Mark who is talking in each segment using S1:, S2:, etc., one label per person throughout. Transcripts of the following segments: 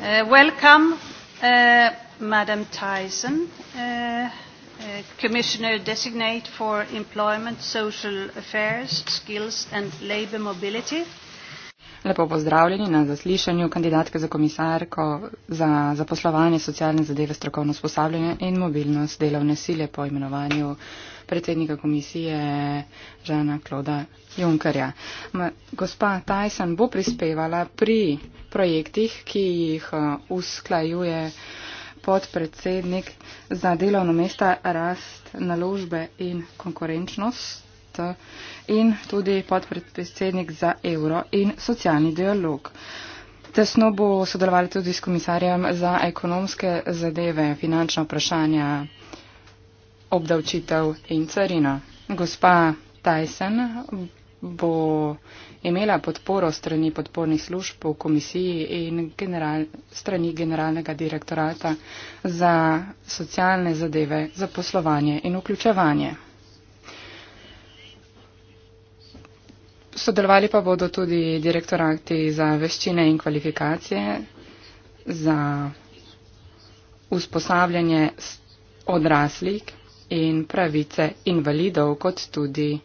S1: Uh, welcome, uh, Madam Tyson, uh, uh, Commissioner Designate for Employment, Social Affairs, Skills and Labour Mobility. Uh,
S2: Lepo pozdravljeni na zaslišanju kandidatke za komisarko za zaposlovanje, socialne zadeve, strokovno usposabljanje in mobilnost delovne sile po imenovanju predsednika komisije Žana Kloda Junkerja. Gospa Tyson bo prispevala pri projektih, ki jih uh, usklajuje podpredsednik za delovno mesta rast naložbe in konkurenčnost in tudi podpredsednik za evro in socialni dialog. Tesno bo sodelovali tudi s komisarjem za ekonomske zadeve, finančna vprašanja, obdavčitev in carina. Gospa Tyson bo imela podporo strani podpornih služb v komisiji in general, strani generalnega direktorata za socialne zadeve, za poslovanje in vključevanje. sodelovali pa bodo tudi direktorati za veščine in kvalifikacije, za usposabljanje odraslih in pravice invalidov, kot tudi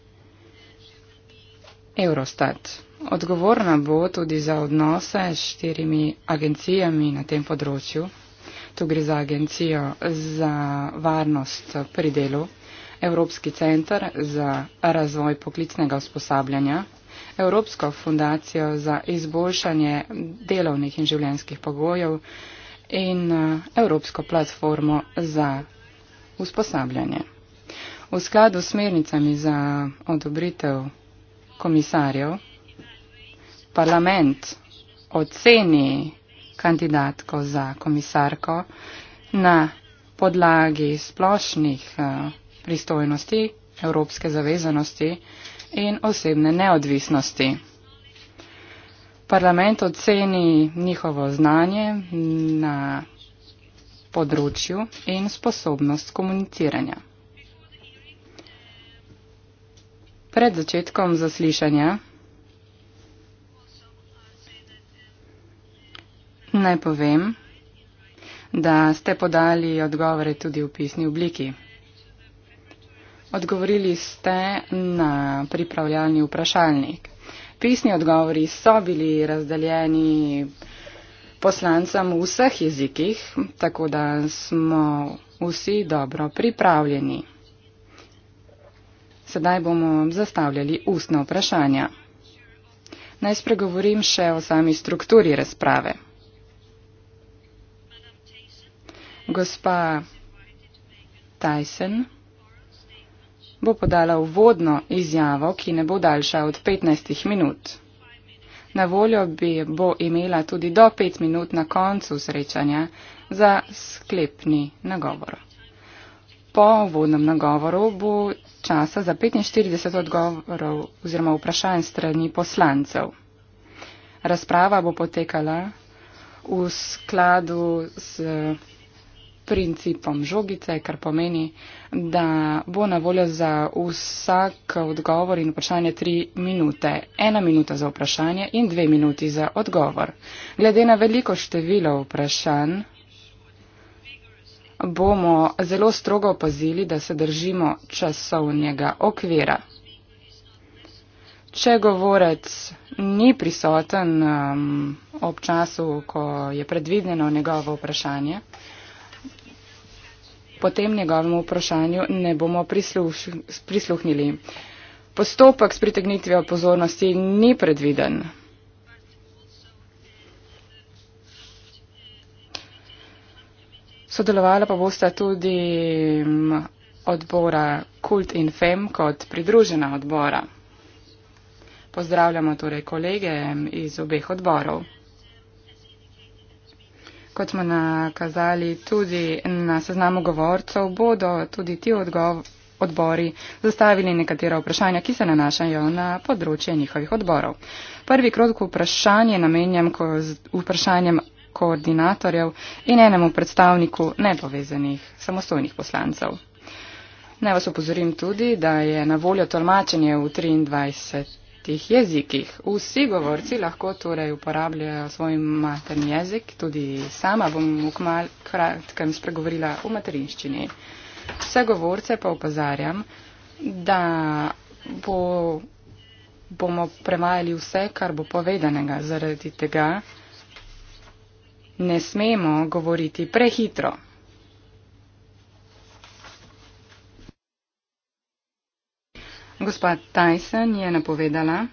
S2: Eurostat. Odgovorna bo tudi za odnose s štirimi agencijami na tem področju. Tu gre za agencijo za varnost pri delu, Evropski centr za razvoj poklicnega usposabljanja. Evropsko fundacijo za izboljšanje delovnih in življenjskih pogojev in eh, Evropsko platformo za usposabljanje. V skladu s smernicami za odobritev komisarjev, parlament oceni kandidatko za komisarko na podlagi splošnih eh, pristojnosti, evropske zavezanosti, in osebne neodvisnosti. Parlament oceni njihovo znanje na področju in sposobnost komuniciranja. Pred začetkom zaslišanja naj povem, da ste podali odgovore tudi v pisni obliki. Odgovorili ste na pripravljalni vprašalnik. Pisni odgovori so bili razdeljeni poslancem v vseh jezikih, tako da smo vsi dobro pripravljeni. Sedaj bomo zastavljali ustna vprašanja. Naj spregovorim še o sami strukturi razprave. Gospa Tyson bo podala uvodno izjavo, ki ne bo daljša od 15 minut. Na voljo bi bo imela tudi do 5 minut na koncu srečanja za sklepni nagovor. Po uvodnem nagovoru bo časa za 45 odgovorov oziroma vprašanj strani poslancev. Razprava bo potekala v skladu z principom žogice, kar pomeni, da bo na voljo za vsak odgovor in vprašanje tri minute. Ena minuta za vprašanje in dve minuti za odgovor. Glede na veliko število vprašanj bomo zelo strogo opazili, da se držimo časovnega okvira. Če govorec ni prisoten um, ob času, ko je predvideno njegovo vprašanje, potem njegovemu vprašanju ne bomo prisluš, prisluhnili. Postopek s pritegnitvijo pozornosti ni predviden. Sodelovala pa bosta tudi odbora Kult in Fem kot pridružena odbora. Pozdravljamo torej kolege iz obeh odborov. Kot smo nakazali tudi na seznamu govorcev, bodo tudi ti odbori zastavili nekatera vprašanja, ki se nanašajo na področje njihovih odborov. Prvi krok vprašanje namenjam ko z vprašanjem koordinatorjev in enemu predstavniku nepovezanih samostojnih poslancev. Naj vas opozorim tudi, da je na voljo tolmačenje v 23 različnih jezikih. Vsi govorci lahko torej uporabljajo svoj materni jezik, tudi sama bom v kratkem spregovorila v materinščini. Vse govorce pa upozarjam, da bo, bomo premajali vse, kar bo povedanega. Zaradi tega ne smemo govoriti prehitro. Gospa Tyson je napovedala,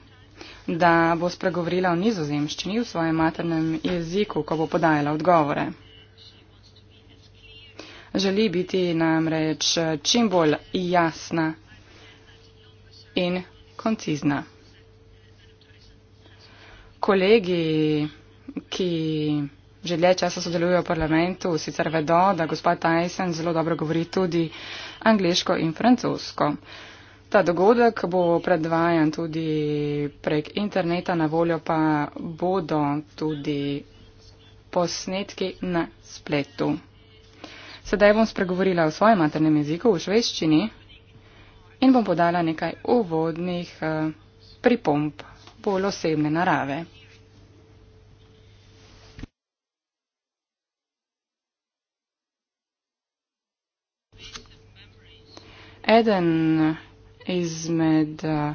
S2: da bo spregovorila o nizozemščini v svojem maternem jeziku, ko bo podajala odgovore. Želi biti namreč čim bolj jasna in koncizna. Kolegi, ki že dlje časa sodelujejo v parlamentu, sicer vedo, da gospa Tyson zelo dobro govori tudi angliško in francosko. Ta dogodek bo predvajan tudi prek interneta, na voljo pa bodo tudi posnetki na spletu. Sedaj bom spregovorila v svojem maternem jeziku, v šveščini, in bom podala nekaj uvodnih eh, pripomp bolj osebne narave. Eden izmed eh,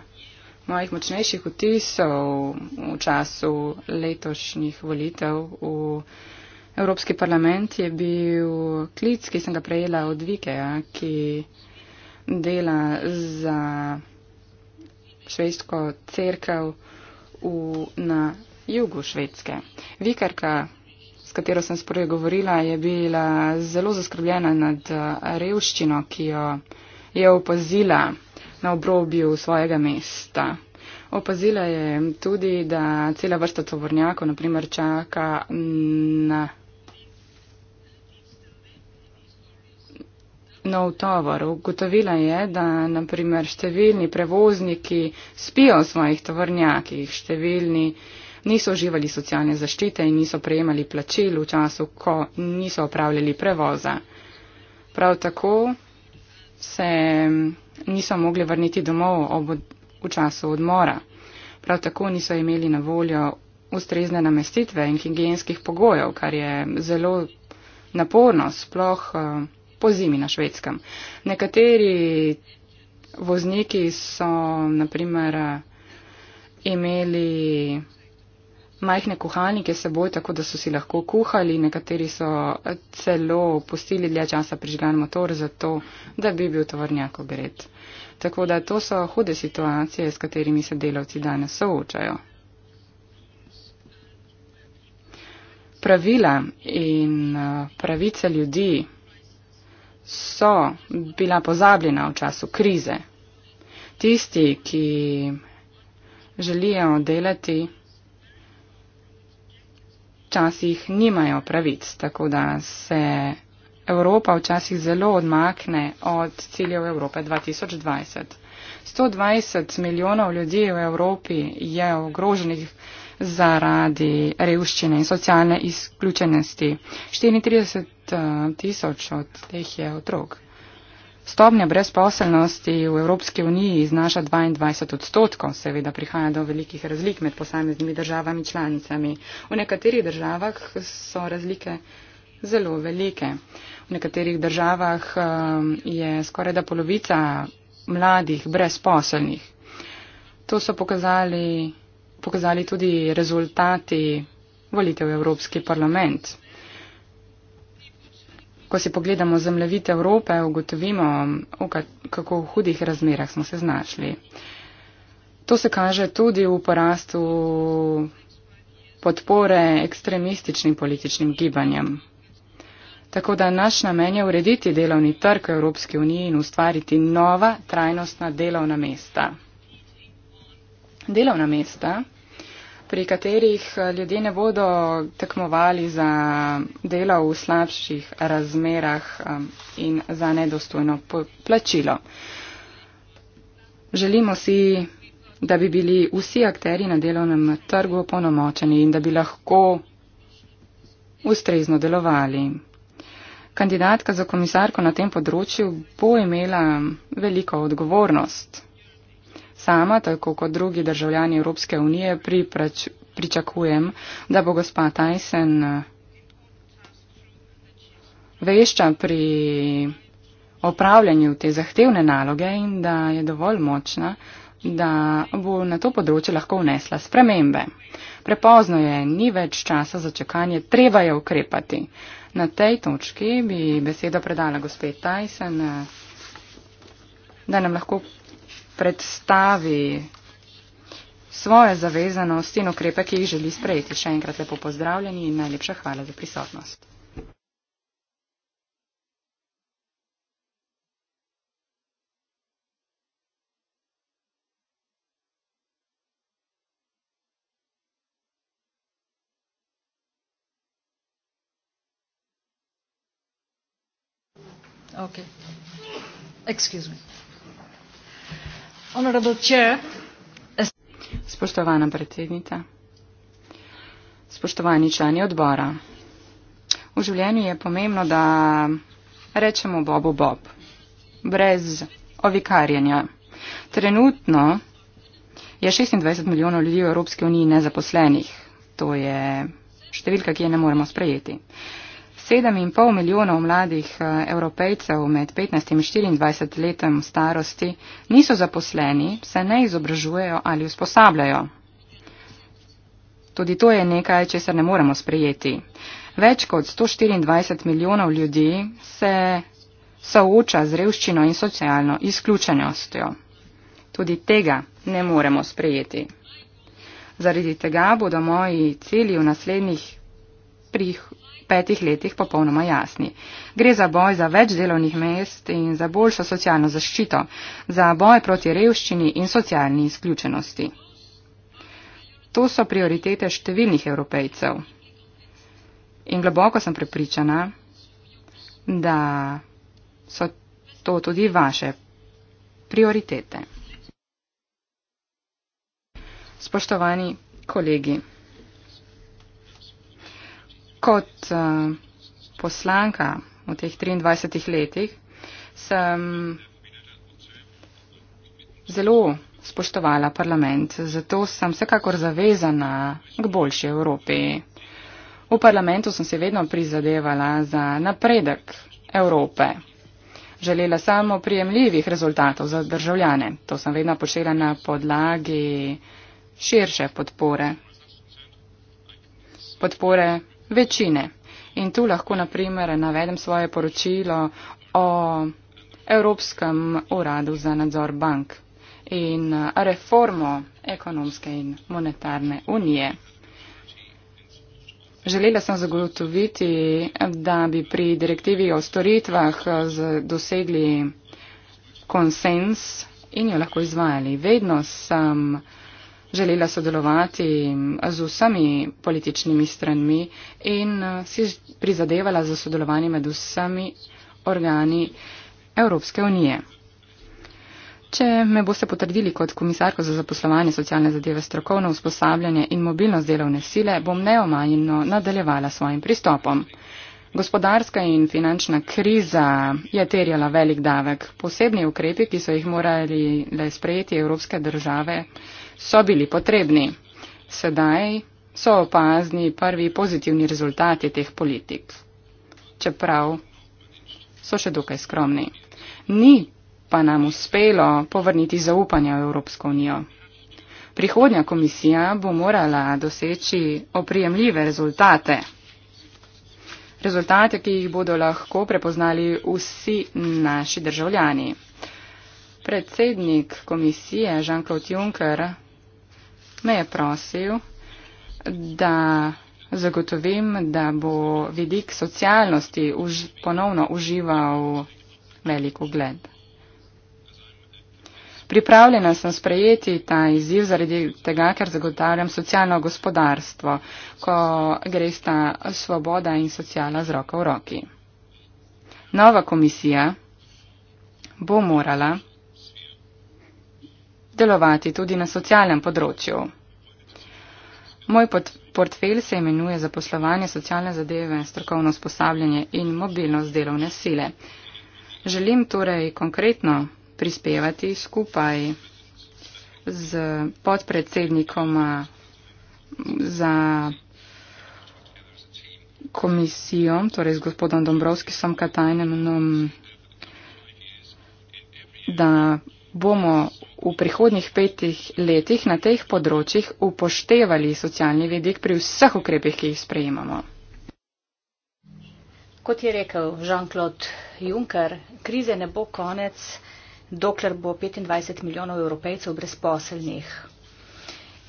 S2: mojih močnejših vtisov v času letošnjih volitev v Evropski parlament je bil klic, ki sem ga prejela od Vikeja, ki dela za švedsko cerkev v, na jugu švedske. Vikarka, s katero sem sprej govorila, je bila zelo zaskrbljena nad eh, revščino, ki jo je opazila na obrobju svojega mesta. Opazila je tudi, da cela vrsta tovornjakov, naprimer, čaka na nov tovor. Ugotovila je, da naprimer številni prevozniki spijo v svojih tovornjakih, številni niso uživali socialne zaščite in niso prejemali plačil v času, ko niso opravljali prevoza. Prav tako se mm, niso mogli vrniti domov ob, v času odmora. Prav tako niso imeli na voljo ustrezne namestitve in higijenskih pogojev, kar je zelo naporno, sploh eh, po zimi na švedskem. Nekateri vozniki so naprimer eh, imeli majhne kuhalnike seboj, tako da so si lahko kuhali. Nekateri so celo pustili dlje časa prižgan motor za to, da bi bil tovrnjak ogret. Tako da to so hude situacije, s katerimi se delavci danes soočajo. Pravila in eh, pravice ljudi so bila pozabljena v času krize. Tisti, ki želijo delati, včasih nimajo pravic, tako da se Evropa včasih zelo odmakne od ciljev Evrope 2020. 120 milijonov ljudi v Evropi je ogroženih zaradi revščine in socialne izključenosti. 34 eh, tisoč od teh je otrok. Stopnja brezposelnosti v Evropski uniji znaša 22 odstotkov. Seveda prihaja do velikih razlik med posameznimi državami članicami. V nekaterih državah so razlike zelo velike. V nekaterih državah um, je skoraj da polovica mladih brezposelnih. To so pokazali, pokazali tudi rezultati volitev v Evropski parlament ko si pogledamo zemljevite Evrope, ugotovimo, v kako hudih razmerah smo se znašli. To se kaže tudi v porastu podpore ekstremističnim političnim gibanjem. Tako da naš namen je urediti delovni trg v Evropski uniji in ustvariti nova trajnostna delovna mesta. Delovna mesta pri katerih eh, ljudje ne bodo tekmovali za delo v slabših razmerah eh, in za nedostojno plačilo. Želimo si, da bi bili vsi akteri na delovnem trgu ponomočeni in da bi lahko ustrezno delovali. Kandidatka za komisarko na tem področju bo imela veliko odgovornost. Sama, tako kot drugi državljani Evropske unije, priprač, pričakujem, da bo gospa Tyson eh, vešča pri opravljanju te zahtevne naloge in da je dovolj močna, da bo na to področje lahko vnesla spremembe. Prepozno je, ni več časa za čakanje, treba je ukrepati. Na tej točki bi besedo predala gospe Tyson, eh, da nam lahko predstavi svoje zavezanosti in ukrepe, ki jih želi sprejeti. Še enkrat lepo pozdravljeni in najlepša hvala za prisotnost.
S1: Okay. Excuse me.
S2: Spoštovana predsednica, spoštovani člani odbora. V življenju je pomembno, da rečemo Bobu Bob, brez ovikarjanja. Trenutno je 26 milijonov ljudi v Evropski uniji nezaposlenih. To je številka, ki je ne moremo sprejeti. 7,5 milijonov mladih eh, evropejcev med 15 in 24 letom starosti niso zaposleni, se ne izobražujejo ali usposabljajo. Tudi to je nekaj, če se ne moremo sprejeti. Več kot 124 milijonov ljudi se sooča z revščino in socialno izključenostjo. Tudi tega ne moremo sprejeti. Zaradi tega bodo moji cilji v naslednjih prihodnjih petih letih popolnoma jasni. Gre za boj za več delovnih mest in za boljšo socialno zaščito, za boj proti revščini in socialni izključenosti. To so prioritete številnih evropejcev. In globoko sem prepričana, da so to tudi vaše prioritete. Spoštovani kolegi kot uh, poslanka v teh 23 letih sem zelo spoštovala parlament, zato sem vsekakor zavezana k boljši Evropi. V parlamentu sem se vedno prizadevala za napredek Evrope. Želela sem oprijemljivih rezultatov za državljane. To sem vedno počela na podlagi širše podpore. Podpore večine. In tu lahko naprimer navedem svoje poročilo o Evropskem uradu za nadzor bank in reformo ekonomske in monetarne unije. Želela sem zagotoviti, da bi pri direktivi o storitvah dosegli konsens in jo lahko izvajali. Vedno sem želela sodelovati z vsemi političnimi stranmi in eh, si prizadevala za sodelovanje med vsemi organi Evropske unije. Če me boste potrdili kot komisarko za zaposlovanje socialne zadeve, strokovno usposabljanje in mobilnost delovne sile, bom neomajno nadaljevala svojim pristopom. Gospodarska in finančna kriza je terjala velik davek. Posebni ukrepi, ki so jih morali le sprejeti evropske države, so bili potrebni. Sedaj so opazni prvi pozitivni rezultati teh politik, čeprav so še dokaj skromni. Ni pa nam uspelo povrniti zaupanja v Evropsko unijo. Prihodnja komisija bo morala doseči oprijemljive rezultate. Rezultate, ki jih bodo lahko prepoznali vsi naši državljani. Predsednik komisije Jean-Claude Juncker me je prosil, da zagotovim, da bo vidik socialnosti už, ponovno užival veliko gled. Pripravljena sem sprejeti ta izziv zaradi tega, ker zagotavljam socialno gospodarstvo, ko gre sta svoboda in socialna z roko v roki. Nova komisija bo morala delovati tudi na socialnem področju. Moj portfelj se imenuje Zaposlovanje socialne zadeve, strokovno usposabljanje in mobilnost delovne sile. Želim torej konkretno prispevati skupaj z podpredsednikom za komisijo, torej z gospodom Dombrovskim Katajnenom, da bomo v prihodnih petih letih na teh področjih upoštevali socialni vidik pri vseh ukrepih, ki jih sprejemamo.
S3: Kot je rekel Jean-Claude Juncker, krize ne bo konec, dokler bo 25 milijonov evropejcev brezposelnih.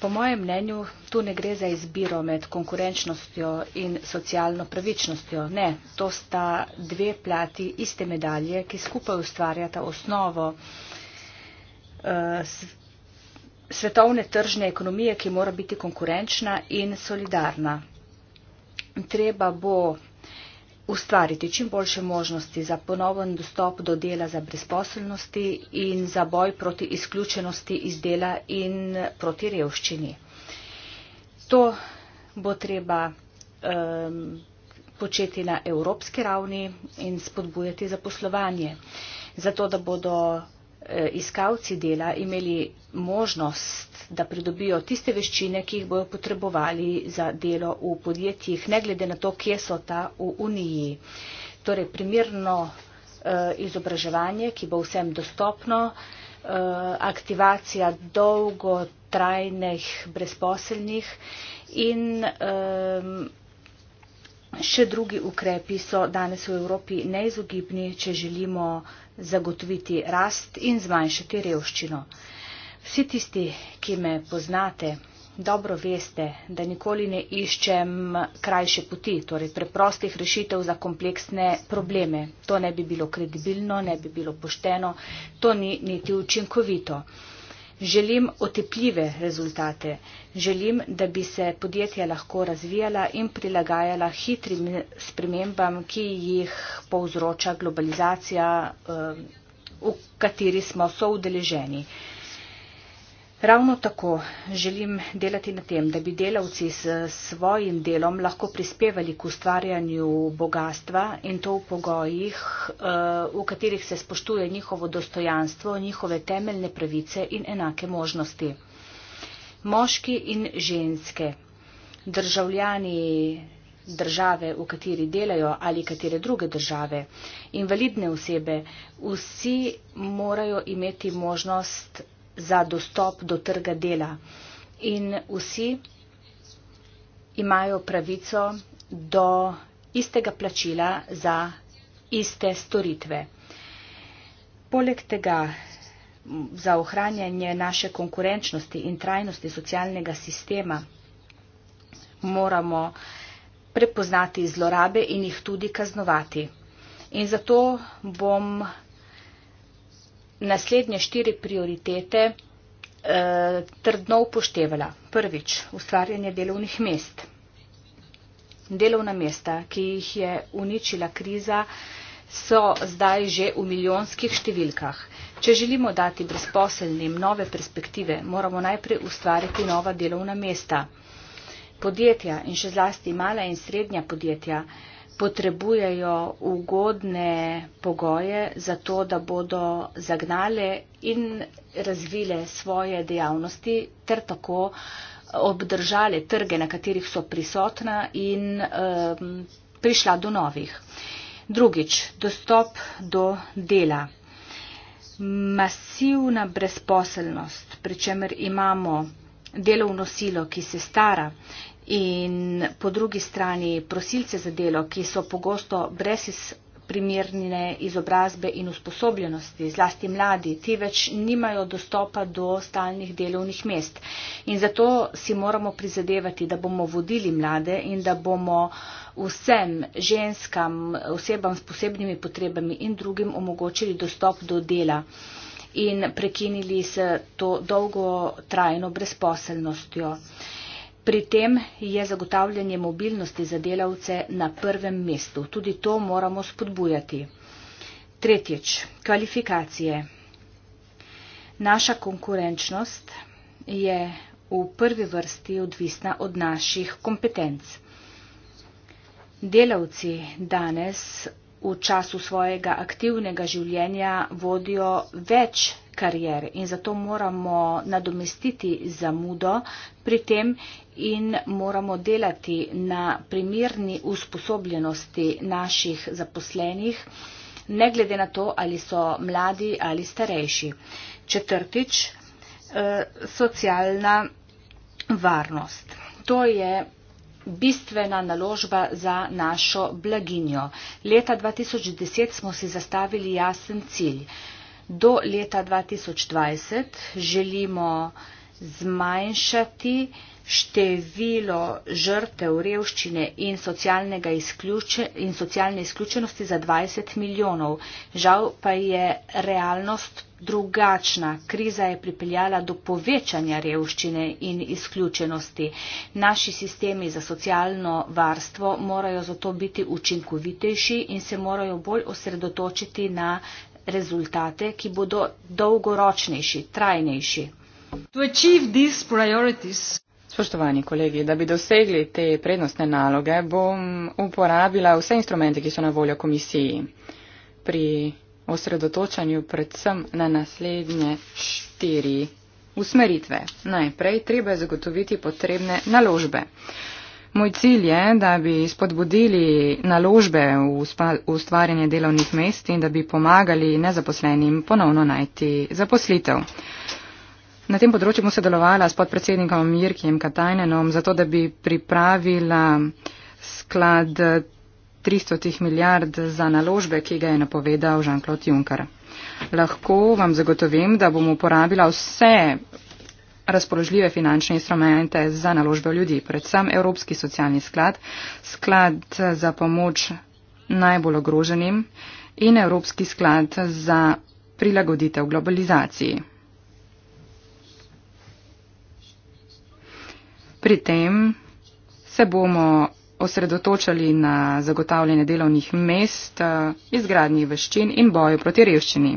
S3: Po mojem mnenju, tu ne gre za izbiro med konkurenčnostjo in socialno pravičnostjo. Ne, to sta dve plati iste medalje, ki skupaj ustvarjata osnovo svetovne tržne ekonomije, ki mora biti konkurenčna in solidarna. Treba bo ustvariti čim boljše možnosti za ponoven dostop do dela za brezposobnosti in za boj proti izključenosti iz dela in proti revščini. To bo treba um, početi na evropski ravni in spodbujati zaposlovanje, zato da bodo Eh, iskalci dela imeli možnost, da pridobijo tiste veščine, ki jih bojo potrebovali za delo v podjetjih, ne glede na to, kje so ta v Uniji. Torej, primirno eh, izobraževanje, ki bo vsem dostopno, eh, aktivacija dolgotrajnih brezposelnih in še drugi ukrepi so danes v Evropi neizogibni, če želimo izobraževanje zagotoviti rast in zmanjšati revščino. Vsi tisti, ki me poznate, dobro veste, da nikoli ne iščem krajše poti, torej preprostih rešitev za kompleksne probleme. To ne bi bilo kredibilno, ne bi bilo pošteno, to ni niti učinkovito. Želim otepljive rezultate. Želim, da bi se podjetja lahko razvijala in prilagajala hitrim spremembam, ki jih povzroča globalizacija, eh, v kateri smo soudeleženi. Ravno tako želim delati na tem, da bi delavci s svojim delom lahko prispevali k ustvarjanju bogatstva in to v pogojih, eh, v katerih se spoštuje njihovo dostojanstvo, njihove temeljne pravice in enake možnosti. Moški in ženske, državljani države, v kateri delajo ali katere druge države, invalidne osebe, vsi morajo imeti možnost za dostop do trga dela. In vsi imajo pravico do istega plačila za iste storitve. Poleg tega za ohranjanje naše konkurenčnosti in trajnosti socialnega sistema moramo prepoznati zlorabe in jih tudi kaznovati. In zato bom naslednje štiri prioritete eh, trdno upoštevala. Prvič, ustvarjanje delovnih mest. Delovna mesta, ki jih je uničila kriza, so zdaj že v milijonskih številkah. Če želimo dati brezposelnim nove perspektive, moramo najprej ustvariti nova delovna mesta. Podjetja in še zlasti mala in srednja podjetja potrebujejo ugodne pogoje za to, da bodo zagnale in razvile svoje dejavnosti ter tako obdržale trge, na katerih so prisotna in um, prišla do novih. Drugič, dostop do dela. Masivna brezposelnost, pri čemer imamo delovno silo, ki se stara in po drugi strani prosilce za delo, ki so pogosto brez primernine izobrazbe in usposobljenosti, zlasti mladi, ti več nimajo dostopa do stalnih delovnih mest. In zato si moramo prizadevati, da bomo vodili mlade in da bomo vsem ženskam, osebam s posebnimi potrebami in drugim omogočili dostop do dela in prekinili se to dolgo trajno brezposelnostjo. Pri tem je zagotavljanje mobilnosti za delavce na prvem mestu. Tudi to moramo spodbujati. Tretjič, kvalifikacije. Naša konkurenčnost je v prvi vrsti odvisna od naših kompetenc. Delavci danes v času svojega aktivnega življenja vodijo več karijer in zato moramo nadomestiti zamudo pri tem in moramo delati na primerni usposobljenosti naših zaposlenih, ne glede na to, ali so mladi ali starejši. Četrtič, eh, socialna varnost. To je bistvena naložba za našo blaginjo. Leta 2010 smo si zastavili jasen cilj. Do leta 2020 želimo zmanjšati število žrtev revščine in, in socialne izključenosti za 20 milijonov. Žal pa je realnost drugačna. Kriza je pripeljala do povečanja revščine in izključenosti. Naši sistemi za socialno varstvo morajo zato biti učinkovitejši in se morajo bolj osredotočiti na rezultate, ki bodo dolgoročnejši, trajnejši. To achieve
S2: these priorities. Spoštovani kolegi, da bi dosegli te prednostne naloge, bom uporabila vse instrumente, ki so na voljo komisiji pri osredotočanju predvsem na naslednje štiri usmeritve. Najprej treba je zagotoviti potrebne naložbe. Moj cilj je, da bi spodbudili naložbe v ustvarjanje delovnih mest in da bi pomagali nezaposlenim ponovno najti zaposlitev. Na tem področju bom sodelovala s podpredsednikom Jirkijem Katajnenom, zato da bi pripravila sklad 300 milijard za naložbe, ki ga je napovedal Jean-Claude Juncker. Lahko vam zagotovim, da bom uporabila vse razpoložljive finančne instrumente za naložbe v ljudi, predvsem Evropski socialni sklad, sklad za pomoč najbolj ogroženim in Evropski sklad za prilagoditev globalizaciji. Pri tem se bomo osredotočali na zagotavljanje delovnih mest, izgradnji veščin in boju proti revščini.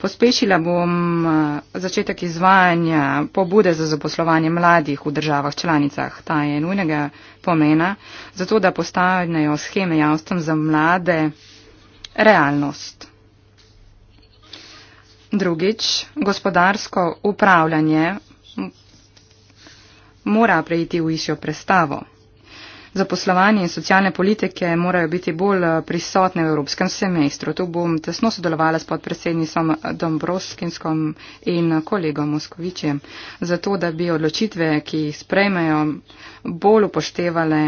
S2: Pospešila bom eh, začetek izvajanja pobude za zaposlovanje mladih v državah članicah. Ta je nujnega pomena, zato da postavljajo scheme javstvom za mlade realnost. Drugič, gospodarsko upravljanje mora preiti v višjo prestavo. Zaposlovanje in socialne politike morajo biti bolj eh, prisotne v evropskem semestru. Tu bom tesno sodelovala s podpredsednicom Dombrovskinskom in kolegom Moskovičem, zato da bi odločitve, ki jih sprejmejo, bolj upoštevale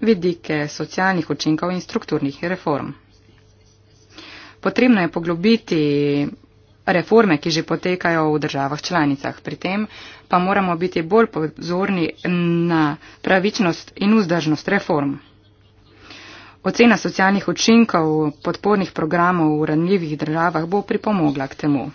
S2: vidike socialnih učinkov in strukturnih reform. Potrebno je poglobiti reforme, ki že potekajo v državah članicah. Pri tem pa moramo biti bolj pozorni na pravičnost in vzdržnost reform. Ocena socialnih učinkov podpornih programov v ranljivih državah bo pripomogla k temu.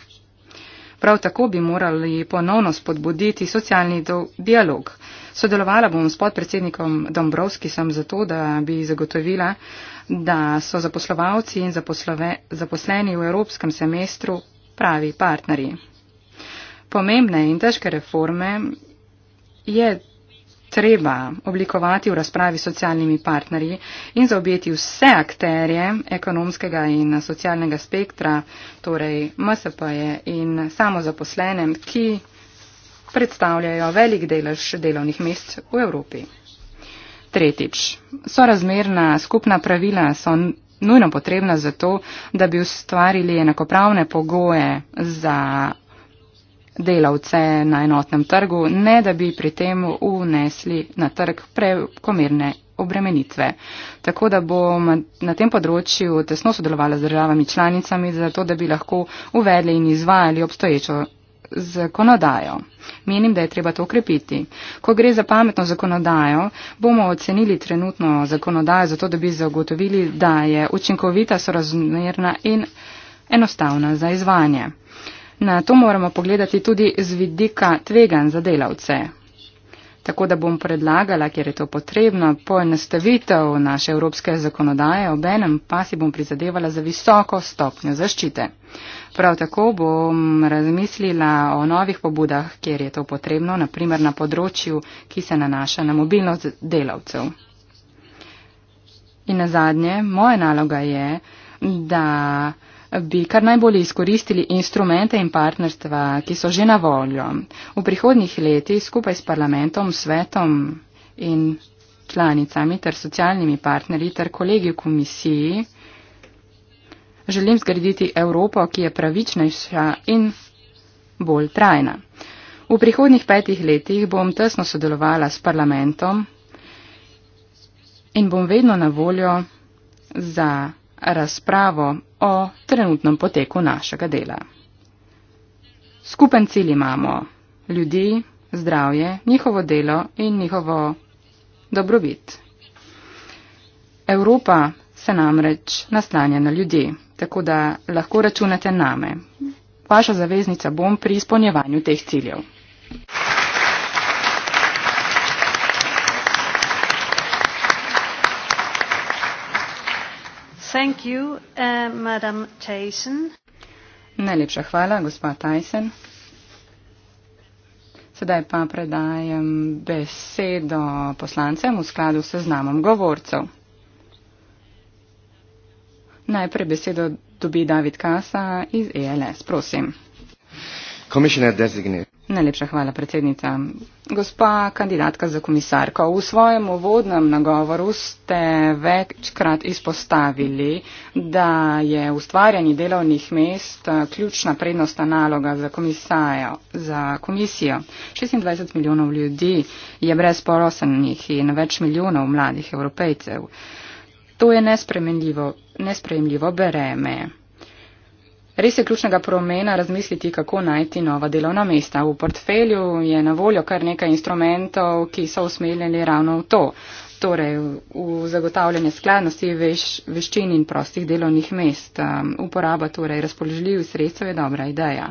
S2: Prav tako bi morali ponovno spodbuditi socialni dialog. Sodelovala bom s podpredsednikom Dombrovskisom zato, da bi zagotovila, da so zaposlovalci in zaposlove, zaposleni v evropskem semestru pravi partnerji pomembne in težke reforme je treba oblikovati v razpravi s socialnimi partnerji in zaobjeti vse akterje ekonomskega in socialnega spektra, torej MSP-je in samozaposlenem, ki predstavljajo velik delež delovnih mest v Evropi. Tretjič, sorazmerna skupna pravila so nujno potrebna za to, da bi ustvarili enakopravne pogoje za delavce na enotnem trgu, ne da bi pri tem unesli na trg prekomerne obremenitve. Tako da bom na tem področju tesno sodelovala z državami članicami, zato da bi lahko uvedli in izvajali obstoječo zakonodajo. Menim, da je treba to ukrepiti. Ko gre za pametno zakonodajo, bomo ocenili trenutno zakonodajo, zato da bi zagotovili, da je učinkovita, sorazmerna in enostavna za izvajanje. Na to moramo pogledati tudi z vidika tvegan za delavce. Tako da bom predlagala, kjer je to potrebno, poenostavitev naše evropske zakonodaje, obenem pa si bom prizadevala za visoko stopnjo zaščite. Prav tako bom razmislila o novih pobudah, kjer je to potrebno, naprimer na področju, ki se nanaša na mobilnost delavcev. In na zadnje, moja naloga je, da bi kar najbolje izkoristili instrumente in partnerstva, ki so že na voljo. V prihodnjih letih skupaj s parlamentom, svetom in članicami ter socialnimi partnerji ter kolegi v komisiji želim zgraditi Evropo, ki je pravičnejša in bolj trajna. V prihodnjih petih letih bom tesno sodelovala s parlamentom in bom vedno na voljo za razpravo o trenutnem poteku našega dela. Skupen cilj imamo ljudi, zdravje, njihovo delo in njihovo dobrobit. Evropa se namreč naslanja na ljudi, tako da lahko računate name. Vaša zaveznica bom pri izpolnjevanju teh ciljev.
S1: Thank you, uh, Madam Tyson.
S2: Najlepša hvala, gospa Tyson. Sedaj pa predajem besedo poslancem v skladu s znamom govorcev. Najprej besedo dobi David Kasa iz ELS. Prosim. Najlepša hvala, predsednica. Gospa kandidatka za komisarko, v svojem uvodnem nagovoru ste večkrat izpostavili, da je ustvarjanje delovnih mest ključna prednostna naloga za, za komisijo. 26 milijonov ljudi je brezporosenih in več milijonov mladih evropejcev. To je nespremljivo, nespremljivo bereme. Res je ključnega promena razmisliti, kako najti nova delovna mesta. V portfelju je na voljo kar nekaj instrumentov, ki so usmeljeni ravno v to, torej v zagotavljanje skladnosti veš, veščin in prostih delovnih mest. Um, uporaba torej razpoložljivih sredstev je dobra ideja.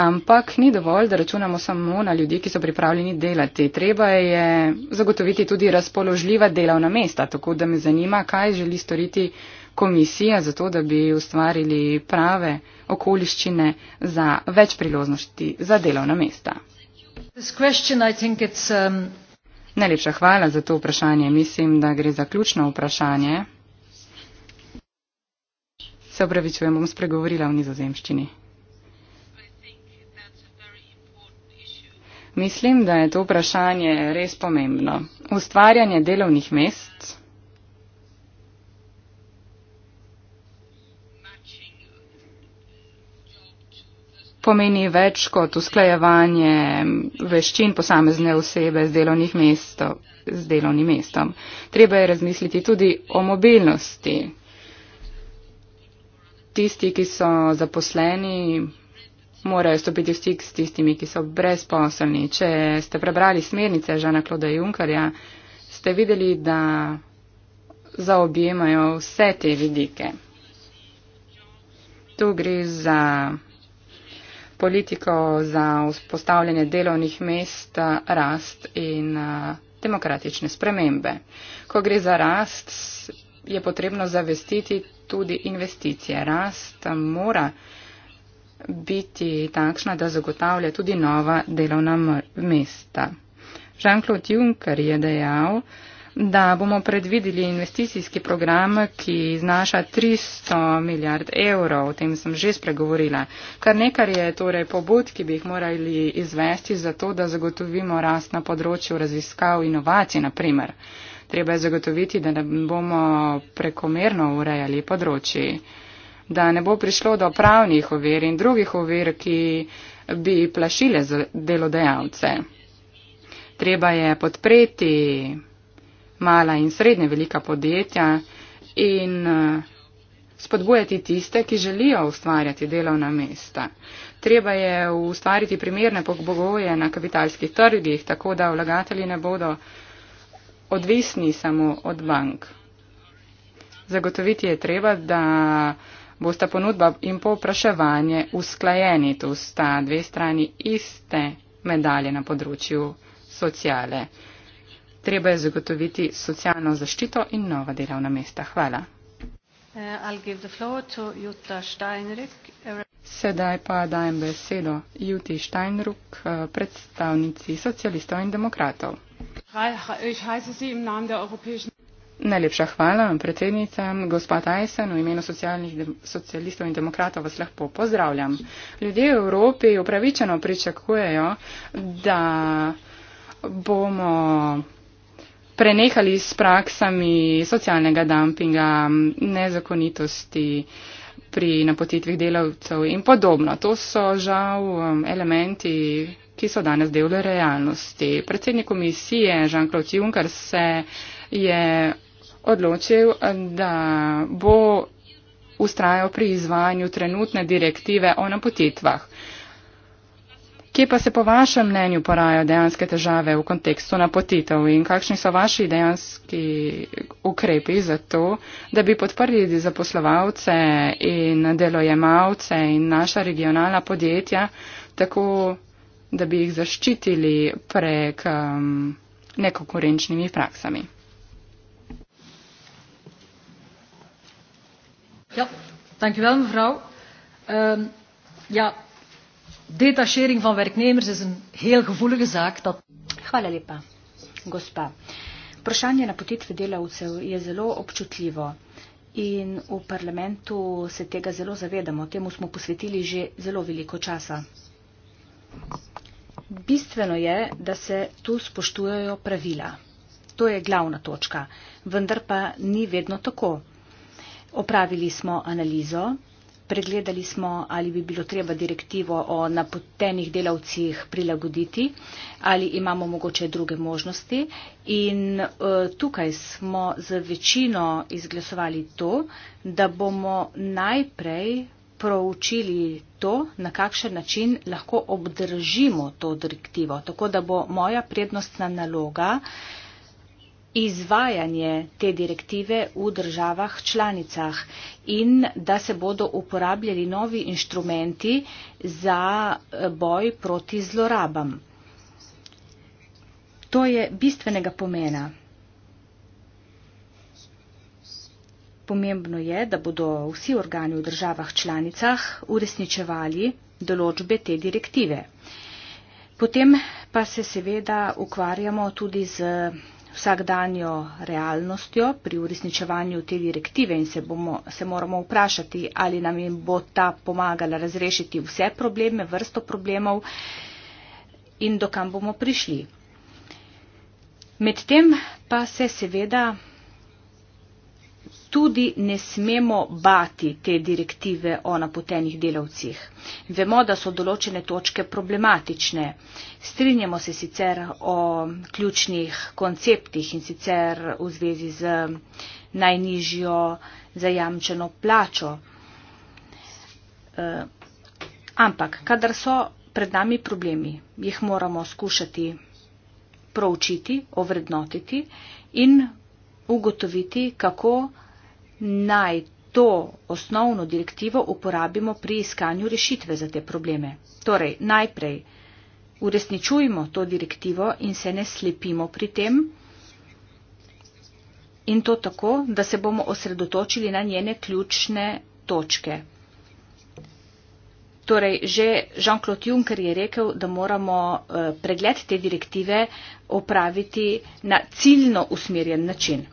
S2: Ampak ni dovolj, da računamo samo na ljudi, ki so pripravljeni delati. Treba je zagotoviti tudi razpoložljiva delovna mesta, tako da me zanima, kaj želi storiti komisije za to, da bi ustvarili prave okoliščine za več priložnosti za delovna mesta.
S1: Um,
S2: Najlepša hvala za to vprašanje. Mislim, da gre za ključno vprašanje. Se upravičujem, bom spregovorila v nizozemščini. Mislim, da je to vprašanje res pomembno. Ustvarjanje delovnih mest. pomeni več kot usklajevanje veščin posamezne osebe z, delovnih mesto, z delovnim mestom. Treba je razmisliti tudi o mobilnosti. Tisti, ki so zaposleni, morajo stopiti v stik s tistimi, ki so brezposelni. Če ste prebrali smernice Žana Kloda Junkarja, ste videli, da zaobjemajo vse te vidike. Tu gre za politiko za vzpostavljanje delovnih mest, rast in eh, demokratične spremembe. Ko gre za rast, je potrebno zavestiti tudi investicije. Rast mora biti takšna, da zagotavlja tudi nova delovna mesta. Jean-Claude Juncker je dejal, da bomo predvideli investicijski program, ki znaša 300 milijard evrov. O tem sem že spregovorila. Kar nekaj je torej pobud, ki bi jih morali izvesti za to, da zagotovimo rast na področju raziskav inovacij, naprimer. Treba je zagotoviti, da ne bomo prekomerno urejali področji, da ne bo prišlo do pravnih ovir in drugih ovir, ki bi plašile delodajalce. Treba je podpreti mala in srednje velika podjetja in eh, spodbujati tiste, ki želijo ustvarjati delovna mesta. Treba je ustvariti primerne pogoje na kapitalskih trgih, tako da vlagatelji ne bodo odvisni samo od bank. Zagotoviti je treba, da bosta ponudba in popraševanje usklajeni, tu sta dve strani iste medalje na področju socijale treba je zagotoviti socialno zaščito in nova delovna mesta. Hvala. Eh, Sedaj pa dajem besedo Juti Steinruck, eh, predstavnici socialistov in demokratov. Najlepša hvala, predsednica, gospa Tyson, v imenu socialistov in demokratov vas lahko pozdravljam. Ljudje v Evropi upravičeno pričakujejo, da bomo prenehali s praksami socialnega dumpinga, nezakonitosti pri napotitvih delavcev in podobno. To so žal um, elementi, ki so danes del realnosti. Predsednik komisije Jean-Claude Juncker se je odločil, da bo ustrajal pri izvajanju trenutne direktive o napotitvah. Kje pa se po vašem mnenju porajajo dejanske težave v kontekstu napotitev in kakšni so vaši dejanski ukrepi za to, da bi podprli zaposlovalce in delojemalce in naša regionalna podjetja, tako da bi jih zaščitili prek um, nekonkurenčnimi praksami?
S1: Ja, dankjewel, mevrouw. Um, ja detachering van werknemers is een heel gevoelige zaak. Dat... Hvala lepa, gospa.
S3: Vprašanje napotitve delavcev je zelo občutljivo in v parlamentu se tega zelo zavedamo. Temu smo posvetili že zelo veliko časa. Bistveno je, da se tu spoštujejo pravila. To je glavna točka. Vendar pa ni vedno tako. Opravili smo analizo Pregledali smo, ali bi bilo treba direktivo o napotenih delavcih prilagoditi, ali imamo mogoče druge možnosti. In uh, tukaj smo z večino izglasovali to, da bomo najprej proučili to, na kakšen način lahko obdržimo to direktivo. Tako da bo moja prednostna naloga uh, izvajanje te direktive v državah članicah in da se bodo uporabljali novi inštrumenti za eh, boj proti zlorabam. To je bistvenega pomena. Pomembno je, da bodo vsi organi v državah članicah uresničevali določbe te direktive. Potem pa se seveda ukvarjamo tudi z vsakdanjo realnostjo pri uresničevanju te direktive in se, bomo, se moramo vprašati, ali nam bo ta pomagala razrešiti vse probleme, vrsto problemov in dokam bomo prišli. Medtem pa se seveda tudi ne smemo bati te direktive o napotenih delavcih. Vemo, da so določene točke problematične. Strinjamo se sicer o ključnih konceptih in sicer v zvezi z najnižjo zajamčeno plačo. Eh, ampak, kadar so pred nami problemi, jih moramo skušati proučiti, ovrednotiti in ugotoviti, kako naj to osnovno direktivo uporabimo pri iskanju rešitve za te probleme. Torej, najprej uresničujmo to direktivo in se ne slepimo pri tem. In to tako, da se bomo osredotočili na njene ključne točke. Torej, že Jean-Claude Juncker je rekel, da moramo eh, pregled te direktive opraviti na ciljno usmerjen način.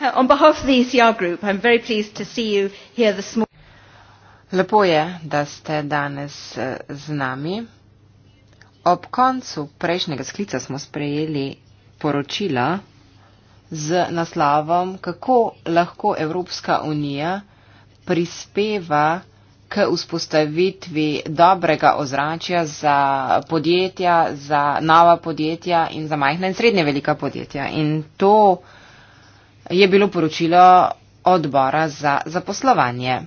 S3: Uh, on behalf of the ECR group, I'm very pleased to see you
S4: here this morning. Lepo je, da ste danes eh, z nami. Ob koncu prejšnjega sklica smo sprejeli poročila z naslavom, kako lahko Evropska unija prispeva k vzpostavitvi dobrega ozračja za podjetja, za nova podjetja in za majhna in srednje velika podjetja. In to je bilo poročilo odbora za zaposlovanje.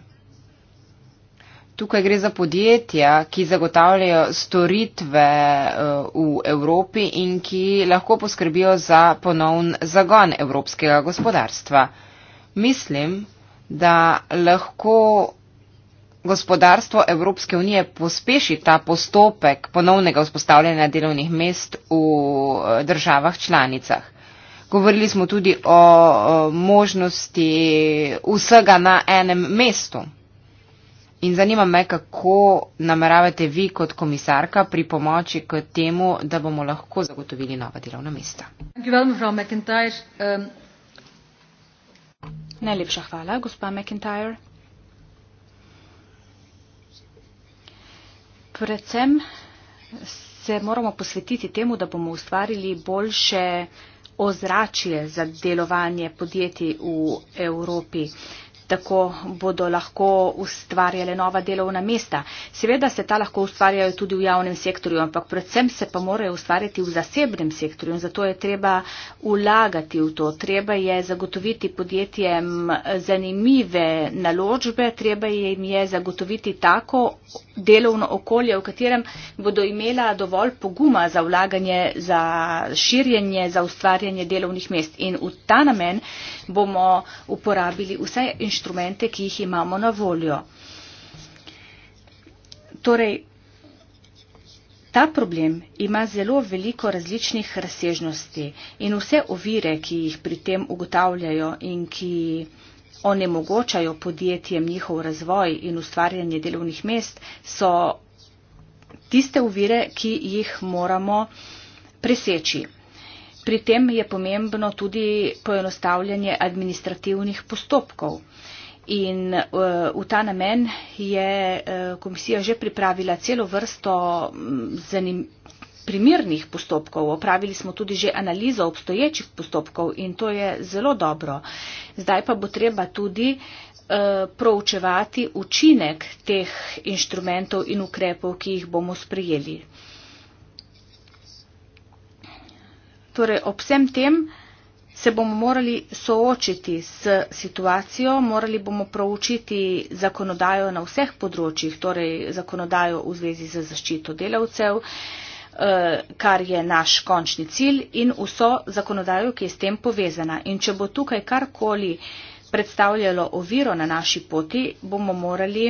S4: Tukaj gre za podjetja, ki zagotavljajo storitve eh, v Evropi in ki lahko poskrbijo za ponovn zagon evropskega gospodarstva. Mislim, da lahko gospodarstvo Evropske unije pospeši ta postopek ponovnega vzpostavljanja delovnih mest v eh, državah članicah. Govorili smo tudi o, o možnosti vsega na enem mestu. In zanima me, kako nameravate vi kot komisarka pri pomoči k temu, da bomo lahko zagotovili nova delovna mesta.
S1: Um,
S3: Najlepša hvala, gospa McIntyre. Predvsem se moramo posvetiti temu, da bomo ustvarili boljše ozračje za delovanje podjetij v Evropi tako bodo lahko ustvarjale nova delovna mesta. Seveda se ta lahko ustvarjajo tudi v javnem sektorju, ampak predvsem se pa morajo ustvarjati v zasebnem sektorju in zato je treba ulagati v to. Treba je zagotoviti podjetjem zanimive naložbe, treba jim je zagotoviti tako delovno okolje, v katerem bodo imela dovolj poguma za vlaganje, za širjenje, za ustvarjanje delovnih mest. In v ta namen bomo uporabili vse inštitucije, inštrumente, ki jih imamo na voljo. Torej, ta problem ima zelo veliko različnih razsežnosti in vse ovire, ki jih pri tem ugotavljajo in ki onemogočajo podjetjem njihov razvoj in ustvarjanje delovnih mest, so tiste ovire, ki jih moramo preseči. Pri tem je pomembno tudi poenostavljanje administrativnih postopkov. In eh, v ta namen je eh, komisija že pripravila celo vrsto zanim, primirnih postopkov. Opravili smo tudi že analizo obstoječih postopkov in to je zelo dobro. Zdaj pa bo treba tudi eh, proučevati učinek teh inštrumentov in ukrepov, ki jih bomo sprijeli. Torej, ob vsem tem se bomo morali soočiti s situacijo, morali bomo proučiti zakonodajo na vseh področjih, torej zakonodajo v zvezi z zaščito delavcev, eh, kar je naš končni cilj in vso zakonodajo, ki je s tem povezana. In če bo tukaj karkoli predstavljalo oviro na naši poti, bomo morali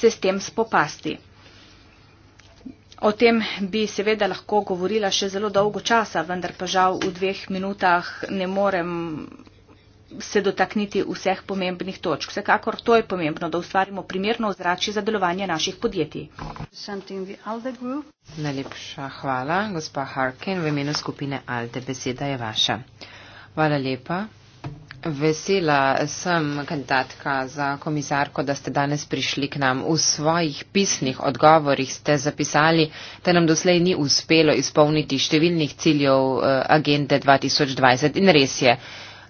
S3: se s tem spopasti. O tem bi seveda lahko govorila še zelo dolgo časa, vendar pa žal v dveh minutah ne morem se dotakniti vseh pomembnih točk. Vsekakor to je pomembno, da ustvarimo primerno ozračje za delovanje naših podjetij.
S4: Najlepša hvala, gospa Harkin, v imenu skupine Alde. Beseda je vaša. Hvala lepa. Vesela sem, kandidatka za komisarko, da ste danes prišli k nam. V svojih pisnih odgovorih ste zapisali, da nam doslej ni uspelo izpolniti številnih ciljev eh, agende 2020. In res je,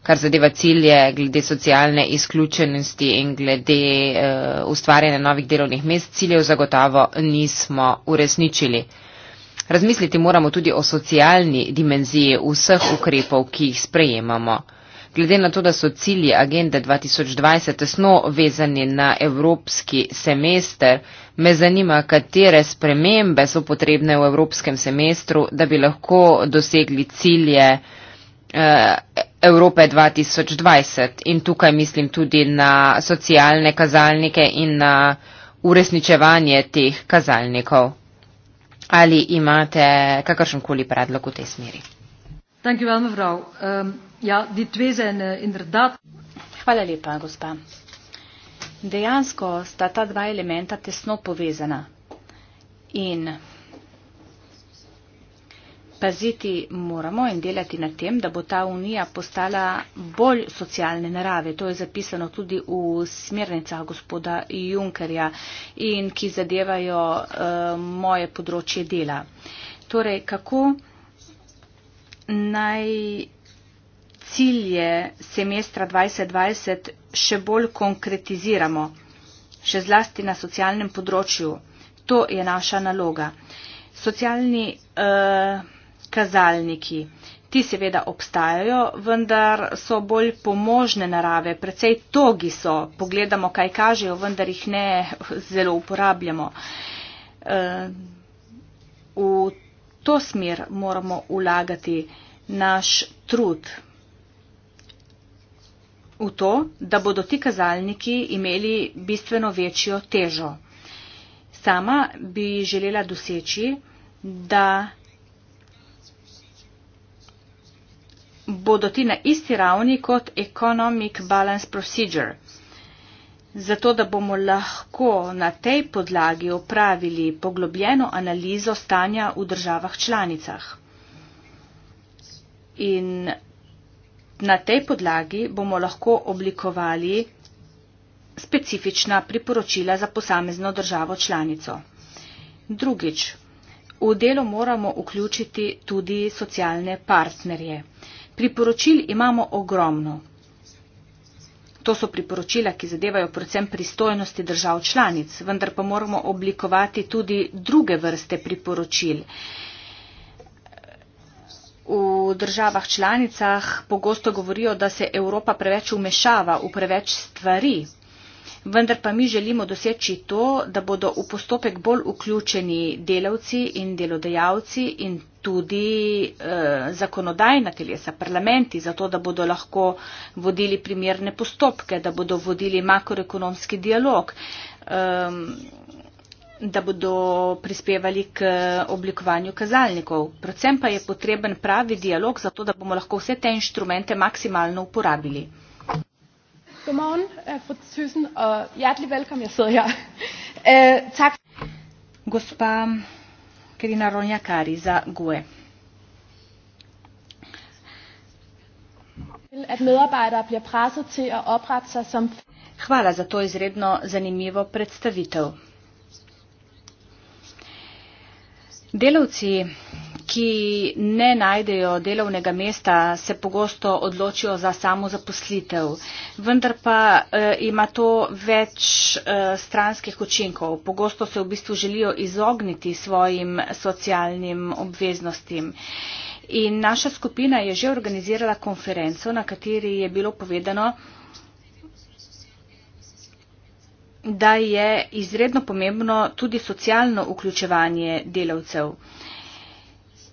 S4: kar zadeva cilje glede socialne izključenosti in glede uh, ustvarjanja novih delovnih mest, ciljev zagotovo nismo uresničili. Razmisliti moramo tudi o socialni dimenziji vseh ukrepov, ki jih sprejemamo. Glede na to, da so cilji agende 2020 tesno vezani na evropski semester, me zanima, katere spremembe so potrebne v evropskem semestru, da bi lahko dosegli cilje eh, Evrope 2020. In tukaj mislim tudi na socialne kazalnike in na uresničevanje teh kazalnikov. Ali imate kakršenkoli predlog v tej smeri?
S1: Thank you, Elmer Vrouw. Um,
S3: ehm, Ja, die twee zijn uh, inderdaad. Hvala lepa, gospa. Dejansko sta ta dva elementa tesno povezana. In paziti moramo in delati na tem, da bo ta unija postala bolj socialne narave. To je zapisano tudi v smernicah gospoda Junkerja in ki zadevajo uh, moje področje dela. Torej, kako naj cilje semestra 2020 še bolj konkretiziramo, še zlasti na socialnem področju. To je naša naloga. Socialni eh, kazalniki, ti seveda obstajajo, vendar so bolj pomožne narave, precej togi so, pogledamo, kaj kažejo, vendar jih ne zelo uporabljamo. Eh, v to smer moramo ulagati naš trud v to, da bodo ti kazalniki imeli bistveno večjo težo. Sama bi želela doseči, da bodo ti na isti ravni kot Economic Balance Procedure, zato da bomo lahko na tej podlagi opravili poglobljeno analizo stanja v državah članicah. In na tej podlagi bomo lahko oblikovali specifična priporočila za posamezno državo članico. Drugič, v delo moramo vključiti tudi socialne partnerje. Priporočil imamo ogromno. To so priporočila, ki zadevajo predvsem pristojnosti držav članic, vendar pa moramo oblikovati tudi druge vrste priporočil v državah članicah pogosto govorijo, da se Evropa preveč umešava v preveč stvari. Vendar pa mi želimo doseči to, da bodo v postopek bolj vključeni delavci in delodajalci in tudi eh, zakonodajna telesa, parlamenti, zato da bodo lahko vodili primerne postopke, da bodo vodili makroekonomski dialog. Eh, da bodo prispevali k oblikovanju kazalnikov. Predvsem pa je potreben pravi dialog, zato da bomo lahko vse te inštrumente maksimalno uporabili. Godmorgen, eh, Tusen, hjertelig velkommen, jeg sidder her. Uh, tak. Gospa Kerina Ronja Kari za GUE. At medarbejdere bliver presset til at oprette sig som... Hvala za to izredno zanimivo predstavitev. Delavci, ki ne najdejo delovnega mesta, se pogosto odločijo za samo zaposlitev. Vendar pa e, ima to več e, stranskih učinkov. Pogosto se v bistvu želijo izogniti svojim socialnim obveznostim. In naša skupina je že organizirala konferenco, na kateri je bilo povedano, da je izredno pomembno tudi socialno vključevanje delavcev.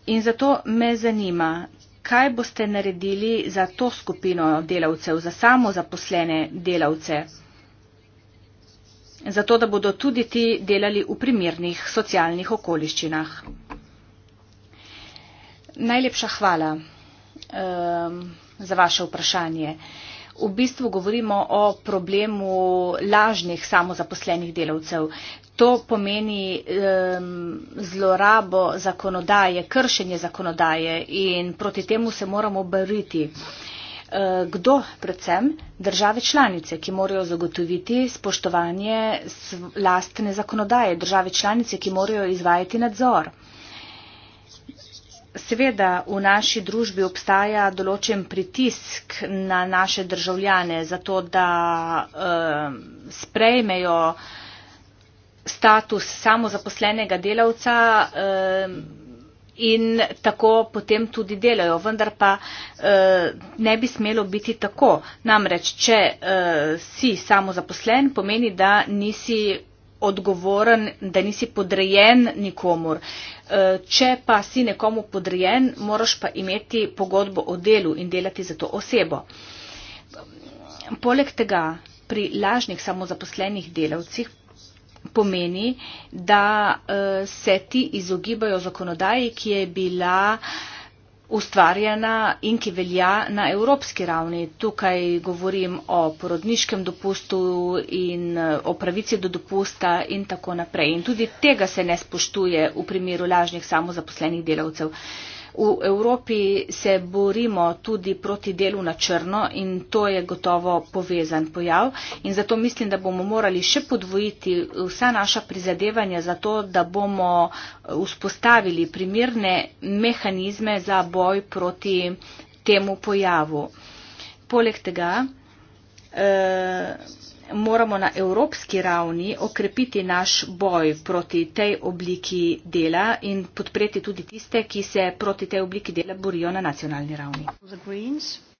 S3: In zato me zanima, kaj boste naredili za to skupino delavcev, za samo zaposlene delavce, zato da bodo tudi ti delali v primernih socialnih okoliščinah. Najlepša hvala um, za vaše vprašanje. Uh, v bistvu govorimo o problemu lažnih samozaposlenih delavcev. To pomeni um, zlorabo zakonodaje, kršenje zakonodaje in proti temu se moramo boriti. E, kdo predvsem? Države članice, ki morajo zagotoviti spoštovanje lastne zakonodaje, države članice, ki morajo izvajati nadzor seveda v naši družbi obstaja določen pritisk na naše državljane za to, da eh, sprejmejo status samozaposlenega delavca eh, in tako potem tudi delajo, vendar pa eh, ne bi smelo biti tako. Namreč, če eh, si samozaposlen, pomeni, da nisi odgovoren, da nisi podrejen nikomor. E, če pa si nekomu podrejen, moraš pa imeti pogodbo o delu in delati za to osebo. Poleg tega pri lažnih samozaposlenih delavcih pomeni, da e, se ti izogibajo zakonodaji, ki je bila uh, ustvarjena in ki velja na evropski ravni. Tukaj govorim o porodniškem dopustu in o pravici do dopusta in tako naprej. In tudi tega se ne spoštuje v primeru lažnih samozaposlenih delavcev. V Evropi se borimo tudi proti delu na črno in to je gotovo povezan pojav. In zato mislim, da bomo morali še podvojiti vsa naša prizadevanja za to, da bomo eh, vzpostavili primirne mehanizme za boj proti temu pojavu. Poleg tega. Eh, moramo na evropski ravni okrepiti naš boj proti tej obliki dela in podpreti tudi tiste, ki se proti tej obliki dela borijo na nacionalni ravni.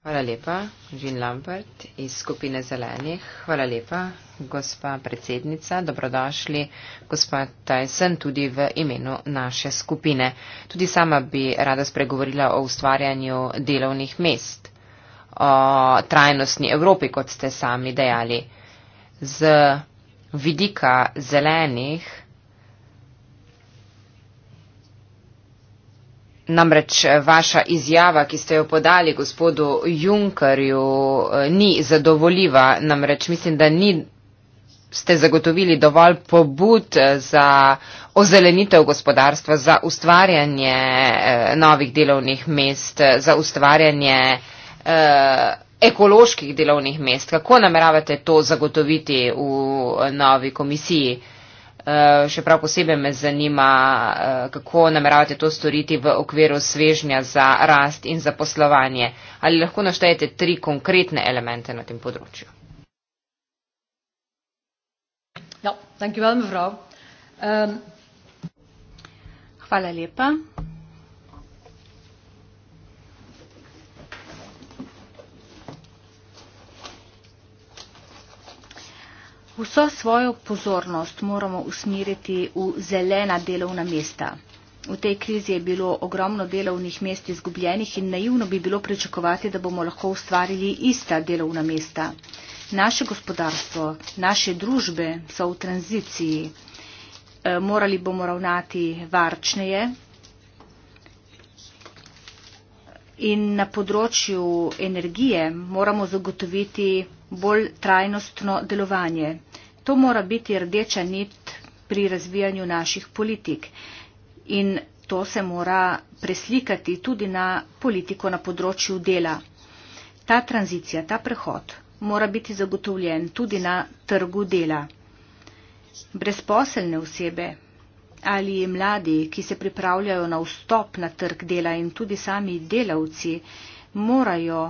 S4: Hvala lepa, Jean Lambert iz skupine zelenih. Hvala lepa, gospa predsednica. Dobrodošli, gospa Tyson, tudi v imenu naše skupine. Tudi sama bi rada spregovorila o ustvarjanju delovnih mest, o trajnostni Evropi, kot ste sami dejali z vidika zelenih. Namreč vaša izjava, ki ste jo podali gospodu Junkerju, eh, ni zadovoljiva. Namreč mislim, da ni, ste zagotovili dovolj pobud eh, za ozelenitev gospodarstva, za ustvarjanje eh, novih delovnih mest, za ustvarjanje. Eh, ekoloških delovnih mest. Kako nameravate to zagotoviti v eh, novi komisiji? Eh, še prav posebej me zanima, eh, kako nameravate to storiti v okviru svežnja za rast in za poslovanje. Ali lahko naštejete tri konkretne elemente na tem področju?
S1: Ja, well, um.
S3: Hvala lepa. Vso svojo pozornost moramo usmeriti v zelena delovna mesta. V tej krizi je bilo ogromno delovnih mest izgubljenih in naivno bi bilo pričakovati, da bomo lahko ustvarili ista delovna mesta. Naše gospodarstvo, naše družbe so v tranziciji. E, morali bomo ravnati varčneje in na področju energije moramo zagotoviti bolj trajnostno delovanje. To mora biti rdeča nit pri razvijanju naših politik in to se mora preslikati tudi na politiko na področju dela. Ta tranzicija, ta prehod mora biti zagotovljen tudi na trgu dela. Brezposelne osebe ali mladi, ki se pripravljajo na vstop na trg dela in tudi sami delavci, morajo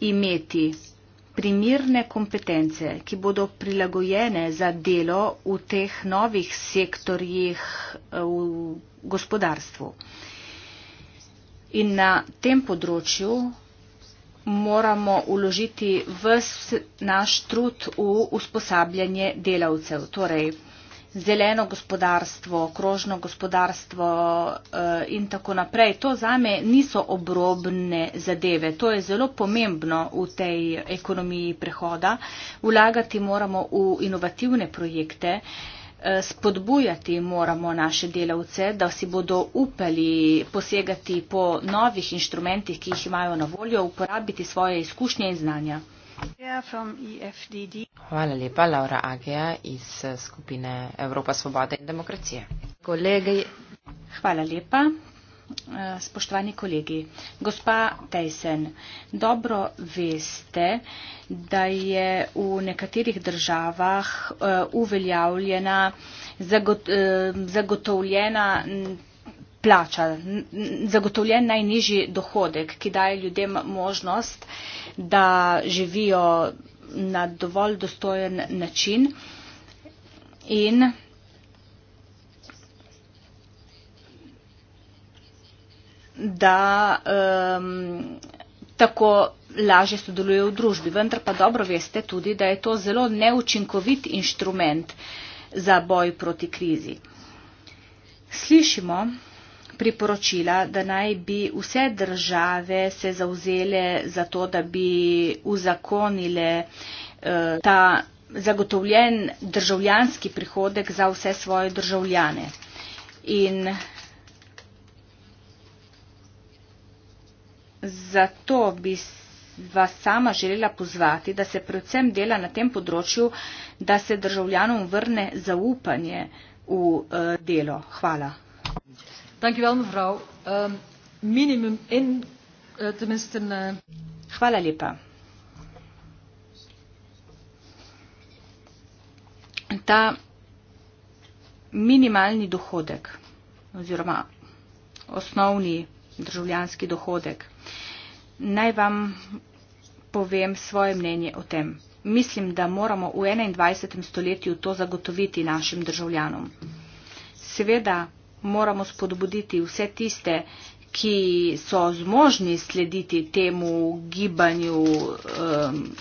S3: imeti primirne kompetence, ki bodo prilagojene za delo v teh novih sektorjih eh, v gospodarstvu. In na tem področju moramo uložiti vse naš trud v usposabljanje delavcev. Torej, zeleno gospodarstvo, krožno gospodarstvo eh, in tako naprej. To zame niso obrobne zadeve. To je zelo pomembno v tej ekonomiji prehoda. Vlagati moramo v inovativne projekte, eh, spodbujati moramo naše delavce, da si bodo upali posegati po novih inštrumentih, ki jih imajo na voljo, uporabiti svoje izkušnje in znanja.
S4: Hvala lepa, Laura
S3: Agija iz eh, skupine Evropa Svobode in Demokracije. Kolegi. Hvala lepa. Eh, spoštovani kolegi, gospa Tejsen, dobro veste, da je v nekaterih državah eh, uveljavljena, zagotovljena plača, zagotovljen najnižji dohodek, ki daje ljudem možnost, da živijo na dovolj dostojen način in da um, tako lažje sodelujejo v družbi. Vendar pa dobro veste tudi, da je to zelo neučinkovit inštrument za boj proti krizi. Slišimo, priporočila, da naj bi vse države se zauzele za to, da bi uzakonile eh, ta zagotovljen državljanski prihodek za vse svoje državljane. In zato bi vas sama želela pozvati, da se predvsem dela na tem področju, da se državljanom vrne zaupanje v eh, delo. Hvala. Thank
S1: you. Ehm, eh, eh,
S3: Hvala lepa. Ta minimalni dohodek oziroma osnovni državljanski dohodek, naj vam povem svoje mnenje o tem. Mislim, da moramo v 21. stoletju to zagotoviti našim državljanom. Seveda moramo spodbuditi vse tiste, ki so zmožni slediti temu gibanju, um,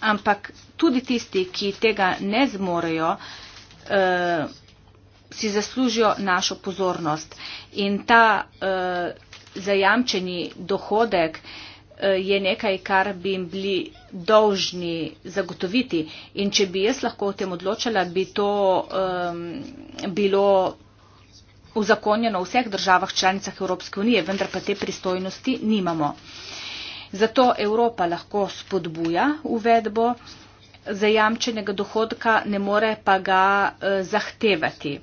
S3: ampak tudi tisti, ki tega ne zmorejo, uh, si zaslužijo našo pozornost. In ta uh, zajamčeni dohodek uh, Eh, je nekaj, kar bi jim bili dolžni zagotoviti. In če bi jaz lahko o tem odločala, bi to um, bilo uzakonjeno v vseh državah članicah Evropske unije, vendar pa te pristojnosti nimamo. Zato Evropa lahko spodbuja uvedbo zajamčenega dohodka, ne more pa ga uh, zahtevati.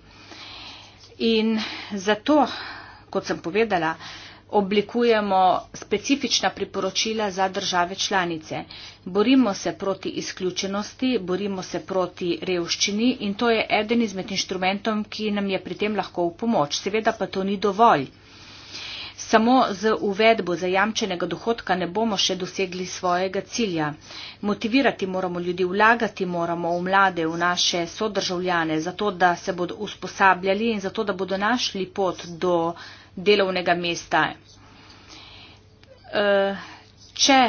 S3: In zato, kot sem povedala, uh, oblikujemo specifična priporočila za države članice. Borimo se proti izključenosti, borimo se proti revščini in to je eden izmed inštrumentov, ki nam je pri tem lahko v pomoč. Seveda pa to ni dovolj. Samo z uvedbo zajamčenega dohodka ne bomo še dosegli svojega cilja. Motivirati moramo ljudi, vlagati moramo v mlade, v naše sodržavljane, zato da se bodo usposabljali in zato da bodo našli pot do delovnega mesta. Eh, če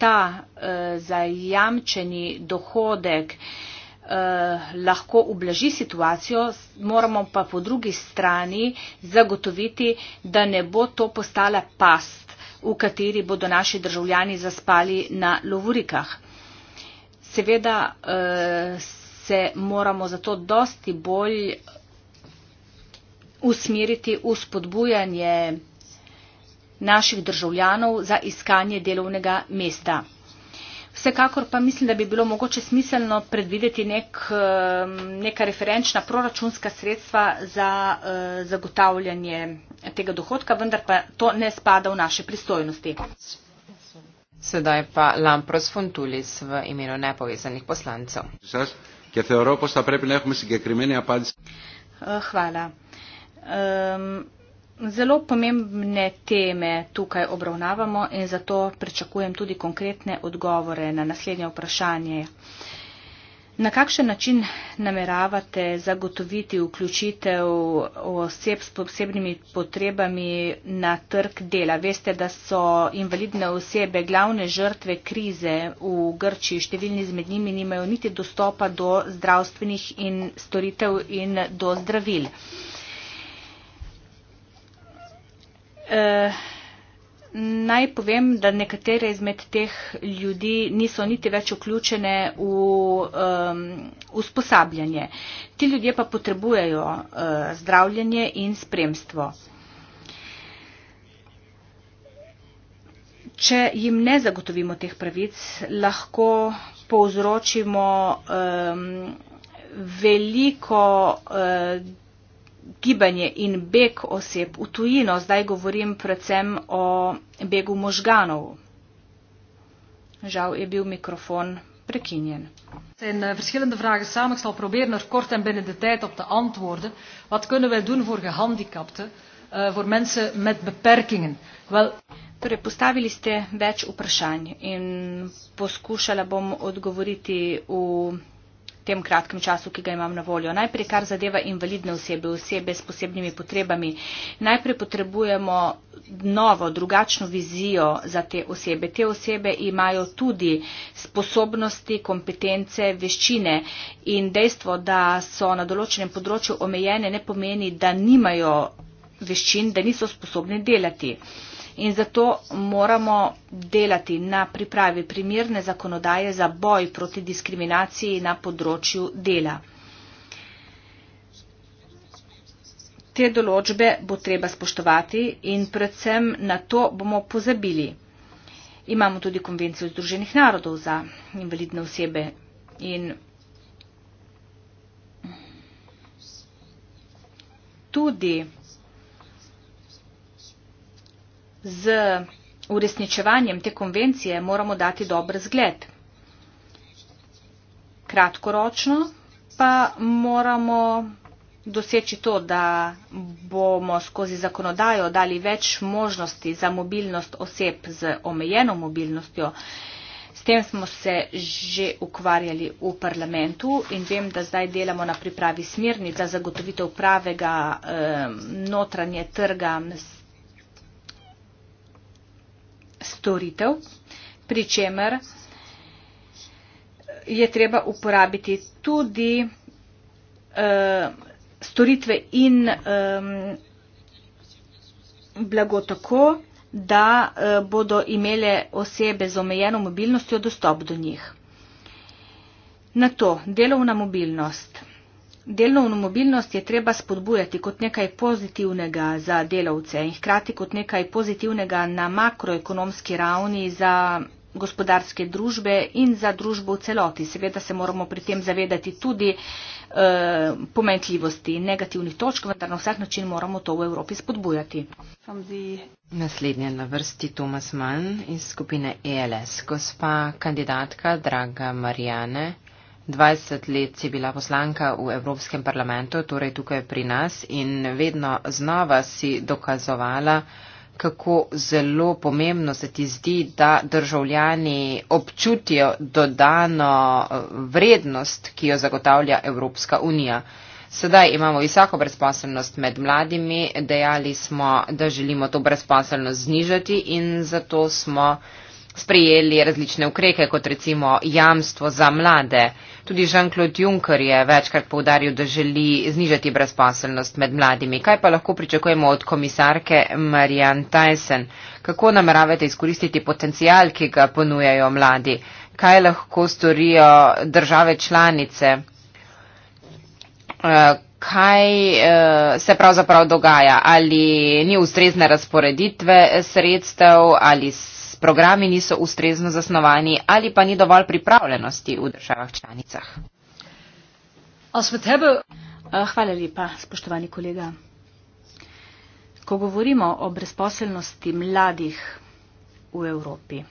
S3: ta eh, zajamčeni dohodek eh, lahko ublaži situacijo, moramo pa po drugi strani zagotoviti, da ne bo to postala past, v kateri bodo naši državljani zaspali na lovurikah. Seveda se moramo zato dosti bolj usmeriti v spodbujanje naših državljanov za iskanje delovnega mesta. Vsekakor pa mislim, da bi bilo mogoče smiselno predvideti nek, um, neka referenčna proračunska sredstva za uh, zagotavljanje tega dohodka, vendar pa to ne spada v naše pristojnosti.
S4: Sedaj pa Lampros Fontulis v imenu nepovezanih poslancev.
S3: Uh, hvala. Um, zelo pomembne teme tukaj obravnavamo in zato pričakujem tudi konkretne odgovore na naslednje vprašanje. Na kakšen način nameravate zagotoviti vključitev oseb s posebnimi potrebami na trg dela? Veste, da so invalidne osebe glavne žrtve krize v Grčiji. Številni izmed njimi nimajo niti dostopa do zdravstvenih in storitev in do zdravil. Eh, naj povem, da nekatere izmed teh ljudi niso niti več vključene v usposabljanje. Ti ljudje pa potrebujejo eh, zdravljenje in spremstvo. Če jim ne zagotovimo teh pravic, lahko povzročimo um, veliko uh, gibanje in beg oseb v tujino, zdaj govorim predvsem o begu možganov. Žal je bil mikrofon prekinjen. In eh, verschillende vragen samen, ik zal proberen er kort en binnen
S1: de tijd op te antwoorden. Wat kunnen wij doen voor gehandicapten, eh, voor mensen met
S3: beperkingen? Wel... Torej, postavili ste več vprašanj in poskušala bom odgovoriti v tem kratkem času, ki ga imam na voljo. Najprej, kar zadeva invalidne osebe, osebe s posebnimi potrebami. Najprej potrebujemo novo, drugačno vizijo za te osebe. Te osebe imajo tudi sposobnosti, kompetence, veščine in dejstvo, da so na določenem področju omejene, ne pomeni, da nimajo veščin, da niso sposobne delati. Uh, in zato moramo delati na pripravi primirne zakonodaje za boj proti diskriminaciji na področju dela. Te določbe bo treba spoštovati in predvsem na to bomo pozabili. Imamo tudi konvencijo Združenih narodov za invalidne osebe in tudi z uresničevanjem te konvencije moramo dati dober zgled. Kratkoročno pa moramo doseči to, da bomo skozi zakonodajo dali več možnosti za mobilnost oseb z omejeno mobilnostjo. S tem smo se že ukvarjali v parlamentu in vem, da zdaj delamo na pripravi smernic za zagotovitev pravega eh, notranje trga s storitev, pri čemer je treba uporabiti tudi uh, storitve in um, blago tako, da uh, bodo imele osebe z omejeno mobilnostjo dostop do njih. Na to delovna mobilnost. Delovno mobilnost je treba spodbujati kot nekaj pozitivnega za delavce in hkrati kot nekaj pozitivnega na makroekonomski ravni za gospodarske družbe in za družbo v celoti. Seveda se moramo pri tem zavedati tudi e, eh, pomenljivosti negativnih točk, vendar na vsak način moramo to v Evropi spodbujati.
S4: Naslednja na vrsti Tomas Mann iz skupine ELS. Gospa kandidatka, draga Marijane, 20 let si bila poslanka v Evropskem parlamentu, torej tukaj pri nas in vedno znova si dokazovala, kako zelo pomembno se ti zdi, da državljani občutijo dodano eh, vrednost, ki jo zagotavlja Evropska unija. Sedaj imamo visoko brezposelnost med mladimi, dejali smo, da želimo to brezposelnost znižati in zato smo sprejeli različne ukrepe, kot recimo jamstvo za mlade. Tudi Jean-Claude Juncker je večkrat povdaril, da želi znižati brezposelnost med mladimi. Kaj pa lahko pričakujemo od komisarke Marianne Tyson? Kako nameravate izkoristiti potencial, ki ga ponujajo mladi? Kaj lahko storijo države članice? Eh, kaj eh, se pravzaprav dogaja? Ali ni ustrezne razporeditve sredstev, ali programi niso ustrezno zasnovani ali pa ni dovolj pripravljenosti v državah članicah.
S3: Eh, hvala lepa, spoštovani kolega. Ko govorimo o brezposelnosti mladih v Evropi,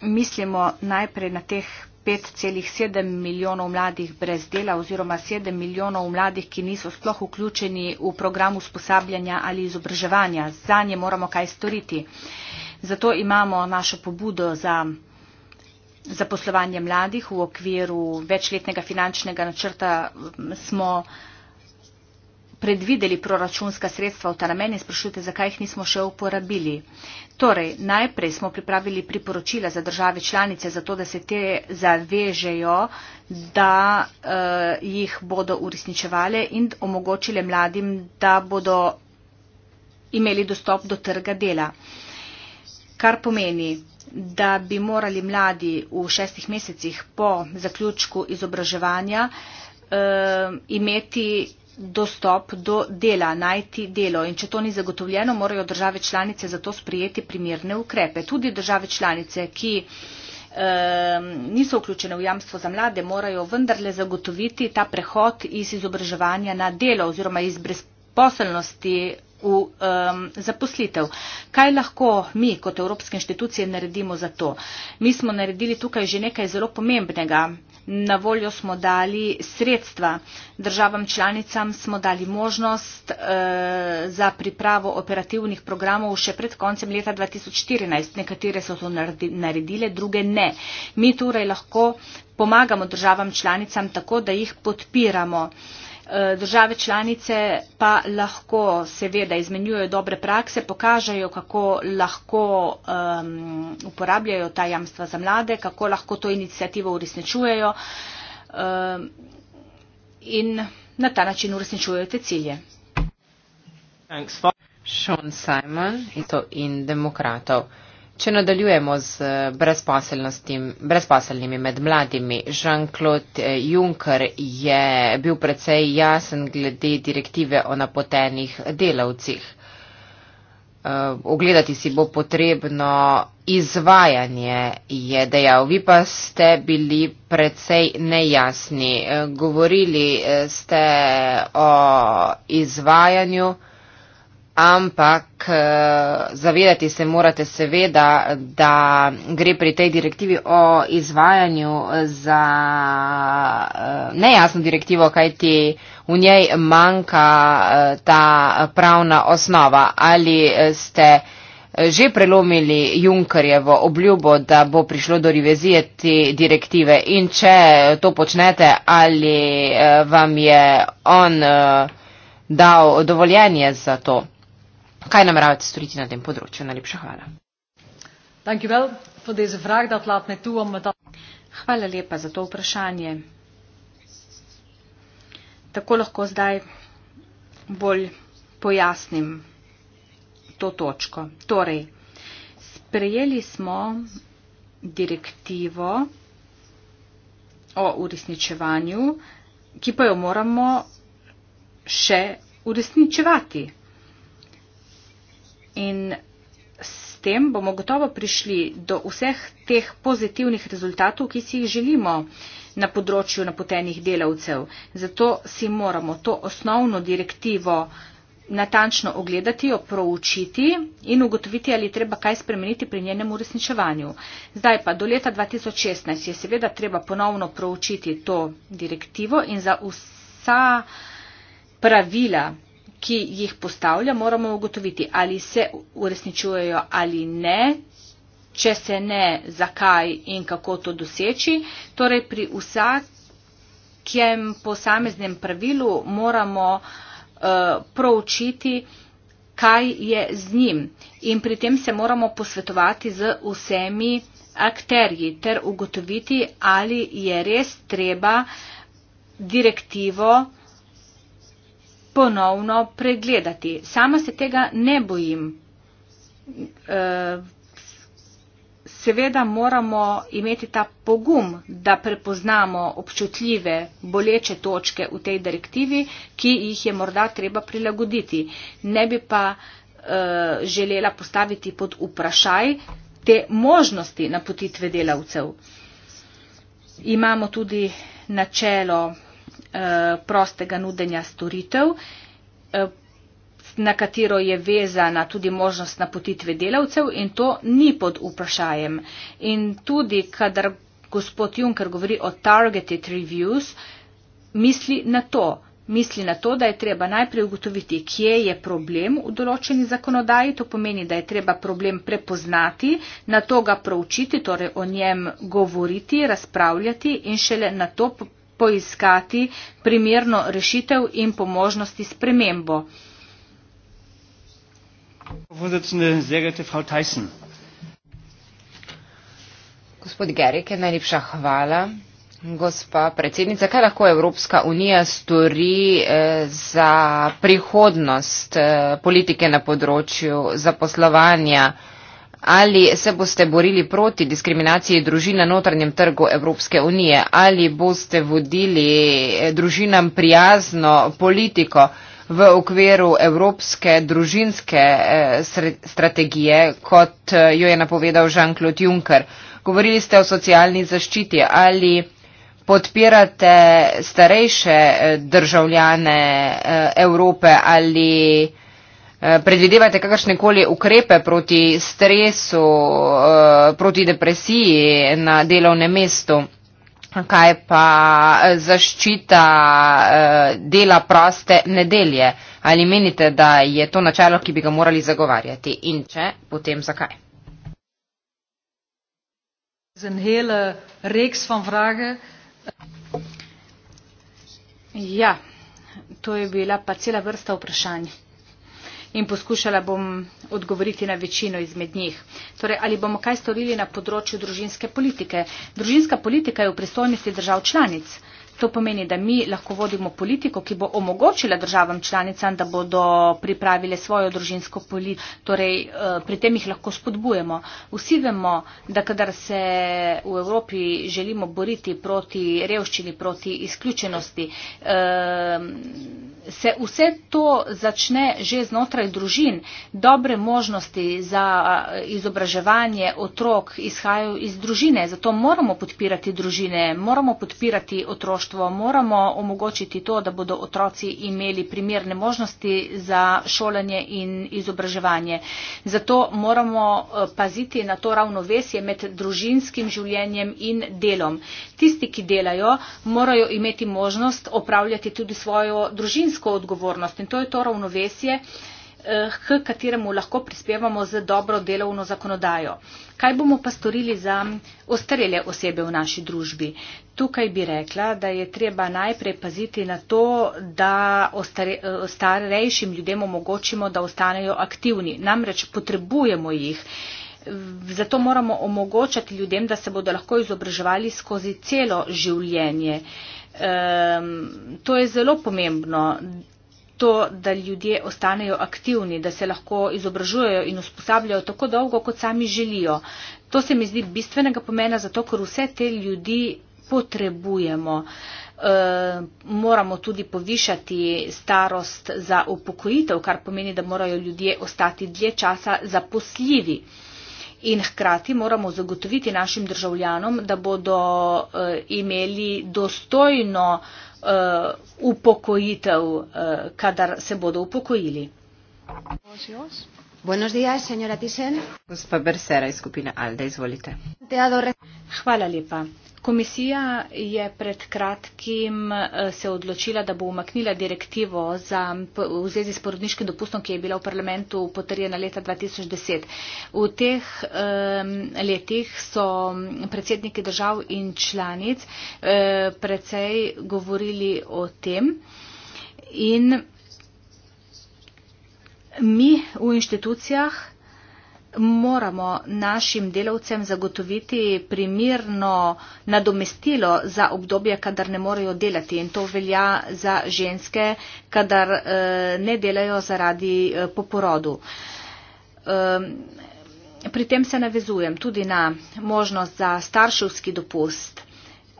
S3: mislimo najprej na teh 5,7 milijonov mladih brez dela oziroma 7 milijonov mladih, ki niso sploh vključeni v program usposabljanja ali izobraževanja. Za nje moramo kaj storiti. Zato imamo našo pobudo za zaposlovanje mladih v okviru večletnega finančnega načrta smo predvideli proračunska sredstva v ta namen in sprašujete, zakaj jih nismo še uporabili. Torej, najprej smo pripravili priporočila za države članice, zato da se te zavežejo, da uh, jih bodo uresničevale in omogočile mladim, da bodo imeli dostop do trga dela. Kar pomeni, da bi morali mladi v šestih mesecih po zaključku izobraževanja uh, imeti dostop do dela, najti delo. In če to ni zagotovljeno, morajo države članice za to sprijeti primerne ukrepe. Tudi države članice, ki ehm, niso vključene v jamstvo za mlade, morajo vendarle zagotoviti ta prehod iz izobraževanja na delo oziroma iz brezposelnosti v um, zaposlitev. Kaj lahko mi kot evropske inštitucije naredimo za to? Mi smo naredili tukaj že nekaj zelo pomembnega. Na voljo smo dali sredstva. Državam članicam smo dali možnost uh, za pripravo operativnih programov še pred koncem leta 2014. Nekatere so to naredile, druge ne. Mi torej lahko pomagamo državam članicam tako, da jih podpiramo. Uh, Eh, države članice pa lahko seveda izmenjujejo dobre prakse, pokažejo, kako lahko um, uporabljajo ta jamstva za mlade, kako lahko to inicijativo uresničujejo um, in na ta način uresničujejo te cilje.
S4: Sean Simon in to in demokratov. Če nadaljujemo z eh, brezposelnimi med mladimi, Jean-Claude eh, Juncker je bil precej jasen glede direktive o napotenih delavcih. Eh, ogledati si bo potrebno izvajanje, je dejal. Vi pa ste bili precej nejasni. Govorili ste o izvajanju ampak eh, zavedati se morate seveda, da gre pri tej direktivi o izvajanju za eh, nejasno direktivo, kaj ti v njej manjka eh, ta pravna osnova. Ali ste že prelomili Junkerjevo obljubo, da bo prišlo do revizije te direktive in če to počnete, ali vam je on dal dovoljenje za to? Kaj nameravate storiti na tem področju? Najlepša hvala.
S1: Hvala lepa za to vprašanje.
S3: Tako lahko zdaj bolj pojasnim to točko. Torej, sprejeli smo direktivo o uresničevanju, ki pa jo moramo še uresničevati in s tem bomo gotovo prišli do vseh teh pozitivnih rezultatov, ki si jih želimo na področju napotenih delavcev. Zato si moramo to osnovno direktivo natančno ogledati, jo proučiti in ugotoviti, ali treba kaj spremeniti pri njenem uresničevanju. Zdaj pa do leta 2016 je seveda treba ponovno proučiti to direktivo in za vsa pravila ki jih postavlja, moramo ugotoviti, ali se uresničujejo ali ne, če se ne, zakaj in kako to doseči. Torej, pri vsakem posameznem pravilu moramo uh, proučiti, kaj je z njim in pri tem se moramo posvetovati z vsemi akterji ter ugotoviti, ali je res treba direktivo ponovno pregledati. Sama se tega ne bojim. E, seveda moramo imeti ta pogum, da prepoznamo občutljive, boleče točke v tej direktivi, ki jih je morda treba prilagoditi. Ne bi pa e, želela postaviti pod vprašaj te možnosti napotitve delavcev. Imamo tudi načelo Eh, prostega nudenja storitev, eh, na katero je vezana tudi možnost napotitve delavcev in to ni pod vprašajem. In tudi, kadar gospod Juncker govori o targeted reviews, misli na to. Misli na to, da je treba najprej ugotoviti, kje je problem v določeni zakonodaji, to pomeni, da je treba problem prepoznati, na to ga proučiti, torej o njem govoriti, razpravljati in šele na to poiskati primerno rešitev in po možnosti spremembo.
S4: Gospod Gerike, najlepša hvala. Gospa predsednica, kaj lahko Evropska unija stori eh, za prihodnost eh, politike na področju zaposlovanja? Ali se boste borili proti diskriminaciji družin na notranjem trgu Evropske unije? Ali boste vodili eh, družinam prijazno politiko v okviru Evropske družinske eh, strategije, kot eh, jo je napovedal Jean-Claude Juncker? Govorili ste o socialni zaščiti. Ali podpirate starejše državljane Evrope? Ali podpirate starejše državljane Evrope? Eh, predvidevate kakršne koli ukrepe proti stresu, eh, proti depresiji na delovnem mestu? Kaj pa eh, zaščita dela proste nedelje? Ali menite, da je to načelo, ki bi ga morali zagovarjati? In če, potem zakaj?
S3: Ja, to je bila pa cela vrsta vprašanj in poskušala bom odgovoriti na večino izmed njih. Torej, ali bomo kaj storili na področju družinske politike? Družinska politika je v pristojnosti držav članic. To pomeni, da mi lahko vodimo politiko, ki bo omogočila državam članicam, da bodo pripravile svojo družinsko politiko. Torej, eh, pri tem jih lahko spodbujemo. Vsi vemo, da kadar se v Evropi želimo boriti proti revščini, proti izključenosti, eh, se vse to začne že znotraj družin. Dobre možnosti za izobraževanje otrok izhajajo iz družine, zato moramo podpirati družine, moramo podpirati otroštvo, moramo omogočiti to, da bodo otroci imeli primerne možnosti za šolanje in izobraževanje. Zato moramo e, paziti na to ravnovesje med družinskim življenjem in delom tisti, ki delajo, morajo imeti možnost opravljati tudi svojo družinsko odgovornost. In to je to ravnovesje, k eh, kateremu lahko prispevamo z dobro delovno zakonodajo. Kaj bomo pa storili za ostarele osebe v naši družbi? Tukaj bi rekla, da je treba najprej paziti na to, da eh, starejšim ljudem omogočimo, da ostanejo aktivni. Namreč potrebujemo jih. Zato moramo omogočati ljudem, da se bodo lahko izobraževali skozi celo življenje. Um, to je zelo pomembno, to, da ljudje ostanejo aktivni, da se lahko izobražujejo in usposabljajo tako dolgo, kot sami želijo. To se mi zdi bistvenega pomena, zato ker vse te ljudi potrebujemo. E, moramo tudi povišati starost za upokojitev, kar pomeni, da morajo ljudje ostati dlje časa zaposljivi. E, in hkrati moramo zagotoviti našim državljanom, da bodo eh, imeli dostojno eh, upokojitev, eh, kadar se bodo upokojili. Buenos
S4: días, señora Tisen. Gospa Bersera iz skupine Alde, izvolite.
S3: Hvala lepa. Komisija je pred kratkim eh, se odločila, da bo umaknila direktivo za, v zvezi s porodniškim dopustom, ki je bila v parlamentu potrjena leta 2010. V teh um, letih so predsedniki držav in članic uh, precej govorili o tem. In mi v inštitucijah moramo našim delavcem zagotoviti primirno nadomestilo za obdobje, kadar ne morejo delati. In to velja za ženske, kadar eh, ne delajo zaradi eh, poporodu. Ehm, pri tem se navezujem tudi na možnost za starševski dopust.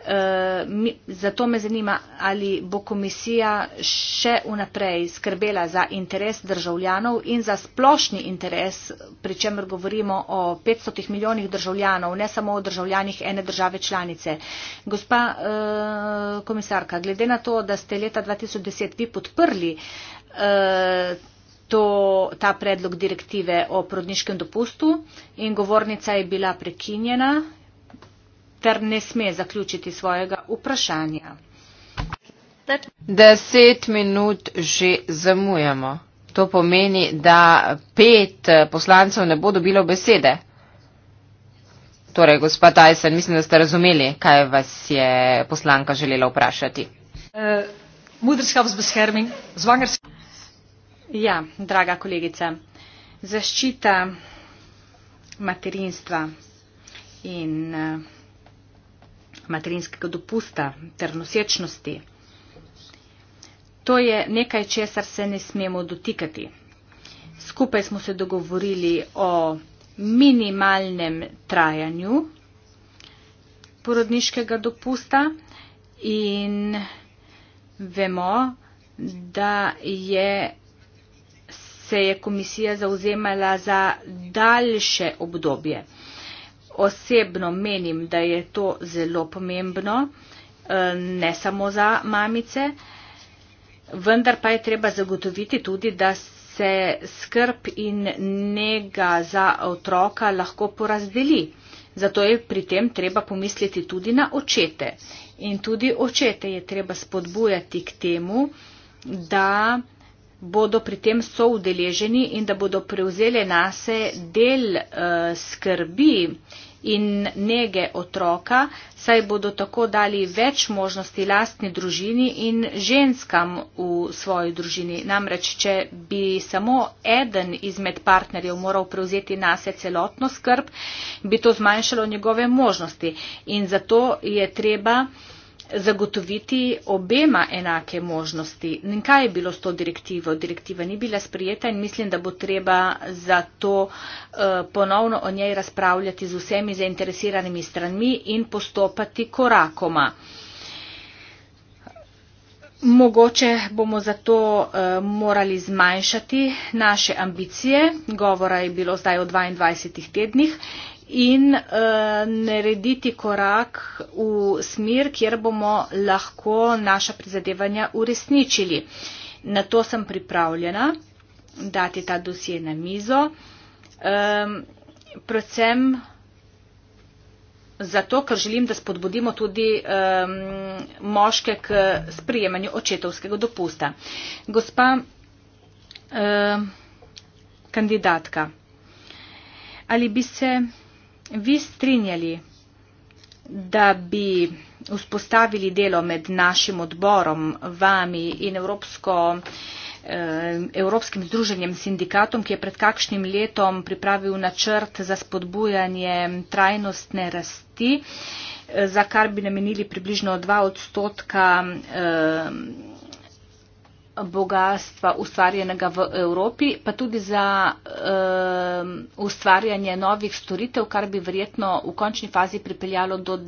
S3: Eh, zato me zanima ali bo komisija še vnaprej skrbela za interes državljanov in za splošni interes pri čemer govorimo o petstotih milijonih državljanov ne samo o državljanih ene države članice gospa uh, komisarka glede na to da ste leta 2010 vi podprli uh, to, ta predlog direktive o prodniškem dopustu in govornica je bila prekinjena ter ne sme zaključiti svojega vprašanja.
S4: Deset minut že zamujamo. To pomeni, da pet poslancev ne bo dobilo besede. Torej, gospod Tyson, mislim, da ste razumeli, kaj vas je poslanka želela vprašati.
S3: Uh, ja, draga kolegica, zaščita materinstva in. Uh, materinskega dopusta ter nosečnosti. To je nekaj, česar se ne smemo dotikati. Skupaj smo se dogovorili o minimalnem trajanju porodniškega dopusta in vemo, da je, se je komisija zauzemala za daljše obdobje osebno menim, da je to zelo pomembno, eh, ne samo za mamice, vendar pa je treba zagotoviti tudi, da se skrb in njega za otroka lahko porazdeli. Zato je pri tem treba pomisliti tudi na očete. In tudi očete je treba spodbujati k temu, da bodo pri tem soudeleženi in da bodo prevzeli nase del uh, skrbi uh, in nege otroka, saj bodo tako dali več možnosti lastni družini in ženskam v svoji družini. Namreč, če bi samo eden izmed partnerjev moral prevzeti nase celotno skrb, bi to zmanjšalo njegove možnosti in zato je treba zagotoviti obema enake možnosti. In kaj je bilo s to direktivo? Direktiva ni bila sprijeta in mislim, da bo treba za to uh, ponovno o njej razpravljati z vsemi zainteresiranimi stranmi in postopati korakoma. Mogoče bomo zato uh, morali zmanjšati naše ambicije, govora je bilo zdaj o 22 tednih in uh, narediti korak v smer, kjer bomo lahko naša prizadevanja uresničili. Na to sem pripravljena, dati ta dosje na mizo. Um, predvsem zato, ker želim, da spodbudimo tudi um, moške k sprijemanju očetovskega dopusta. Gospa um, kandidatka, ali bi se vi strinjali, da bi vzpostavili delo med našim odborom, vami in Evropsko, eh, Evropskim združenjem sindikatom, ki je pred kakšnim letom pripravil načrt za spodbujanje trajnostne rasti, eh, za kar bi namenili približno 2 odstotka. Eh, bogatstva ustvarjenega v Evropi, pa tudi za um, ustvarjanje novih storitev, kar bi verjetno v končni fazi pripeljalo do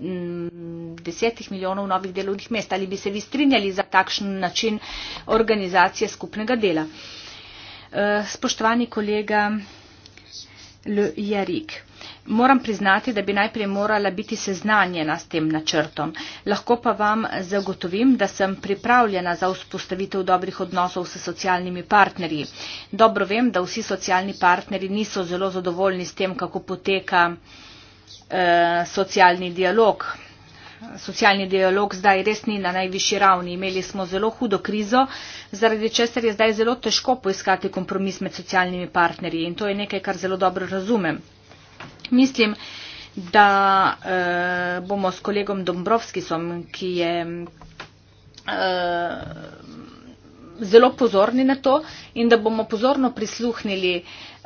S3: mm, desetih milijonov novih delovnih mest. Ali bi se vi strinjali za takšen način organizacije skupnega dela? Uh, spoštovani kolega Le Jarik. Moram priznati, da bi najprej morala biti seznanjena s tem načrtom. Lahko pa vam zagotovim, da sem pripravljena za vzpostavitev dobrih odnosov s socialnimi partnerji. Dobro vem, da vsi socialni partnerji niso zelo zadovoljni s tem, kako poteka eh, socialni dialog. Socialni dialog zdaj res ni na najvišji ravni. Imeli smo zelo hudo krizo, zaradi česar je zdaj zelo težko poiskati kompromis med socialnimi partnerji in to je nekaj, kar zelo dobro razumem. Mislim, da eh, bomo s kolegom Dombrovskisom, ki je eh, zelo pozorni na to in da bomo pozorno prisluhnili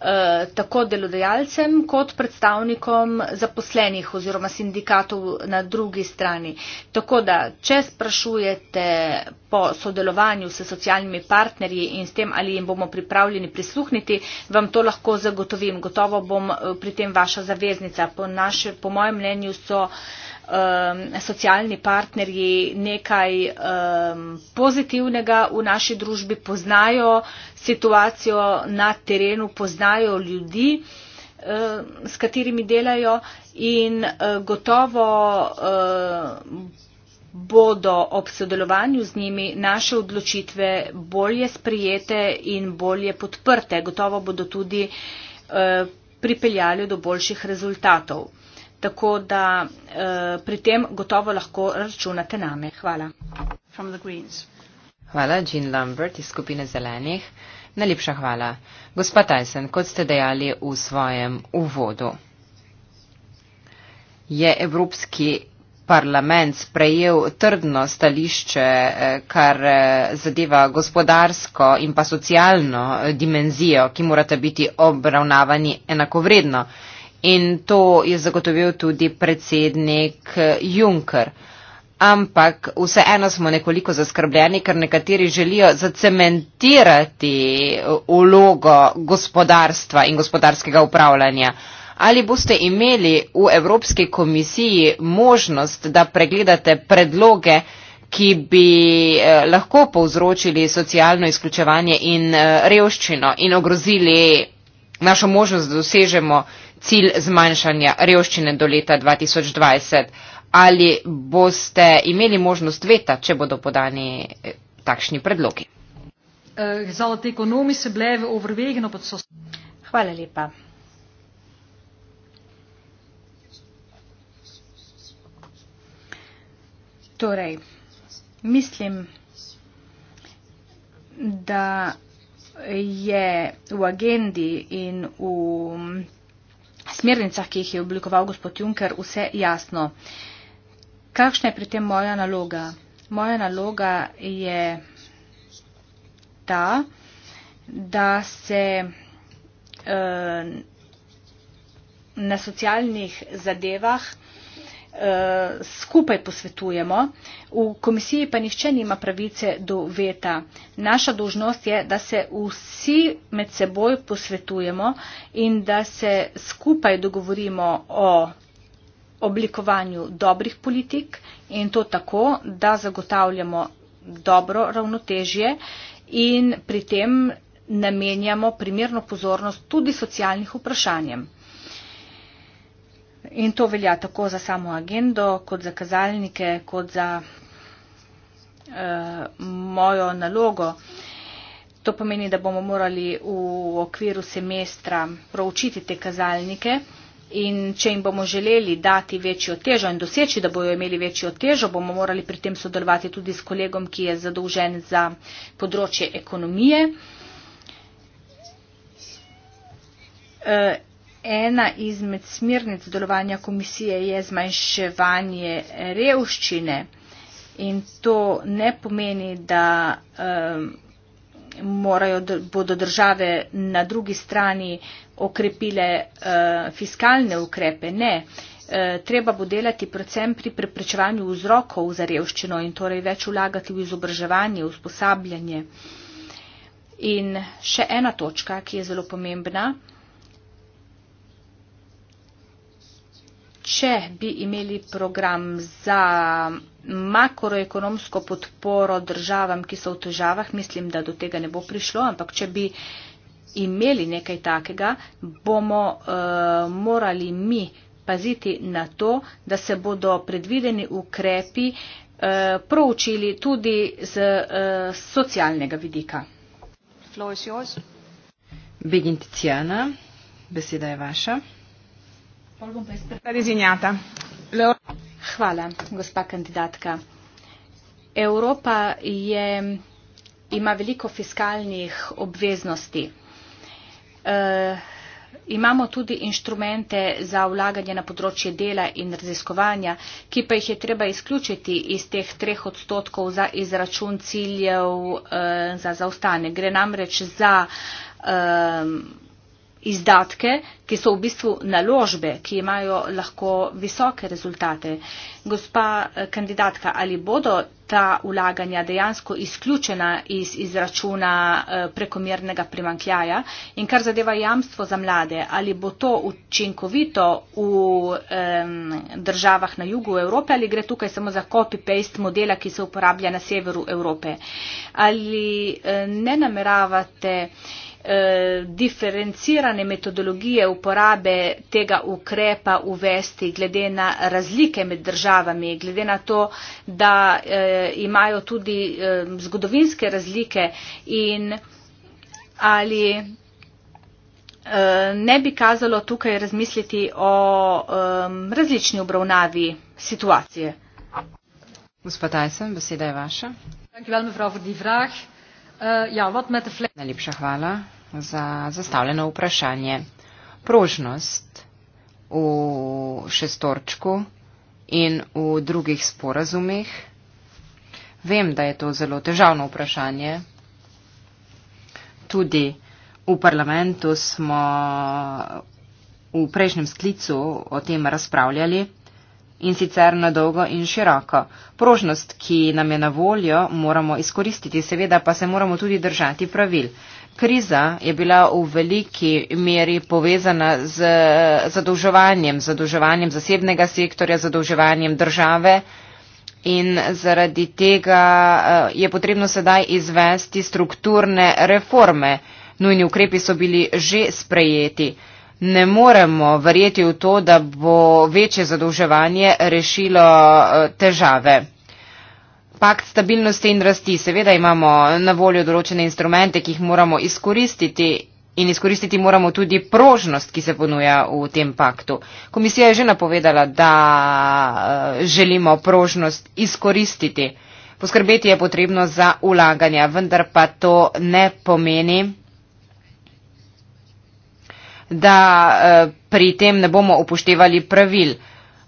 S3: eh, tako delodajalcem kot predstavnikom zaposlenih oziroma sindikatov na drugi strani. Tako da, če sprašujete po sodelovanju s socialnimi partnerji in s tem, ali jim bomo pripravljeni prisluhniti, vam to lahko zagotovim. Gotovo bom eh, pri tem vaša zaveznica. Po, naše, po mojem mnenju so uh, um, socialni partnerji nekaj um, pozitivnega v naši družbi, poznajo situacijo na terenu, poznajo ljudi, um, s katerimi delajo in uh, gotovo. Um, bodo ob sodelovanju z njimi naše odločitve bolje sprijete in bolje podprte. Gotovo bodo tudi eh, pripeljali do boljših rezultatov tako da eh, pri tem gotovo lahko računate name. Hvala.
S4: Hvala, Jean Lambert iz skupine Zelenih. Najlepša hvala. Gospa Tyson, kot ste dejali v svojem uvodu, je Evropski parlament sprejel trdno stališče, eh, kar eh, zadeva gospodarsko in pa socialno eh, dimenzijo, ki morata biti obravnavani enakovredno in to je zagotovil tudi predsednik eh, Juncker. Ampak vseeno smo nekoliko zaskrbljeni, ker nekateri želijo zacementirati ulogo eh, gospodarstva in gospodarskega upravljanja. Ali boste imeli v Evropski komisiji možnost, da pregledate predloge, ki bi eh, lahko povzročili socialno izključevanje in revščino in ogrozili našo možnost, da dosežemo cilj zmanjšanja revščine do leta 2020. Ali boste imeli možnost veta, če bodo podani eh, takšni predlogi?
S1: Eh, Hvala lepa.
S3: Torej, mislim, da je v agendi in v smernicah, ki jih je oblikoval gospod Juncker, vse jasno. Kakšna je pri tem moja naloga? Moja naloga je ta, da se eh, na socialnih zadevah Eh, skupaj posvetujemo, v komisiji pa nišče nima pravice do veta. Naša dožnost je, da se vsi med seboj posvetujemo in da se skupaj dogovorimo o oblikovanju dobrih politik in to tako, da zagotavljamo dobro ravnotežje in pri tem namenjamo primerno pozornost tudi socialnih vprašanjem. In to velja tako za samo agendo, kot za kazalnike, kot za eh, mojo nalogo. To pomeni, da bomo morali v okviru semestra proučiti te kazalnike in če jim bomo želeli dati večjo težo in doseči, da bojo imeli večjo težo, bomo morali pri tem sodelovati tudi s kolegom, ki je zadolžen za področje ekonomije. Eh, ena izmed smernic delovanja komisije je zmanjševanje revščine in to ne pomeni, da um, morajo, bodo države na drugi strani okrepile uh, fiskalne ukrepe. Ne, uh, treba bo delati predvsem pri preprečevanju vzrokov za revščino in torej več vlagati v izobraževanje, v usposabljanje. In še ena točka, ki je zelo pomembna. če bi imeli program za makroekonomsko podporo državam, ki so v težavah, mislim, da do tega ne bo prišlo, ampak če bi imeli nekaj takega, bomo uh, morali mi paziti na to, da se bodo predvideni ukrepi uh, proučili tudi z uh, socialnega vidika.
S4: Begin Tiziana, beseda je vaša.
S3: Hvala, gospa kandidatka. Evropa je, ima veliko fiskalnih obveznosti. E, imamo tudi inštrumente za vlaganje na področje dela in raziskovanja, ki pa jih je treba izključiti iz teh treh odstotkov za izračun ciljev e, za zaostanek. Gre namreč za. E, izdatke, ki so v bistvu naložbe, ki imajo lahko visoke rezultate. Gospa eh, kandidatka, ali bodo ta ulaganja dejansko izključena iz izračuna eh, prekomernega primankljaja? In kar zadeva jamstvo za mlade, ali bo to učinkovito v um, državah na jugu Evrope ali gre tukaj samo za copy-paste modela, ki se uporablja na severu Evrope? Ali eh, ne nameravate Eh, diferencirane metodologije uporabe tega ukrepa uvesti glede na razlike med državami, glede na to, da eh, imajo tudi eh, zgodovinske razlike in ali ne bi kazalo tukaj razmisliti o različni obravnavi situacije. Gospod Tyson, beseda je
S4: vaša.
S1: Hvala, gospod, za vprašanje. Eh, ja,
S4: Najlepša hvala za zastavljeno vprašanje. Prožnost v šestorčku in v drugih sporazumih. Vem, da je to zelo težavno vprašanje. Tudi v parlamentu smo v prejšnjem sklicu o tem razpravljali in sicer na dolgo in široko. Prožnost, ki nam je na voljo, moramo izkoristiti, seveda pa se moramo tudi držati pravil. Kriza je bila v veliki meri povezana z zadolževanjem, zadolževanjem zasebnega sektorja, zadolževanjem države. In zaradi tega eh, je potrebno sedaj izvesti strukturne reforme. Nujni ukrepi so bili že sprejeti ne moremo verjeti v to, da bo večje zadolževanje rešilo eh, težave. Pakt stabilnosti in rasti. Seveda imamo na voljo določene instrumente, ki jih moramo izkoristiti in izkoristiti moramo tudi prožnost, ki se ponuja v tem paktu. Komisija je že napovedala, da eh, želimo prožnost izkoristiti. Poskrbeti je potrebno za ulaganja, vendar pa to ne pomeni, da eh, pri tem ne bomo upoštevali pravil.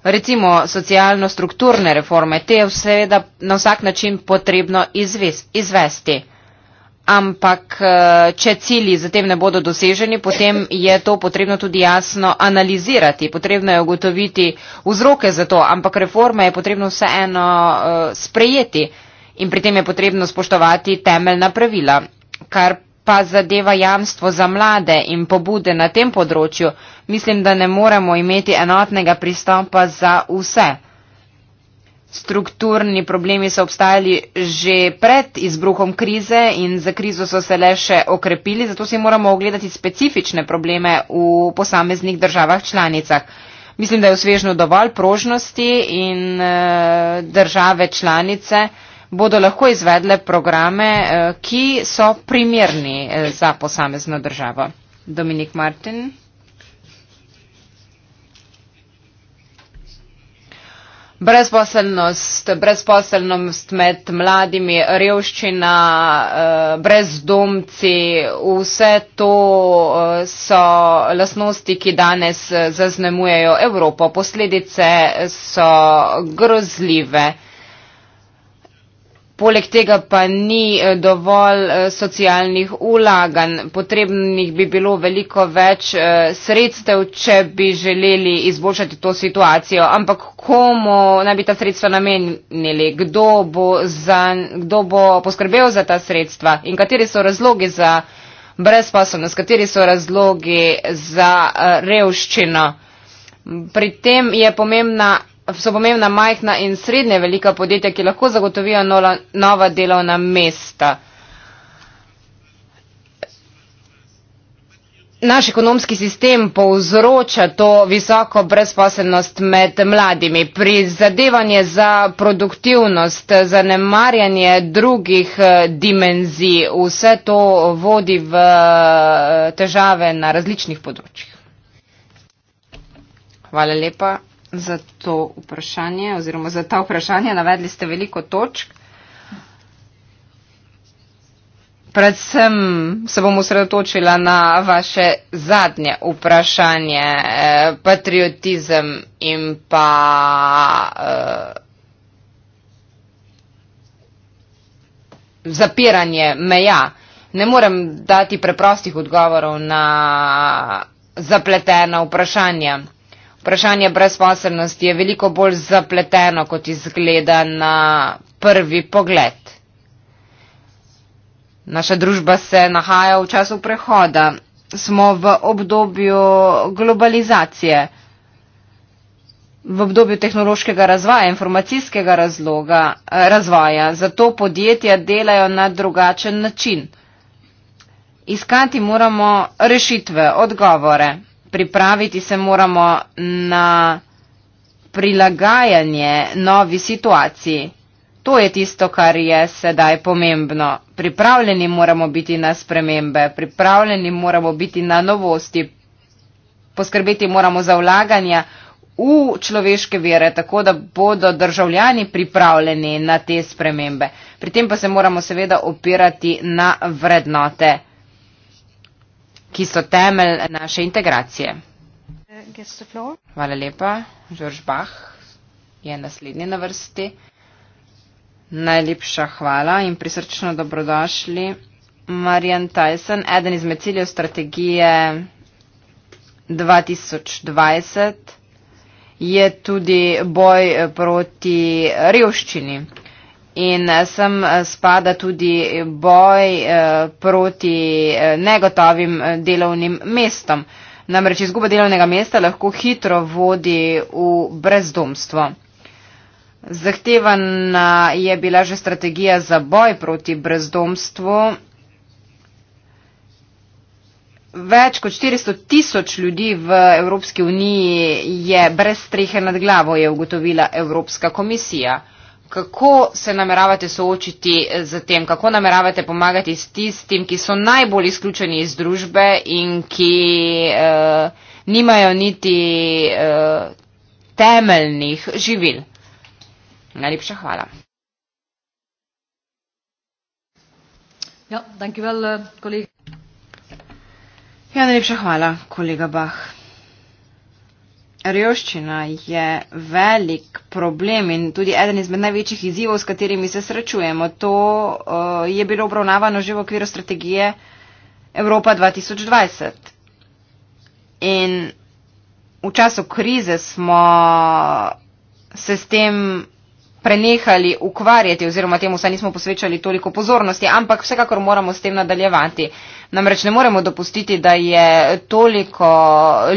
S4: Recimo socialno-strukturne reforme, te je seveda na vsak način potrebno izves, izvesti. Ampak, eh, če cilji zatem ne bodo doseženi, potem je to potrebno tudi jasno analizirati, potrebno je ugotoviti vzroke za to, ampak reforme je potrebno vseeno eh, sprejeti in pri tem je potrebno spoštovati temeljna pravila, kar pa zadeva jamstvo za mlade in pobude na tem področju, mislim, da ne moremo imeti enotnega pristopa za vse. Strukturni problemi so obstajali že pred izbruhom krize in za krizo so se le še okrepili, zato si moramo ogledati specifične probleme v posameznih državah članicah. Mislim, da je v svežnju dovolj prožnosti in e, države članice bodo lahko izvedle programe, eh, ki so primerni eh, za posamezno državo. Dominik Martin. Brezposelnost, brezposelnost med mladimi, revščina, eh, brezdomci, vse to so lasnosti, ki danes zaznemujejo Evropo. Posledice so grozljive poleg tega pa ni eh, dovolj eh, socialnih ulagan. Potrebnih bi bilo veliko več eh, sredstev, če bi želeli izboljšati to situacijo. Ampak komu naj bi ta sredstva namenili? Kdo bo, za, kdo bo poskrbel za ta sredstva? In kateri so razlogi za brezposobnost? Kateri so razlogi za revščino? Pri tem je pomembna so pomembna majhna in srednje velika podjetja, ki lahko zagotovijo nola, nova delovna mesta. Naš ekonomski sistem povzroča to visoko brezposelnost med mladimi. Prizadevanje za produktivnost, zanemarjanje drugih eh, dimenzij, vse to vodi v eh, težave na različnih področjih. Hvala lepa za to vprašanje oziroma za ta vprašanja. Navedli ste veliko točk. Predvsem se bom usredotočila na vaše zadnje vprašanje, eh, patriotizem in pa eh, zapiranje meja. Ne morem dati preprostih odgovorov na zapletena vprašanja. Vprašanje brezposelnosti je veliko bolj zapleteno, kot izgleda na prvi pogled. Naša družba se nahaja v času prehoda. Smo v obdobju globalizacije, v obdobju tehnološkega razvoja, informacijskega razloga, razvoja. Zato podjetja delajo na drugačen način. Iskati moramo rešitve, odgovore pripraviti se moramo na prilagajanje novi situaciji. To je tisto, kar je sedaj pomembno. Pripravljeni moramo biti na spremembe, pripravljeni moramo biti na novosti, poskrbeti moramo za vlaganja v človeške vere, tako da bodo državljani pripravljeni na te spremembe. Pri tem pa se moramo seveda opirati na vrednote ki so temelj naše integracije. Hvala lepa. Žorž Bah je naslednji na vrsti. Najlepša hvala in prisrčno dobrodošli. Marjan Tyson, eden izmed ciljev strategije 2020 je tudi boj proti revščini. In eh, sem eh, spada tudi boj eh, proti negotovim delovnim mestom. Namreč izguba delovnega mesta lahko hitro vodi v brezdomstvo. Zahtevana je bila že strategija za boj proti brezdomstvu. Več kot 400 tisoč ljudi v Evropski uniji je brez strehe nad glavo, je ugotovila Evropska komisija kako se nameravate soočiti z tem, kako nameravate pomagati s tistim, ki so najbolj izključeni iz družbe in ki uh, nimajo niti uh, temeljnih živil. Najlepša hvala.
S1: Ja, well, uh, eh,
S4: ja najlepša hvala, kolega Bah. Revščina je velik problem in tudi eden izmed največjih izzivov, s katerimi se srečujemo. To uh, je bilo obravnavano že v okviru strategije Evropa 2020. In v času krize smo se s tem prenehali ukvarjati oziroma temu saj nismo posvečali toliko pozornosti, ampak vsekakor moramo s tem nadaljevati. Namreč ne moremo dopustiti, da je toliko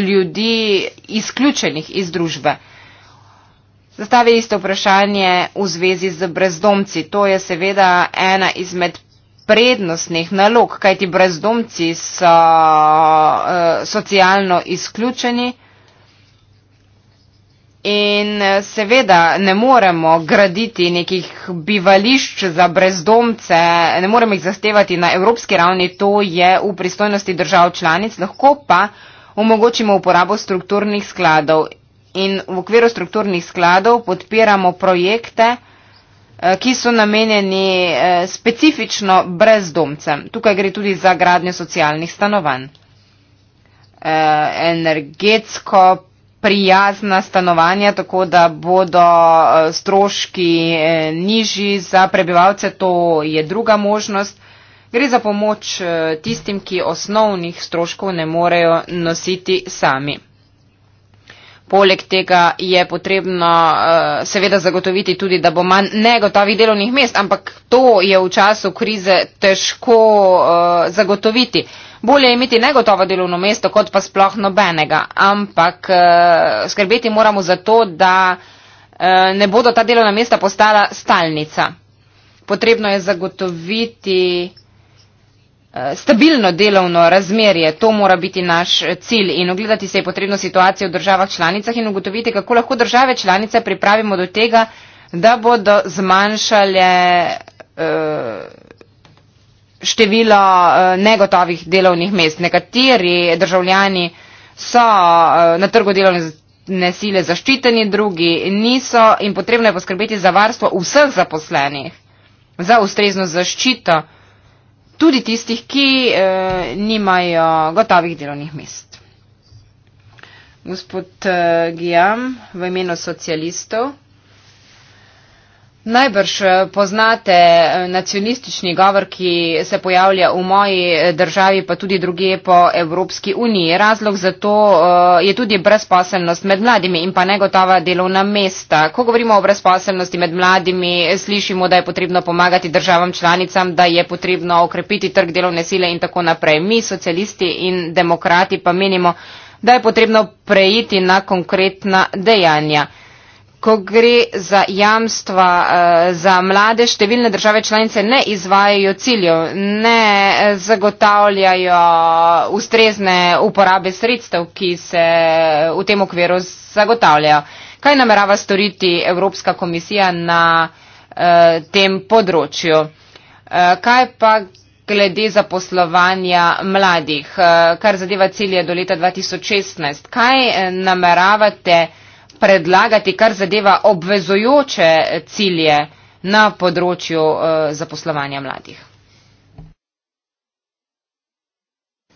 S4: ljudi izključenih iz družbe. Zastavili ste vprašanje v zvezi z brezdomci. To je seveda ena izmed prednostnih nalog, kajti brezdomci so uh, socialno izključeni. In eh, seveda ne moremo graditi nekih bivališč za brezdomce, ne moremo jih zahtevati na evropski ravni, to je v pristojnosti držav članic, lahko pa omogočimo uporabo strukturnih skladov. In v okviru strukturnih skladov podpiramo projekte, eh, ki so namenjeni eh, specifično brezdomcem. Tukaj gre tudi za gradnjo socialnih stanovanj. Energetsko prijazna stanovanja, tako da bodo eh, stroški eh, nižji za prebivalce, to je druga možnost. Gre za pomoč eh, tistim, ki osnovnih stroškov ne morejo nositi sami. Poleg tega je potrebno uh, seveda zagotoviti tudi, da bo manj negotovih delovnih mest, ampak to je v času krize težko uh, zagotoviti. Bolje je imeti negotovo delovno mesto, kot pa sploh nobenega. Ampak uh, skrbeti moramo za to, da uh, ne bodo ta delovna mesta postala stalnica. Potrebno je zagotoviti. Eh, stabilno delovno razmerje, to mora biti naš eh, cilj in ogledati se je potrebno situacijo v državah članicah in ugotoviti, kako lahko države članice pripravimo do tega, da bodo zmanjšale uh, število uh, negotovih delovnih mest. Nekateri državljani so uh, na trgu delovne nesile zaščiteni, drugi niso in potrebno je poskrbeti za varstvo vseh zaposlenih, za ustrezno zaščito tudi tistih, ki eh, nimajo gotovih delovnih mest. Gospod eh, Gijam, v imenu socialistov. Najbrž eh, poznate eh, nacionalistični govor, ki se pojavlja v moji eh, državi, pa tudi druge po Evropski uniji. Razlog za to je tudi brezposelnost med mladimi in pa negotova delovna mesta. Ko govorimo o brezposelnosti med mladimi, slišimo, da je potrebno pomagati državam članicam, da je potrebno okrepiti trg delovne sile in tako naprej. Mi, socialisti in demokrati, pa menimo, da je potrebno preiti na konkretna dejanja ko gre za jamstva eh, za mlade, številne države članice ne izvajajo ciljev, ne eh, zagotavljajo ustrezne uporabe sredstev, ki se eh, v tem okviru zagotavljajo. Kaj namerava storiti Evropska komisija na tem področju? Kaj pa glede zaposlovanja mladih, kar zadeva cilje do leta 2016? Kaj nameravate? predlagati, kar zadeva obvezujoče cilje na področju eh,
S1: zaposlovanja mladih.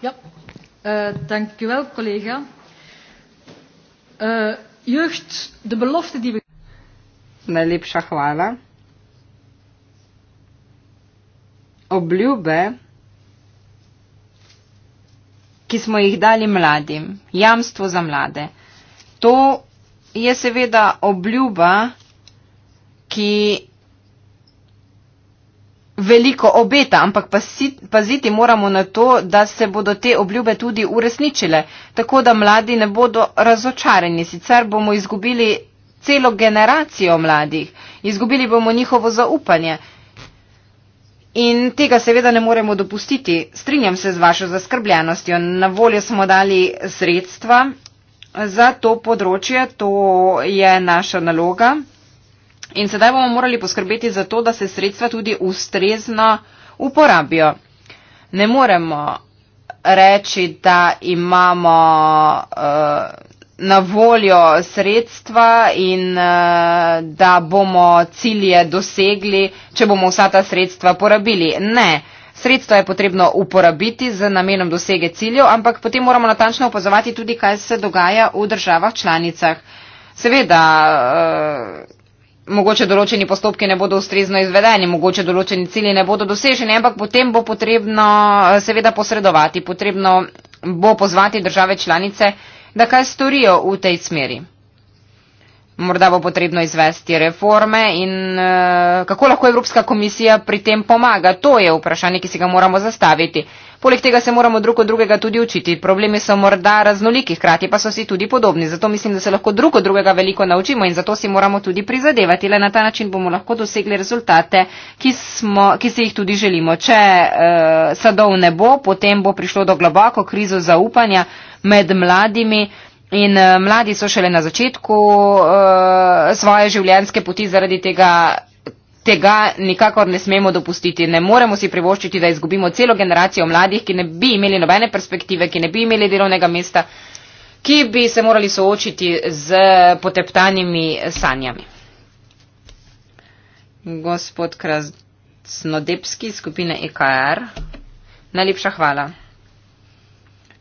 S1: Ja. Uh, well, uh, jucht, we... Najlepša hvala.
S4: Obljube, ki smo jih dali mladim, jamstvo za mlade, to je seveda obljuba, ki veliko obeta, ampak paziti moramo na to, da se bodo te obljube tudi uresničile, tako da mladi ne bodo razočarani. Sicer bomo izgubili celo generacijo mladih, izgubili bomo njihovo zaupanje. In tega seveda ne moremo dopustiti. Strinjam se z vašo zaskrbljenostjo. Na voljo smo dali sredstva za to področje, to je naša naloga. In sedaj bomo morali poskrbeti za to, da se sredstva tudi ustrezno uporabijo. Ne moremo reči, da imamo uh, na voljo sredstva in uh, da bomo cilje dosegli, če bomo vsa ta sredstva porabili. Ne. Uh, Sredstva je potrebno uporabiti z namenom dosege ciljev, ampak potem moramo natančno opazovati tudi, kaj se dogaja v državah članicah. Seveda, eh, mogoče določeni postopki ne bodo ustrezno izvedeni, mogoče določeni cilji ne bodo doseženi, ampak potem bo potrebno eh, seveda posredovati, potrebno bo pozvati države članice, da kaj storijo v tej smeri morda bo potrebno izvesti reforme in uh, kako lahko Evropska komisija pri tem pomaga. To je vprašanje, ki si ga moramo zastaviti. Poleg tega se moramo drugo drugega tudi učiti. Problemi so morda raznoliki, hkrati pa so si tudi podobni. Zato mislim, da se lahko drugo drugega veliko naučimo in zato si moramo tudi prizadevati. Le na ta način bomo lahko dosegli rezultate, ki, smo, ki si jih tudi želimo. Če uh, sadov ne bo, potem bo prišlo do globoko krizo zaupanja med mladimi. In eh, mladi so šele na začetku uh, svoje življenjske poti zaradi tega, tega nikakor ne smemo dopustiti. Ne moremo si privoščiti, da izgubimo celo generacijo mladih, ki ne bi imeli nobene perspektive, ki ne bi imeli delovnega mesta, ki bi se morali soočiti z poteptanimi sanjami. Gospod Krasnodebski, skupina EKR, najlepša hvala.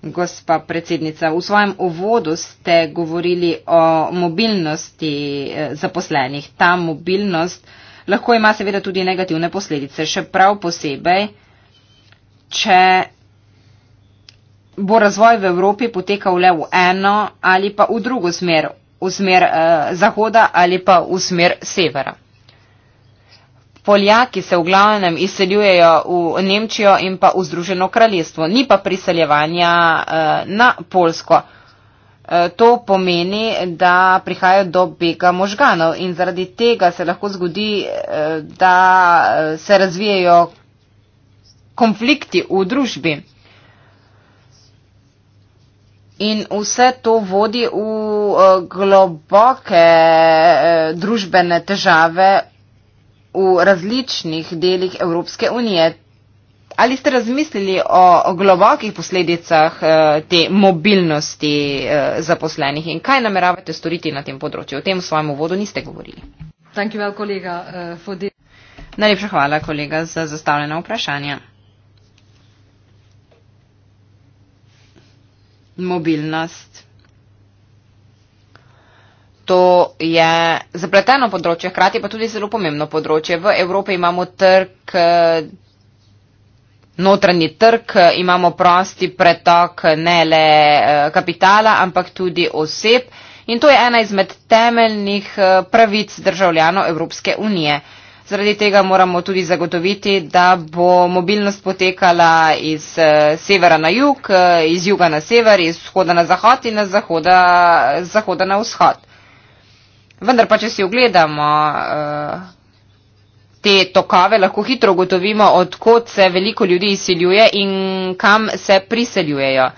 S4: Gospa predsednica, v svojem uvodu ste govorili o mobilnosti eh, zaposlenih. Ta mobilnost lahko ima seveda tudi negativne posledice, še prav posebej, če bo razvoj v Evropi potekal le v eno ali pa v drugo smer, v smer eh, zahoda ali pa v smer severa. Poljaki se v glavnem izseljujejo v Nemčijo in pa v Združeno kraljestvo, ni pa priseljevanja eh, na Polsko. Eh, to pomeni, da prihajajo do bega možganov in zaradi tega se lahko zgodi, eh, da se razvijajo konflikti v družbi. In vse to vodi v globoke družbene težave, v različnih delih Evropske unije. Ali ste razmislili o, o globokih posledicah eh, te mobilnosti eh, zaposlenih in kaj nameravate storiti na tem področju? O tem v svojem uvodu niste govorili.
S1: Well, eh,
S4: Najlepša hvala, kolega, za zastavljena vprašanja. Mobilnost to je zapleteno področje, hkrati pa tudi zelo pomembno področje. V Evropi imamo trg, eh, notranji trg, imamo prosti pretok ne le eh, kapitala, ampak tudi oseb in to je ena izmed temeljnih eh, pravic državljanov Evropske unije. Zaradi tega moramo tudi zagotoviti, da bo mobilnost potekala iz severa na jug, iz juga na sever, iz vzhoda na zahod in iz zahoda, zahoda na vzhod. Vendar pa, če si ogledamo uh, te tokave, lahko hitro ugotovimo, odkot se veliko ljudi izsiljuje in kam se priseljujejo.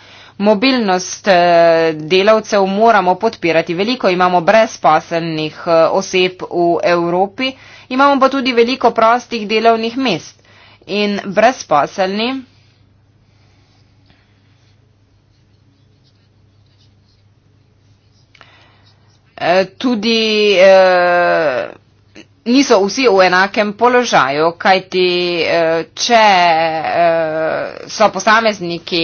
S4: Mobilnost eh, delavcev moramo podpirati. Veliko imamo brezposelnih eh, oseb v Evropi, imamo pa tudi veliko prostih delovnih mest. In brezposelni. Eh, tudi eh, niso vsi v enakem položaju, kajti eh, če so posamezniki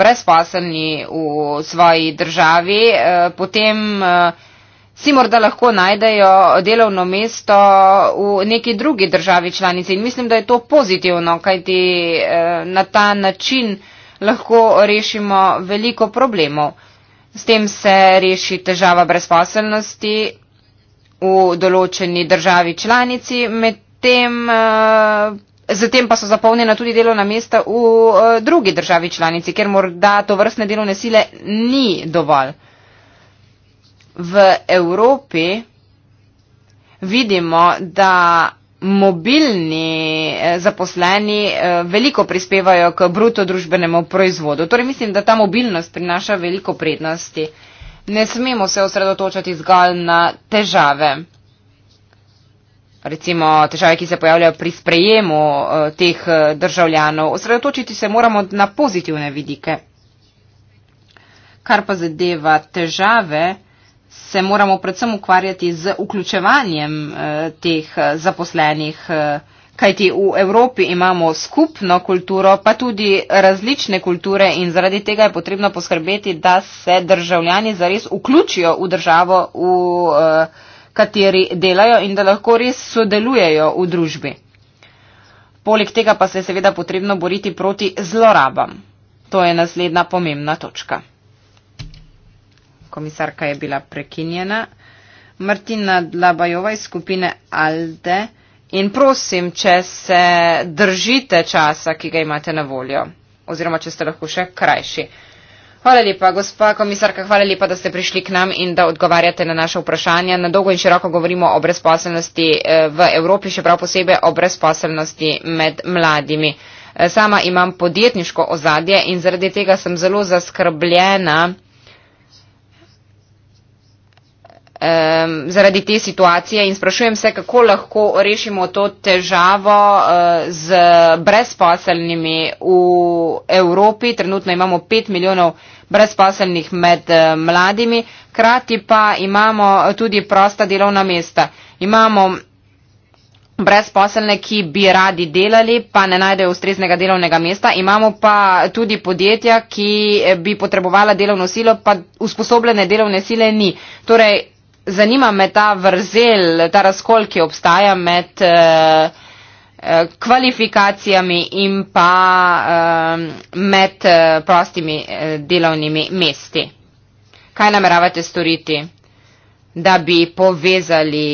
S4: brezposelni v svoji državi, potem si morda lahko najdejo delovno mesto v neki drugi državi članici. In mislim, da je to pozitivno, kajti na ta način lahko rešimo veliko problemov. S tem se reši težava brezposelnosti v določeni državi članici, medtem Zatem eh, pa so zapolnjena tudi delovna mesta v eh, drugi državi članici, ker morda to vrstne delovne sile ni dovolj. V Evropi vidimo, da mobilni eh, zaposleni eh, veliko prispevajo k bruto družbenemu proizvodu. Torej mislim, da ta mobilnost prinaša veliko prednosti. Ne smemo se osredotočati zgolj na težave. Recimo težave, ki se pojavljajo pri sprejemu eh, teh državljanov. Osredotočiti se moramo na pozitivne vidike. Kar pa zadeva težave, se moramo predvsem ukvarjati z vključevanjem eh, teh eh, zaposlenih, eh, kajti v Evropi imamo skupno kulturo, pa tudi različne kulture in zaradi tega je potrebno poskrbeti, da se državljani zares vključijo v državo, v kateri delajo in da lahko res sodelujejo v družbi. Poleg tega pa se je seveda potrebno boriti proti zlorabam. To je naslednja pomembna točka komisarka je bila prekinjena. Martina Dlabajova iz skupine Alde in prosim, če se držite časa, ki ga imate na voljo, oziroma če ste lahko še krajši. Hvala lepa, gospa komisarka, hvala lepa, da ste prišli k nam in da odgovarjate na naše vprašanja. Na dolgo in široko govorimo o brezposelnosti eh, v Evropi, še prav posebej o brezposelnosti med mladimi. Eh, sama imam podjetniško ozadje in zaradi tega sem zelo zaskrbljena um, zaradi te situacije in sprašujem se, kako lahko rešimo to težavo uh, z brezposelnimi v Evropi. Trenutno imamo 5 milijonov brezposelnih med uh, mladimi, krati pa imamo tudi prosta delovna mesta. Imamo brezposelne, ki bi radi delali, pa ne najdejo ustreznega delovnega mesta. Imamo pa tudi podjetja, ki bi potrebovala delovno silo, pa usposobljene delovne sile ni. Torej, zanima me ta vrzel, ta razkol, ki obstaja med eh, eh, kvalifikacijami in pa eh, med prostimi delovnimi mesti. Kaj nameravate storiti, da bi povezali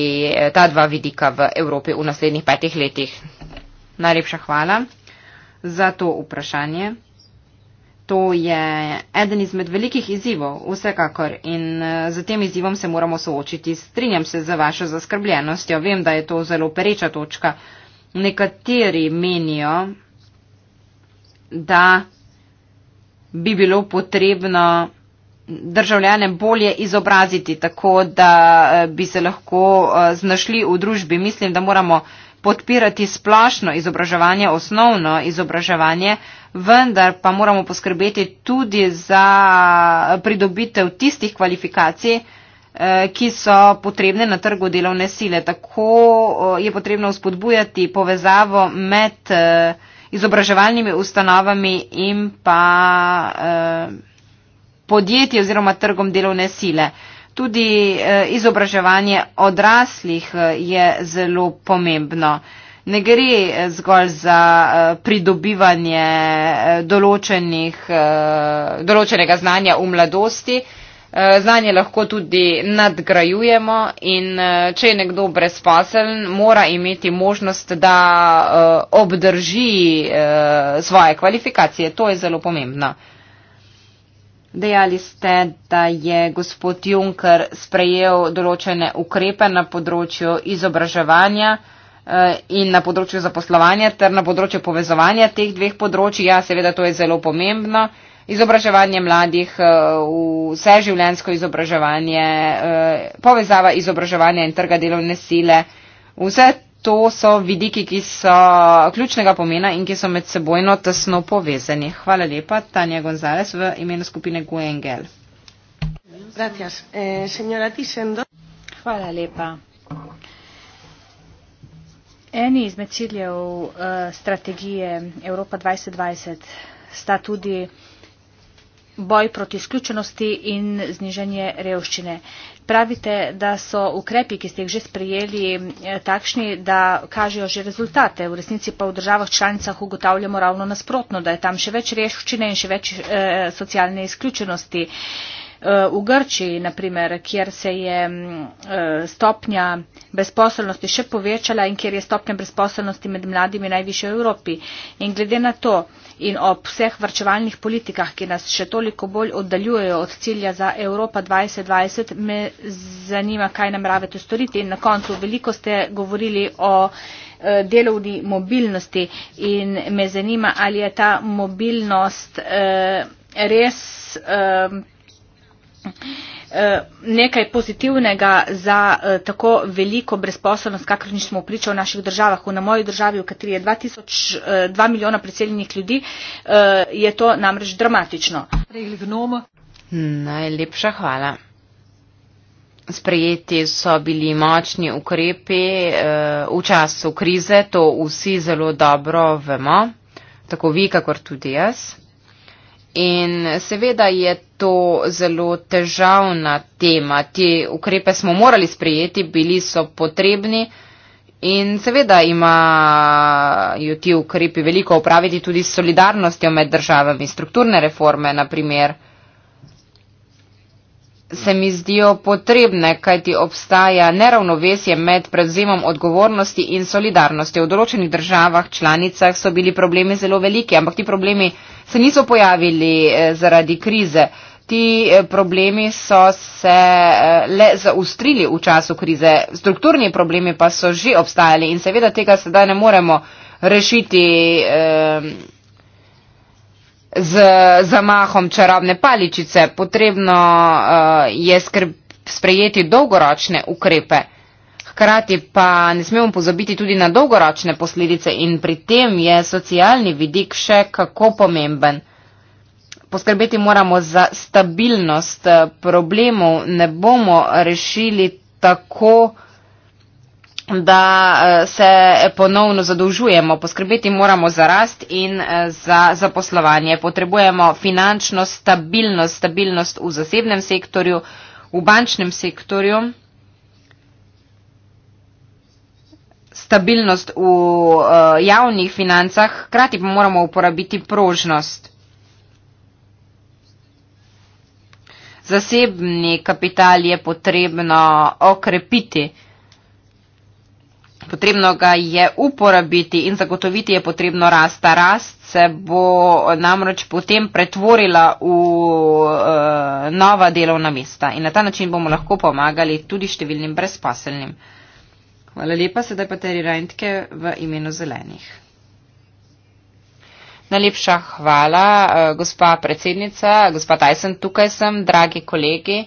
S4: ta dva vidika v Evropi v naslednjih petih letih? Najlepša hvala za to vprašanje. To je eden izmed velikih izzivov, vsekakor, in eh, z tem izzivom se moramo soočiti. Strinjam se za vašo zaskrbljenostjo, vem, da je to zelo pereča točka. Nekateri menijo, da bi bilo potrebno državljane bolje izobraziti, tako da eh, bi se lahko eh, znašli v družbi. Mislim, da moramo podpirati splošno izobraževanje, osnovno izobraževanje, vendar pa moramo poskrbeti tudi za pridobitev tistih kvalifikacij, eh, ki so potrebne na trgu delovne sile. Tako eh, je potrebno vzpodbujati povezavo med eh, izobraževalnimi ustanovami in pa podjetji oziroma trgom delovne sile. Tudi izobraževanje odraslih je zelo pomembno ne gre eh, zgolj za eh, pridobivanje eh, določenega znanja v mladosti. Znanje lahko tudi nadgrajujemo in če je nekdo brezposeln, mora imeti možnost, da obdrži svoje kvalifikacije. To je zelo pomembno. Dejali ste, da je gospod Juncker sprejel določene ukrepe na področju izobraževanja. Eh, in na področju zaposlovanja ter na področju povezovanja teh dveh področji. Ja, seveda to je zelo pomembno. Izobraževanje mladih, eh, vse življensko izobraževanje, eh, povezava izobraževanja in trga delovne sile, vse to so vidiki, ki so ključnega pomena in ki so med sebojno tesno povezani. Hvala lepa, Tanja Gonzalez v imenu skupine Guengel.
S3: Hvala lepa. Eni izmed ciljev uh, strategije Evropa 2020 sta tudi boj proti izključenosti in zniženje revščine. Pravite, da so ukrepi, ki ste jih že sprejeli, eh, takšni, da kažejo že rezultate. V resnici pa v državah članicah ugotavljamo ravno nasprotno, da je tam še več revščine in še več uh, socialne izključenosti. Uh, v Grčiji, naprimer, kjer se je mm, e, stopnja brezposelnosti še povečala in kjer je stopnja brezposelnosti med mladimi najviše v Evropi. In glede na to in ob vseh vrčevalnih politikah, ki nas še toliko bolj oddaljujejo od cilja za Evropa 2020, me zanima, kaj nameravate storiti. In na koncu veliko ste govorili o e, delovni mobilnosti in me zanima, ali je ta mobilnost e, res Eh, nekaj pozitivnega za eh, tako veliko brezposelnost, kakršni smo priča v naših državah. Na moji državi, v kateri je 2 eh, milijona priseljenih ljudi, je to namreč dramatično.
S4: Najlepša hvala. Sprejeti so bili močni ukrepi v času krize, to vsi zelo dobro vemo, tako vi, kakor tudi jaz. In seveda je to zelo težavna tema. Te ukrepe smo morali sprejeti, bili so potrebni in seveda imajo ti ukrepi veliko upraviti tudi s solidarnostjo med državami, strukturne reforme naprimer se mi zdijo potrebne, kajti obstaja neravnovesje med prevzemom odgovornosti in solidarnosti. V določenih državah, članicah so bili problemi zelo veliki, ampak ti problemi se niso pojavili eh, zaradi krize. Ti eh, problemi so se eh, le zaustrili v času krize, strukturni problemi pa so že obstajali in seveda tega sedaj ne moremo rešiti. Eh, z zamahom čarobne paličice. Potrebno uh, je skrb, sprejeti dolgoročne ukrepe. Hkrati pa ne smemo pozabiti tudi na dolgoročne posledice in pri tem je socialni vidik še kako pomemben. Poskrbeti moramo za stabilnost eh, problemov, ne bomo rešili tako, da eh, se ponovno zadolžujemo. Poskrbeti moramo za rast in eh, za zaposlovanje. Potrebujemo finančno stabilnost, stabilnost v zasebnem sektorju, v bančnem sektorju, stabilnost v eh, javnih financah, krati pa moramo uporabiti prožnost. Zasebni kapital je potrebno okrepiti. Potrebno ga je uporabiti in zagotoviti je potrebno rast. Ta rast se bo namreč potem pretvorila v uh, nova delovna mesta in na ta način bomo lahko pomagali tudi številnim brezposelnim. Hvala lepa, sedaj pa Teri Rajntke v imenu zelenih. Najlepša hvala, eh, gospa predsednica, gospa Tyson, tukaj sem, dragi kolegi.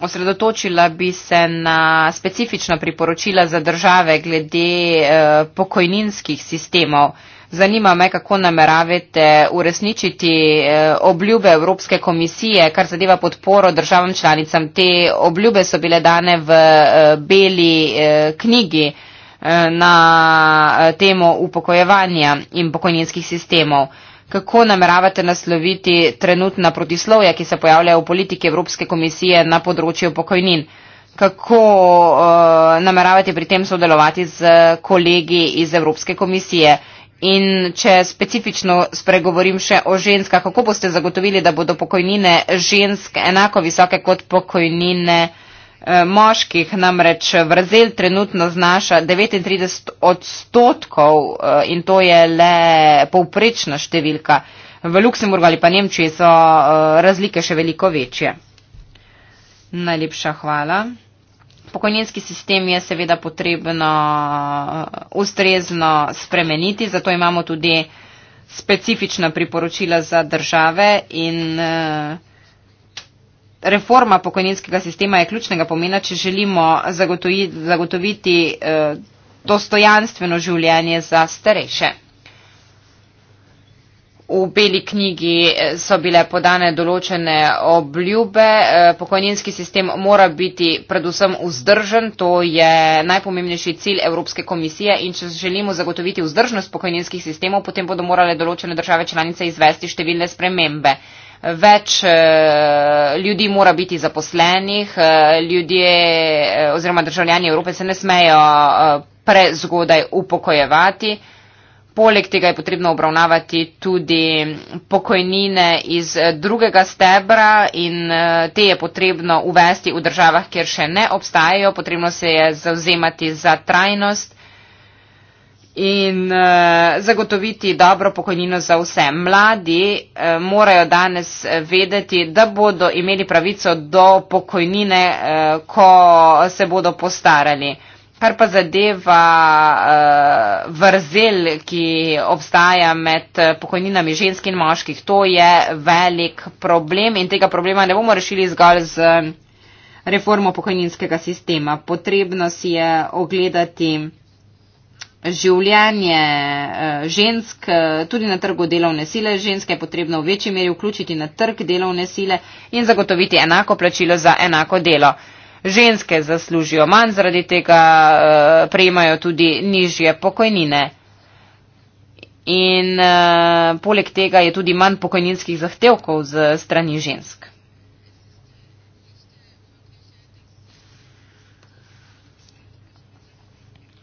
S4: Osredotočila bi se na specifična priporočila za države glede eh, pokojninskih sistemov. Zanima me, kako nameravate uresničiti eh, obljube Evropske komisije, kar zadeva podporo državam članicam. Te obljube so bile dane v eh, beli knjigi na temo upokojevanja in pokojninskih sistemov kako nameravate nasloviti trenutna protislovja, ki se pojavljajo v politiki Evropske komisije na področju pokojnin? Kako uh, nameravate pri tem sodelovati z kolegi iz Evropske komisije? In če specifično spregovorim še o ženskah, kako boste zagotovili, da bodo pokojnine žensk enako visoke kot pokojnine uh, Eh, moških namreč vrzel trenutno znaša 39 odstotkov eh, in to je le povprečna številka. V Luksemburgu ali pa Nemčiji so eh, razlike še veliko večje. Najlepša hvala. Pokojninski sistem je seveda potrebno ustrezno spremeniti, zato imamo tudi specifična priporočila za države in. Uh, reforma pokojninskega sistema je ključnega pomena, če želimo zagotoviti, zagotoviti eh, dostojanstveno življenje za starejše. V beli knjigi eh, so bile podane določene obljube. Eh, pokojninski sistem mora biti predvsem vzdržen, to je najpomembnejši cilj Evropske komisije in če želimo zagotoviti vzdržnost pokojninskih sistemov, potem bodo morale določene države članice izvesti številne spremembe več eh, ljudi mora biti zaposlenih, eh, ljudje eh, oziroma državljani Evrope se ne smejo prezgodaj upokojevati. Poleg tega je potrebno obravnavati tudi pokojnine iz drugega stebra in te je potrebno uvesti v državah, kjer še ne obstajajo. Potrebno se je zauzemati za trajnost in uh, zagotoviti dobro pokojnino za vse. Mladi uh, morajo danes eh, vedeti, da bodo imeli pravico do pokojnine, uh, ko se bodo postarali. Kar pa zadeva uh, vrzel, ki obstaja med pokojninami žensk in moških, to je velik problem in tega problema ne bomo rešili zgolj z reformo pokojninskega sistema. Potrebno si je ogledati življenje eh, žensk, eh, tudi na trgu delovne sile. Ženske je potrebno v večji meri vključiti na trg delovne sile in zagotoviti enako plačilo za enako delo. Ženske zaslužijo manj, zaradi tega eh, prejmajo tudi nižje pokojnine. In uh, poleg tega je tudi manj pokojninskih zahtevkov z strani žensk.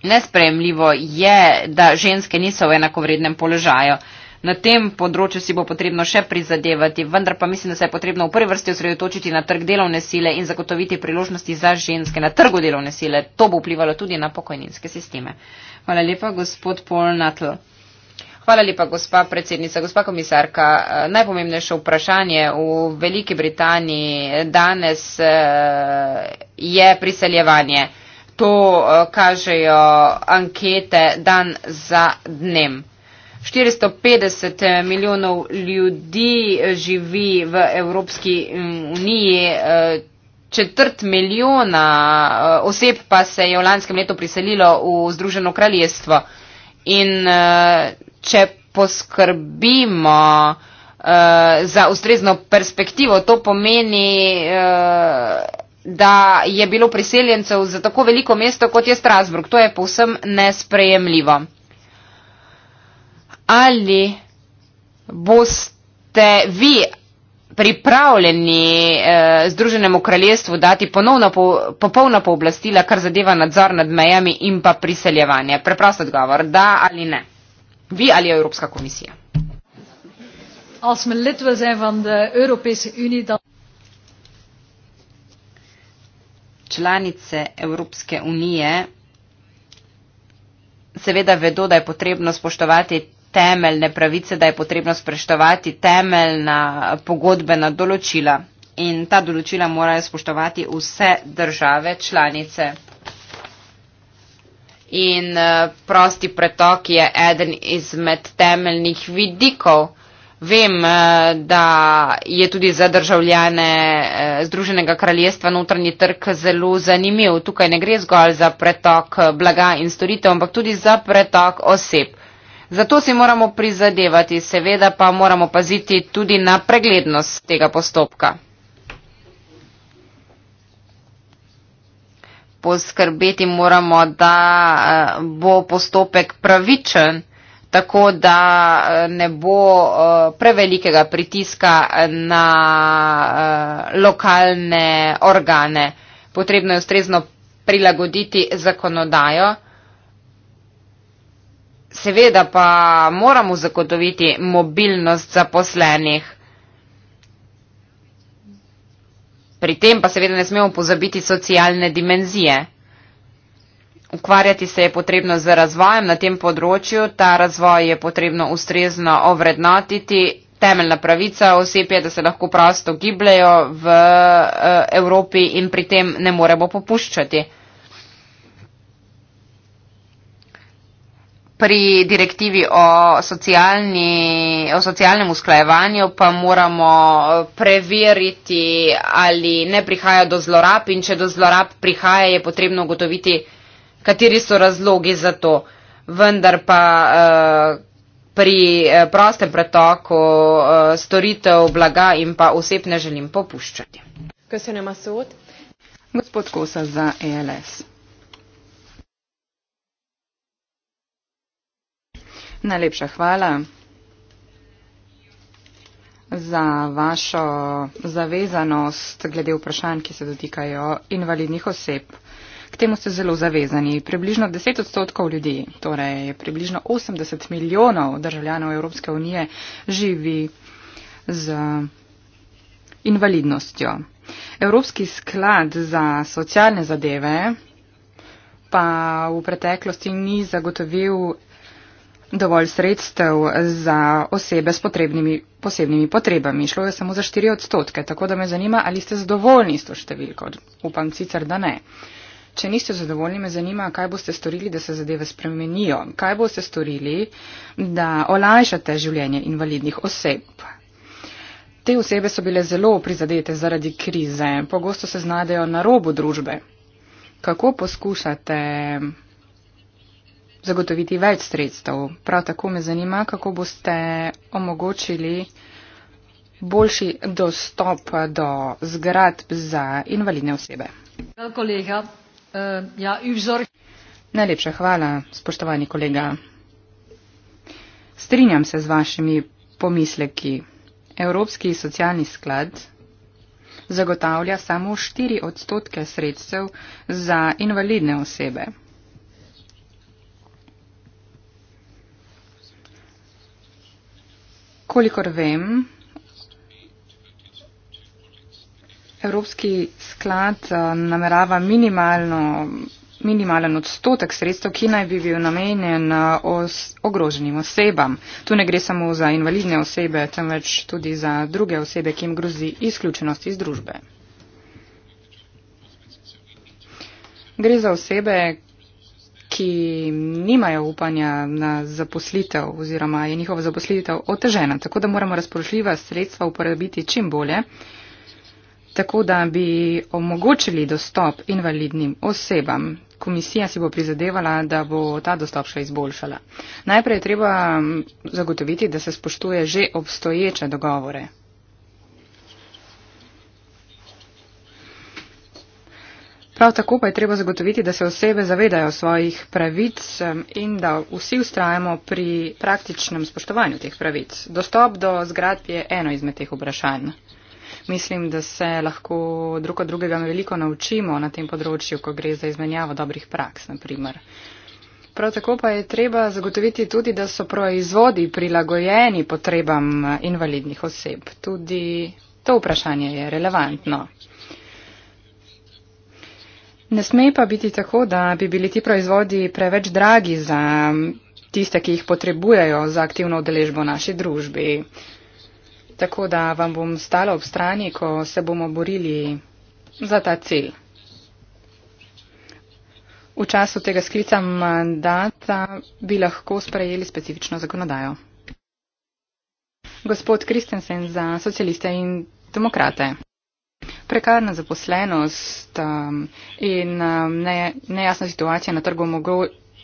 S4: Nesprejemljivo je, da ženske niso v enakovrednem položaju. Na tem področju si bo potrebno še prizadevati, vendar pa mislim, da se je potrebno v prvi vrsti osredotočiti na trg delovne sile in zagotoviti priložnosti za ženske na trgu delovne sile. To bo vplivalo tudi na pokojninske sisteme. Hvala lepa, gospod Paul Natl. Hvala lepa, gospa predsednica, gospa komisarka. Eh, najpomembnejše vprašanje v Veliki Britaniji danes eh, je priseljevanje. To eh, kažejo ankete dan za dnem. 450 eh, milijonov ljudi eh, živi v Evropski mm, uniji, četrt milijona oseb pa se je v lanskem letu priselilo v Združeno kraljestvo. In če poskrbimo za ustrezno perspektivo, to pomeni da je bilo priseljencev za tako veliko mesto, kot je Strasburg. To je povsem nesprejemljivo. Ali boste vi pripravljeni eh, Združenemu kraljestvu dati ponovno po, popolna pooblastila, kar zadeva nadzor nad mejami in pa priseljevanje? Preprost odgovor, da ali ne. Vi ali Evropska komisija?
S1: Als men lid wil zijn van de Europese Unie, dan.
S4: članice Evropske unije seveda vedo, da je potrebno spoštovati temeljne pravice, da je potrebno spoštovati temeljna pogodbena določila. In ta določila morajo spoštovati vse države članice. In eh, prosti pretok je eden izmed temeljnih vidikov Vem, eh, da je tudi za državljane eh, Združenega kraljestva notranji trg zelo zanimiv. Tukaj ne gre zgolj za pretok eh, blaga in storitev, ampak tudi za pretok oseb. Zato si moramo prizadevati, seveda pa moramo paziti tudi na preglednost tega postopka. Poskrbeti moramo, da bo postopek pravičen tako da eh, ne bo eh, prevelikega pritiska na eh, lokalne organe. Potrebno je ustrezno prilagoditi zakonodajo. Seveda pa moramo zagotoviti mobilnost zaposlenih. Pri tem pa seveda ne smemo pozabiti socialne dimenzije. Ukvarjati se je potrebno z razvojem na tem področju, ta razvoj je potrebno ustrezno ovrednotiti. Temeljna pravica oseb je, da se lahko prosto gibljajo v eh, Evropi in pri tem ne moremo popuščati. Pri direktivi o, socialni, o socialnem usklajevanju pa moramo eh, preveriti, ali ne prihaja do zlorab in če do zlorab prihaja, je potrebno ugotoviti, kateri so razlogi za to. Vendar pa eh, pri eh, prostem pretoku eh, storitev blaga in pa oseb ne želim popuščati.
S2: Kaj se nama sod? Gospod Kosa za ELS. Najlepša hvala za vašo zavezanost glede vprašanj, ki se dotikajo invalidnih oseb. K temu ste zelo zavezani. Približno 10 odstotkov ljudi, torej približno 80 milijonov državljanov Evropske unije, živi z invalidnostjo. Evropski sklad za socialne zadeve pa v preteklosti ni zagotovil dovolj sredstev za osebe s potrebnimi, posebnimi potrebami. Šlo je samo za 4 odstotke, tako da me zanima, ali ste zadovoljni s to številko. Upam sicer, da ne. Uh, Če niste zadovoljni, me zanima, kaj boste storili, da se zadeve spremenijo. Kaj boste storili, da olajšate življenje invalidnih oseb? Te osebe so bile zelo prizadete zaradi krize, pogosto se znajdejo na robu družbe. Kako poskušate zagotoviti več sredstev? Prav tako me zanima, kako boste omogočili boljši dostop do zgradb za invalidne osebe.
S1: Hvala, kolega. Eh, ja,
S2: Najlepša hvala, spoštovani kolega. Strinjam se z vašimi pomisleki. Evropski socialni sklad zagotavlja samo 4 odstotke sredstev za invalidne osebe. Kolikor vem, Evropski sklad eh, namerava minimalno, minimalen odstotek sredstev, ki naj bi bil namenjen eh, os, ogroženim osebam. Tu ne gre samo za invalidne osebe, temveč tudi za druge osebe, ki jim grozi izključenost iz družbe. Gre za osebe, ki nimajo upanja na zaposlitev oziroma je njihova zaposlitev otežena, tako da moramo razpoložljiva sredstva uporabiti čim bolje tako da bi omogočili dostop invalidnim osebam. Komisija si bo prizadevala, da bo ta dostop še izboljšala. Najprej treba zagotoviti, da se spoštuje že obstoječe dogovore. Prav tako pa je treba zagotoviti, da se osebe zavedajo svojih pravic in da vsi ustrajamo pri praktičnem spoštovanju teh pravic. Dostop do zgradb je eno izmed teh vprašanj mislim, da se lahko drug od drugega veliko naučimo na tem področju, ko gre za izmenjavo dobrih praks, naprimer. Prav tako pa je treba zagotoviti tudi, da so proizvodi prilagojeni potrebam invalidnih oseb. Tudi to vprašanje je relevantno. Ne sme pa biti tako, da bi bili ti proizvodi preveč dragi za tiste, ki jih potrebujejo za aktivno udeležbo v naši družbi tako da vam bom stala ob strani, ko se bomo borili za ta cilj. V času tega sklica mandata bi lahko sprejeli specifično zakonodajo. Gospod Kristensen za socialiste in demokrate. Prekarna zaposlenost um, in um, nejasna situacija na trgu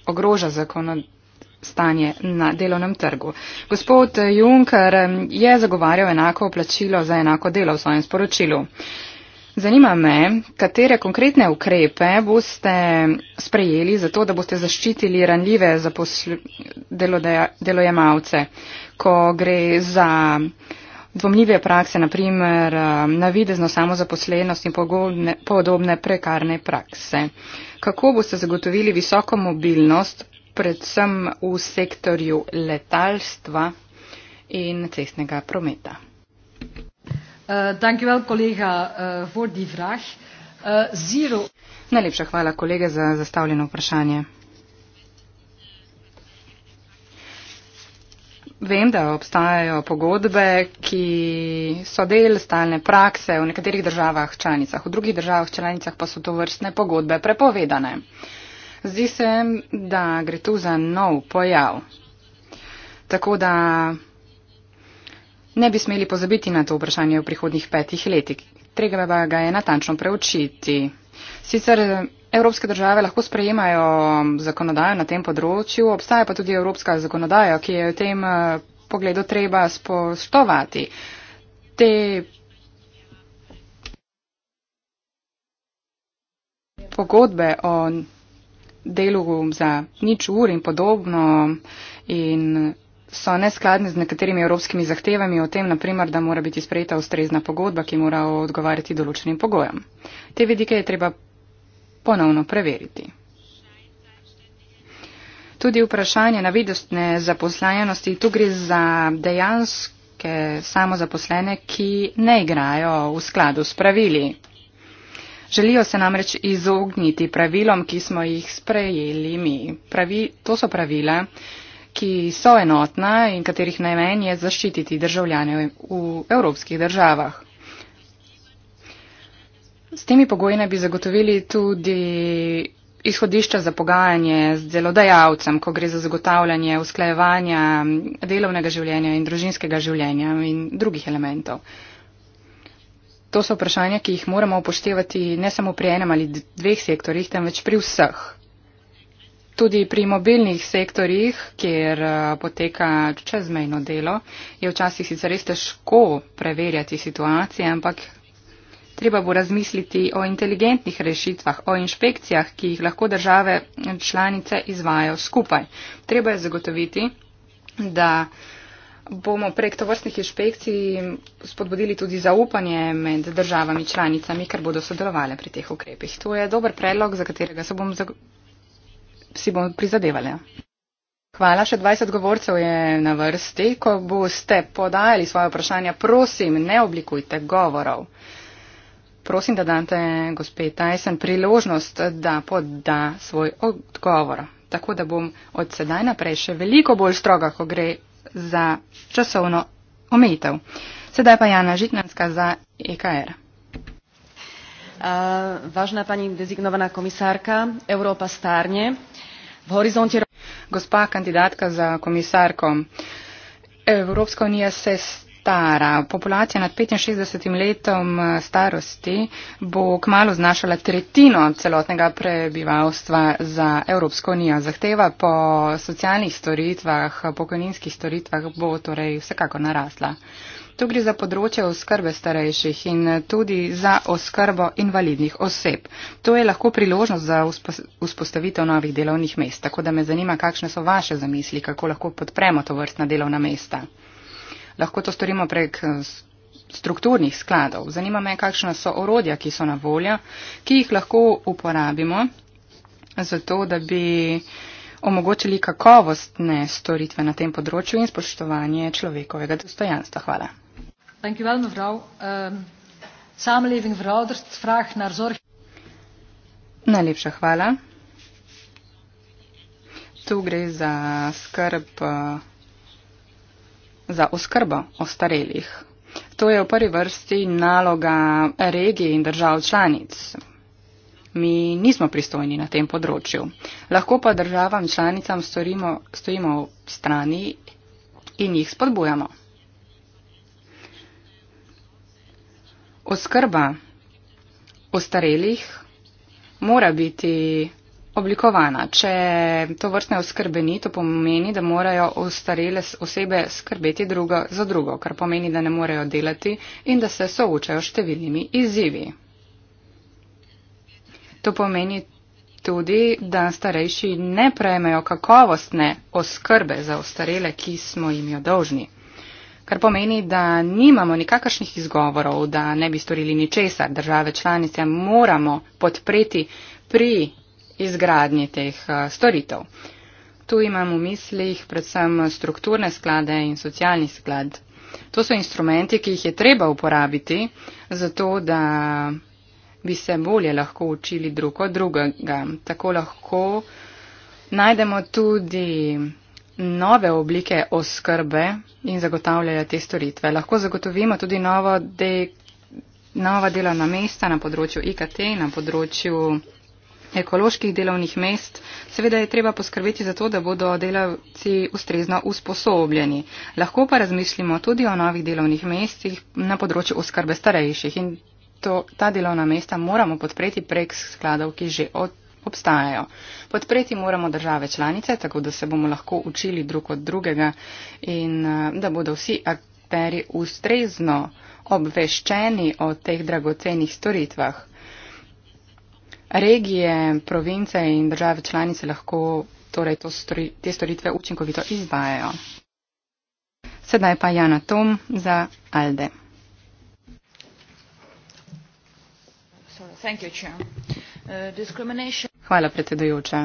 S2: ogroža zakonodajo stanje na delovnem trgu. Gospod Juncker je zagovarjal enako plačilo za enako delo v svojem sporočilu. Zanima me, katere konkretne ukrepe boste sprejeli za to, da boste zaščitili ranljive delojemalce, ko gre za dvomljive prakse, naprimer navidezno samozaposlenost in podobne prekarne prakse. Kako boste zagotovili visoko mobilnost predvsem v sektorju letalstva in cestnega prometa.
S1: Eh, Dankjewel, kolega, eh, vodi vrah. Eh, Zero.
S2: Najlepša hvala, kolega, za zastavljeno vprašanje. Vem, da obstajajo pogodbe, ki so del stalne prakse v nekaterih državah članicah, v drugih državah članicah pa so to vrstne pogodbe prepovedane. Zdi se, da gre tu za nov pojav. Tako da ne bi smeli pozabiti na to vprašanje v prihodnih petih letih. Treba ga je natančno preučiti. Sicer evropske države lahko sprejemajo zakonodajo na tem področju, obstaja pa tudi evropska zakonodaja, ki je v tem eh, pogledu treba spoštovati. Te pogodbe o delu za nič ur in podobno in so neskladne z nekaterimi evropskimi zahtevami o tem, naprimer, da mora biti sprejeta ustrezna pogodba, ki mora odgovarjati določenim pogojem. Te vidike je treba ponovno preveriti. Tudi vprašanje navidostne zaposlenosti, tu gre za dejanske samozaposlene, ki ne igrajo v skladu s pravili. Želijo se namreč izogniti pravilom, ki smo jih sprejeli mi. Pravi, to so pravila, ki so enotna in katerih najmen je zaščititi državljane v evropskih državah. S temi pogoji naj bi zagotovili tudi izhodišča za pogajanje z delodajalcem, ko gre za zagotavljanje usklajevanja delovnega življenja in družinskega življenja in drugih elementov to so vprašanja, ki jih moramo upoštevati ne samo pri enem ali dveh sektorjih, temveč pri vseh. Tudi pri mobilnih sektorjih, kjer eh, poteka čezmejno delo, je včasih sicer res težko preverjati situacije, ampak treba bo razmisliti o inteligentnih rešitvah, o inšpekcijah, ki jih lahko države eh, članice izvajo skupaj. Treba je zagotoviti, da bomo prek tovrstnih inšpekcij spodbudili tudi zaupanje med državami članicami, ker bodo sodelovali pri teh ukrepih. To je dober predlog, za katerega se bom si bom prizadevala. Hvala, še 20 govorcev je na vrsti. Ko boste podajali svoje vprašanja, prosim, ne oblikujte govorov. Prosim, da date gospe Tyson priložnost, da poda svoj odgovor. Tako da bom od sedaj naprej še veliko bolj stroga, ko gre za časovno omejitev. Sedaj pa Jana Žitnanska za EKR. Uh, važna pani dezignovana komisarka Evropa starnje. V horizonti. Gospa kandidatka za komisarko. Evropska unija se. St- stara. Populacija nad 65 letom eh, starosti bo kmalo znašala tretjino celotnega prebivalstva za Evropsko unijo. Zahteva po socialnih storitvah, pokojninskih storitvah bo torej vsekako narasla. Tu gre za področje oskrbe starejših in eh, tudi za oskrbo invalidnih oseb. To je lahko priložnost za vzpostavitev novih delovnih mest, tako da me zanima, kakšne so vaše zamisli, kako lahko podpremo to vrstna delovna mesta lahko to storimo prek eh, strukturnih skladov. Zanima me, kakšna so orodja, ki so na voljo, ki jih lahko uporabimo za to, da bi omogočili kakovostne storitve na tem področju in spoštovanje človekovega dostojanstva. Hvala.
S1: Ehm,
S2: Najlepša hvala. Tu gre za skrb. Uh, za oskrbo ostarelih. To je v prvi vrsti naloga regije in držav članic. Mi nismo pristojni na tem področju. Lahko pa državam članicam storimo, stojimo v strani in jih spodbujamo. Oskrba ostarelih mora biti oblikovana. Če to vrstne oskrbe ni, to pomeni, da morajo ostarele osebe skrbeti druga za drugo, kar pomeni, da ne morejo delati in da se soočajo številnimi izzivi. To pomeni tudi, da starejši ne prejmejo kakovostne oskrbe za ostarele, ki smo jim jo dolžni. Kar pomeni, da nimamo nikakršnih izgovorov, da ne bi storili ničesar. Države članice moramo podpreti pri izgradnji teh eh, storitev. Tu imam v mislih predvsem strukturne sklade in socialni sklad. To so instrumenti, ki jih je treba uporabiti, zato da bi se bolje lahko učili drug od drugega. Tako lahko najdemo tudi nove oblike oskrbe in zagotavljajo te storitve. Lahko zagotovimo tudi novo de, nova delovna mesta na področju IKT, na področju ekoloških delovnih mest, seveda je treba poskrbeti za to, da bodo delavci ustrezno usposobljeni. Lahko pa razmišljamo tudi o novih delovnih mestih na področju oskrbe starejših in to, ta delovna mesta moramo podpreti prek skladov, ki že od. Obstajajo. Podpreti moramo države članice, tako da se bomo lahko učili drug od drugega in eh, da bodo vsi akteri ustrezno obveščeni o teh dragocenih storitvah regije, province in države članice lahko torej to stori, te storitve učinkovito izvajajo. Sedaj pa Jana Tom za Alde.
S3: So, thank you, chair.
S2: Uh, discrimination. Hvala, predsedujoča.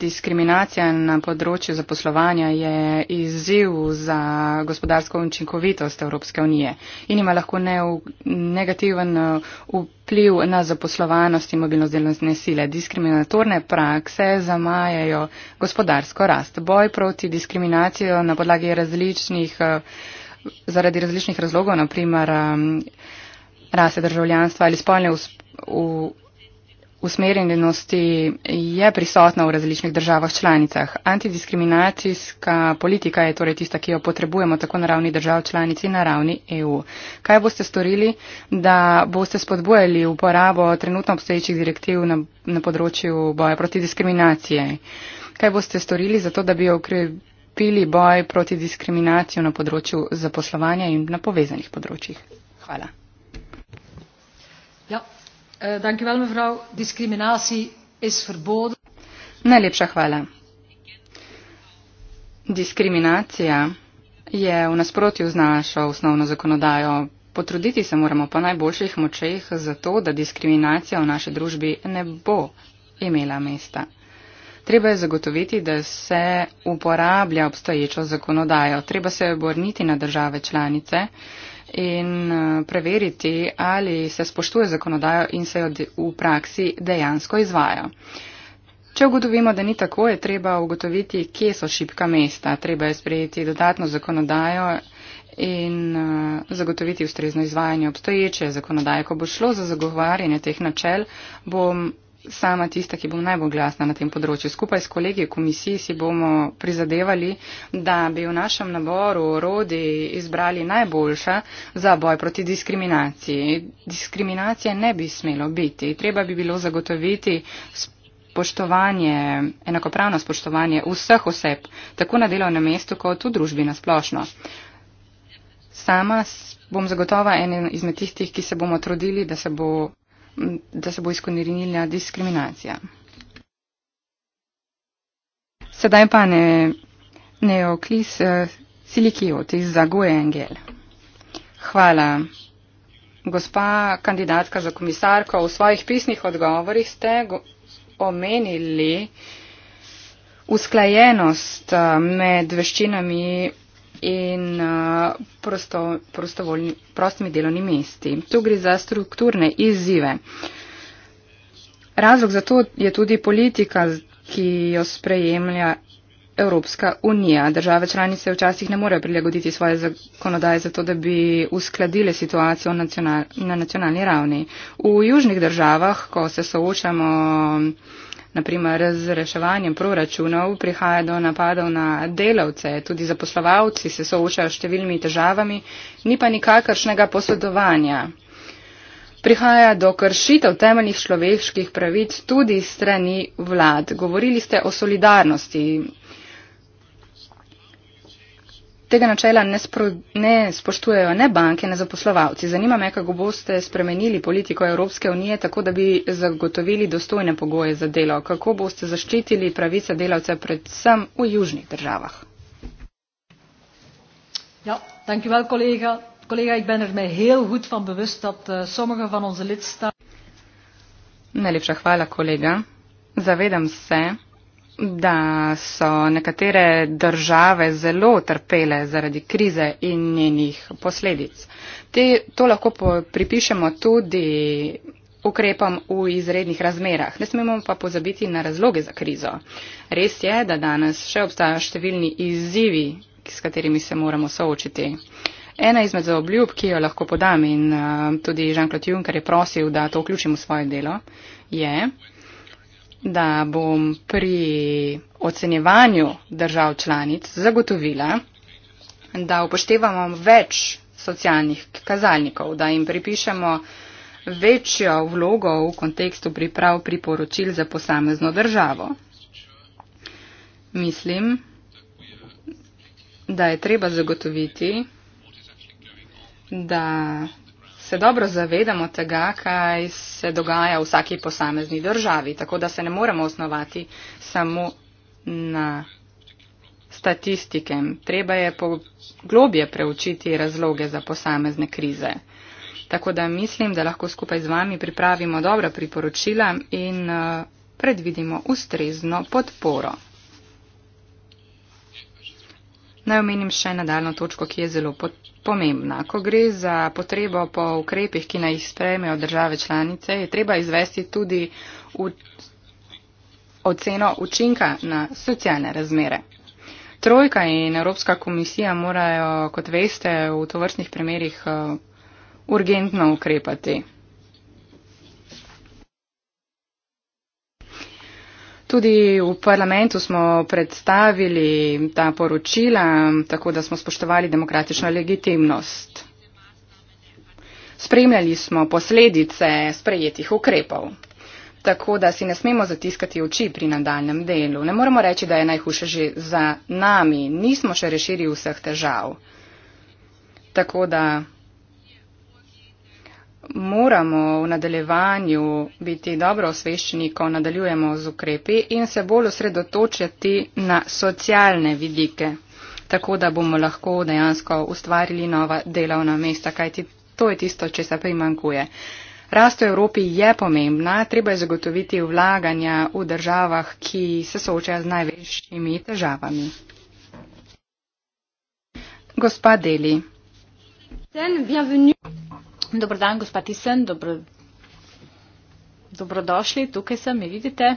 S2: Diskriminacija na področju zaposlovanja je izziv za gospodarsko učinkovitost Evropske unije in ima lahko negativen uh, vpliv na zaposlovanost in mobilnost delovne sile. Diskriminatorne prakse zamajajo gospodarsko rast. Boj proti diskriminacijo na podlagi različnih, uh, zaradi različnih razlogov, naprimer um, rase državljanstva ali spolne usporednosti, usmerjenosti je prisotna v različnih državah članicah. Antidiskriminacijska politika je torej tista, ki jo potrebujemo tako na ravni držav članic in na ravni EU. Kaj boste storili, da boste spodbujali uporabo trenutno obstoječih direktiv na, na področju boja proti diskriminaciji? Kaj boste storili za to, da bi okrepili boj proti diskriminacijo na področju zaposlovanja in na povezanih področjih?
S1: Hvala. Ja. Eh,
S2: Najlepša hvala. Diskriminacija je v nasprotju z našo osnovno zakonodajo. Potruditi se moramo po najboljših močeh za to, da diskriminacija v naši družbi ne bo imela mesta. Treba je zagotoviti, da se uporablja obstoječo zakonodajo. Treba se obrniti na države članice in eh, preveriti, ali se spoštuje zakonodajo in se jo v praksi dejansko izvaja. Če ugotovimo, da ni tako, je treba ugotoviti, kje so šipka mesta. Treba je sprejeti dodatno zakonodajo in eh, zagotoviti ustrezno izvajanje obstoječe zakonodaje. Ko bo šlo za zagovarjanje teh načel, bom sama tista, ki bom najbolj glasna na tem področju. Skupaj s kolegi v komisiji si bomo prizadevali, da bi v našem naboru orodi izbrali najboljša za boj proti diskriminaciji. Diskriminacije ne bi smelo biti. Treba bi bilo zagotoviti spoštovanje, enakopravno spoštovanje vseh oseb, tako na delovnem mestu, kot tudi v družbi nasplošno. Sama bom zagotova en izmed tistih, ki se bomo trudili, da se bo da se bo izkonirinila diskriminacija. Sedaj pa ne, neoklis eh, silikiot iz Zagoje Engel. Hvala. Gospa kandidatka za komisarko, v svojih pisnih odgovorih ste omenili usklajenost eh, med veščinami in uh, prosto, prostovoljni, prostimi delovni mesti. Tu gre za strukturne izzive. Razlog za to je tudi politika, ki jo sprejemlja Evropska unija. Države članice včasih ne morejo prilagoditi svoje zakonodaje zato, da bi uskladile situacijo nacional, na nacionalni ravni. V južnih državah, ko se soočamo naprimer z reševanjem proračunov, prihaja do napadov na delavce, tudi zaposlovalci se soočajo s številnimi težavami, ni pa nikakršnega posodovanja. Prihaja do kršitev temeljnih človeških pravic tudi strani vlad. Govorili ste o solidarnosti tega načela ne, spro, ne spoštujejo ne banke, ne zaposlovalci. Zanima me, kako boste spremenili politiko Evropske unije tako, da bi zagotovili dostojne pogoje za delo. Kako boste zaščitili pravice delavcev predvsem v južnih državah?
S1: Ja, dankjewel kolega. Kolega, ik ben er mij heel goed van bewust dat uh, sommige van onze lidstaten.
S2: Najlepša hvala, kolega. Zavedam se, da so nekatere države zelo trpele zaradi krize in njenih posledic. Te, to lahko pripišemo tudi ukrepam v izrednih razmerah. Ne smemo pa pozabiti na razloge za krizo. Res je, da danes še obstajajo številni izzivi, s katerimi se moramo soočiti. Ena izmed zaobljub, ki jo lahko podam in uh, tudi Jean-Claude Juncker je prosil, da to vključim v svoje delo, je, da bom pri ocenjevanju držav članic zagotovila, da upoštevamo več socialnih kazalnikov, da jim pripišemo večjo vlogo v kontekstu priprav priporočil za posamezno državo. Mislim, da je treba zagotoviti, da se dobro zavedamo tega, kaj se dogaja v vsaki posamezni državi, tako da se ne moremo osnovati samo na statistike. Treba je globje preučiti razloge za posamezne krize. Tako da mislim, da lahko skupaj z vami pripravimo dobra priporočila in eh, predvidimo ustrezno podporo. Naj omenim še nadaljno točko, ki je zelo pomembna. Ko gre za potrebo po ukrepih, ki naj jih sprejmejo države članice, je treba izvesti tudi v oceno učinka na socialne razmere. Trojka in Evropska komisija morajo, kot veste, v tovrstnih primerih eh, urgentno ukrepati. Tudi v parlamentu smo predstavili ta poročila, tako da smo spoštovali demokratično legitimnost. Spremljali smo posledice sprejetih ukrepov, tako da si ne smemo zatiskati oči pri nadaljem delu. Ne moremo reči, da je najhuše že za nami. Nismo še rešili vseh težav. Tako da moramo v nadaljevanju biti dobro osveščeni, ko nadaljujemo z ukrepi in se bolj osredotočiti na socialne vidike, tako da bomo lahko dejansko ustvarili nova delovna mesta, kajti to je tisto, če se primankuje. Rast v Evropi je pomembna, treba je zagotoviti vlaganja v državah, ki se soočajo z največjimi težavami. Gospa Deli.
S3: Dobro dan, gospa Tisen, dobro, dobrodošli, tukaj sem, mi vidite.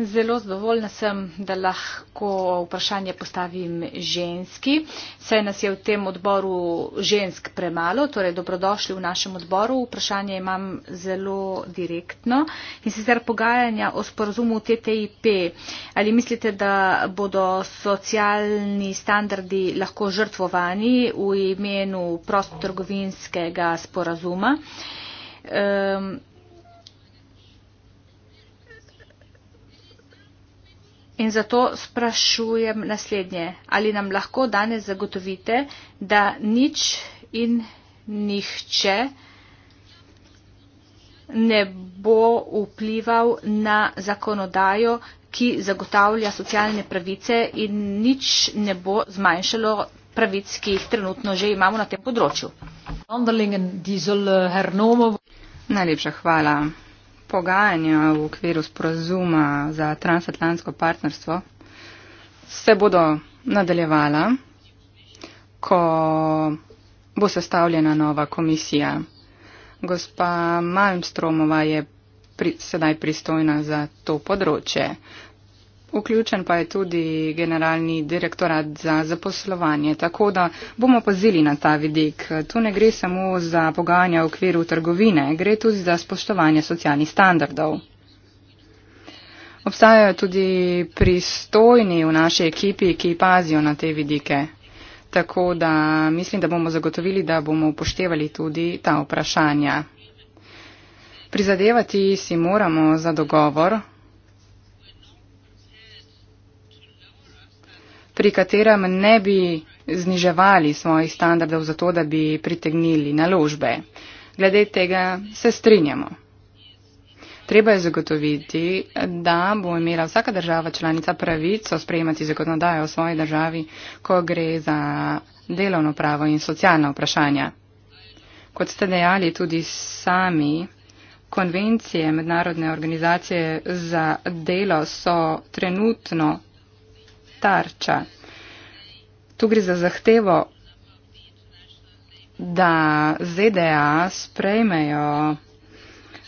S3: Zelo zadovoljna sem, da lahko vprašanje postavim ženski. Saj nas je v tem odboru žensk premalo, torej dobrodošli v našem odboru. Vprašanje imam zelo direktno. In sicer pogajanja o sporozumu TTIP. Ali mislite, da bodo socialni standardi lahko žrtvovani v imenu prostotrgovinskega sporazuma? Um, In zato sprašujem naslednje, ali nam lahko danes zagotovite, da nič in nihče ne bo vplival na zakonodajo, ki zagotavlja socialne pravice in nič ne bo zmanjšalo pravic, ki jih trenutno že imamo na tem področju.
S1: Äh, Najlepša hvala pogajanja
S2: v okviru sporazuma za transatlantsko partnerstvo se bodo nadaljevala, ko bo sestavljena nova komisija. Gospa Malmstromova je pri, sedaj pristojna za to področje. Vključen pa je tudi generalni direktorat za zaposlovanje, tako da bomo pazili na ta vidik. Tu ne gre samo za pogajanja v okviru trgovine, gre tudi za spoštovanje socialnih standardov. Obstajajo tudi pristojni v naši ekipi, ki pazijo na te vidike. Tako da mislim, da bomo zagotovili, da bomo upoštevali tudi ta vprašanja. Prizadevati si moramo za dogovor. pri katerem ne bi zniževali svojih standardov zato, da bi pritegnili naložbe. Glede tega se strinjamo. Treba je zagotoviti, da bo imela vsaka država članica pravico sprejemati zakonodajo v svoji državi, ko gre za delovno pravo in socialna vprašanja. Kot ste dejali tudi sami, konvencije Mednarodne organizacije za delo so trenutno tarča. Tu gre za zahtevo, da ZDA sprejmejo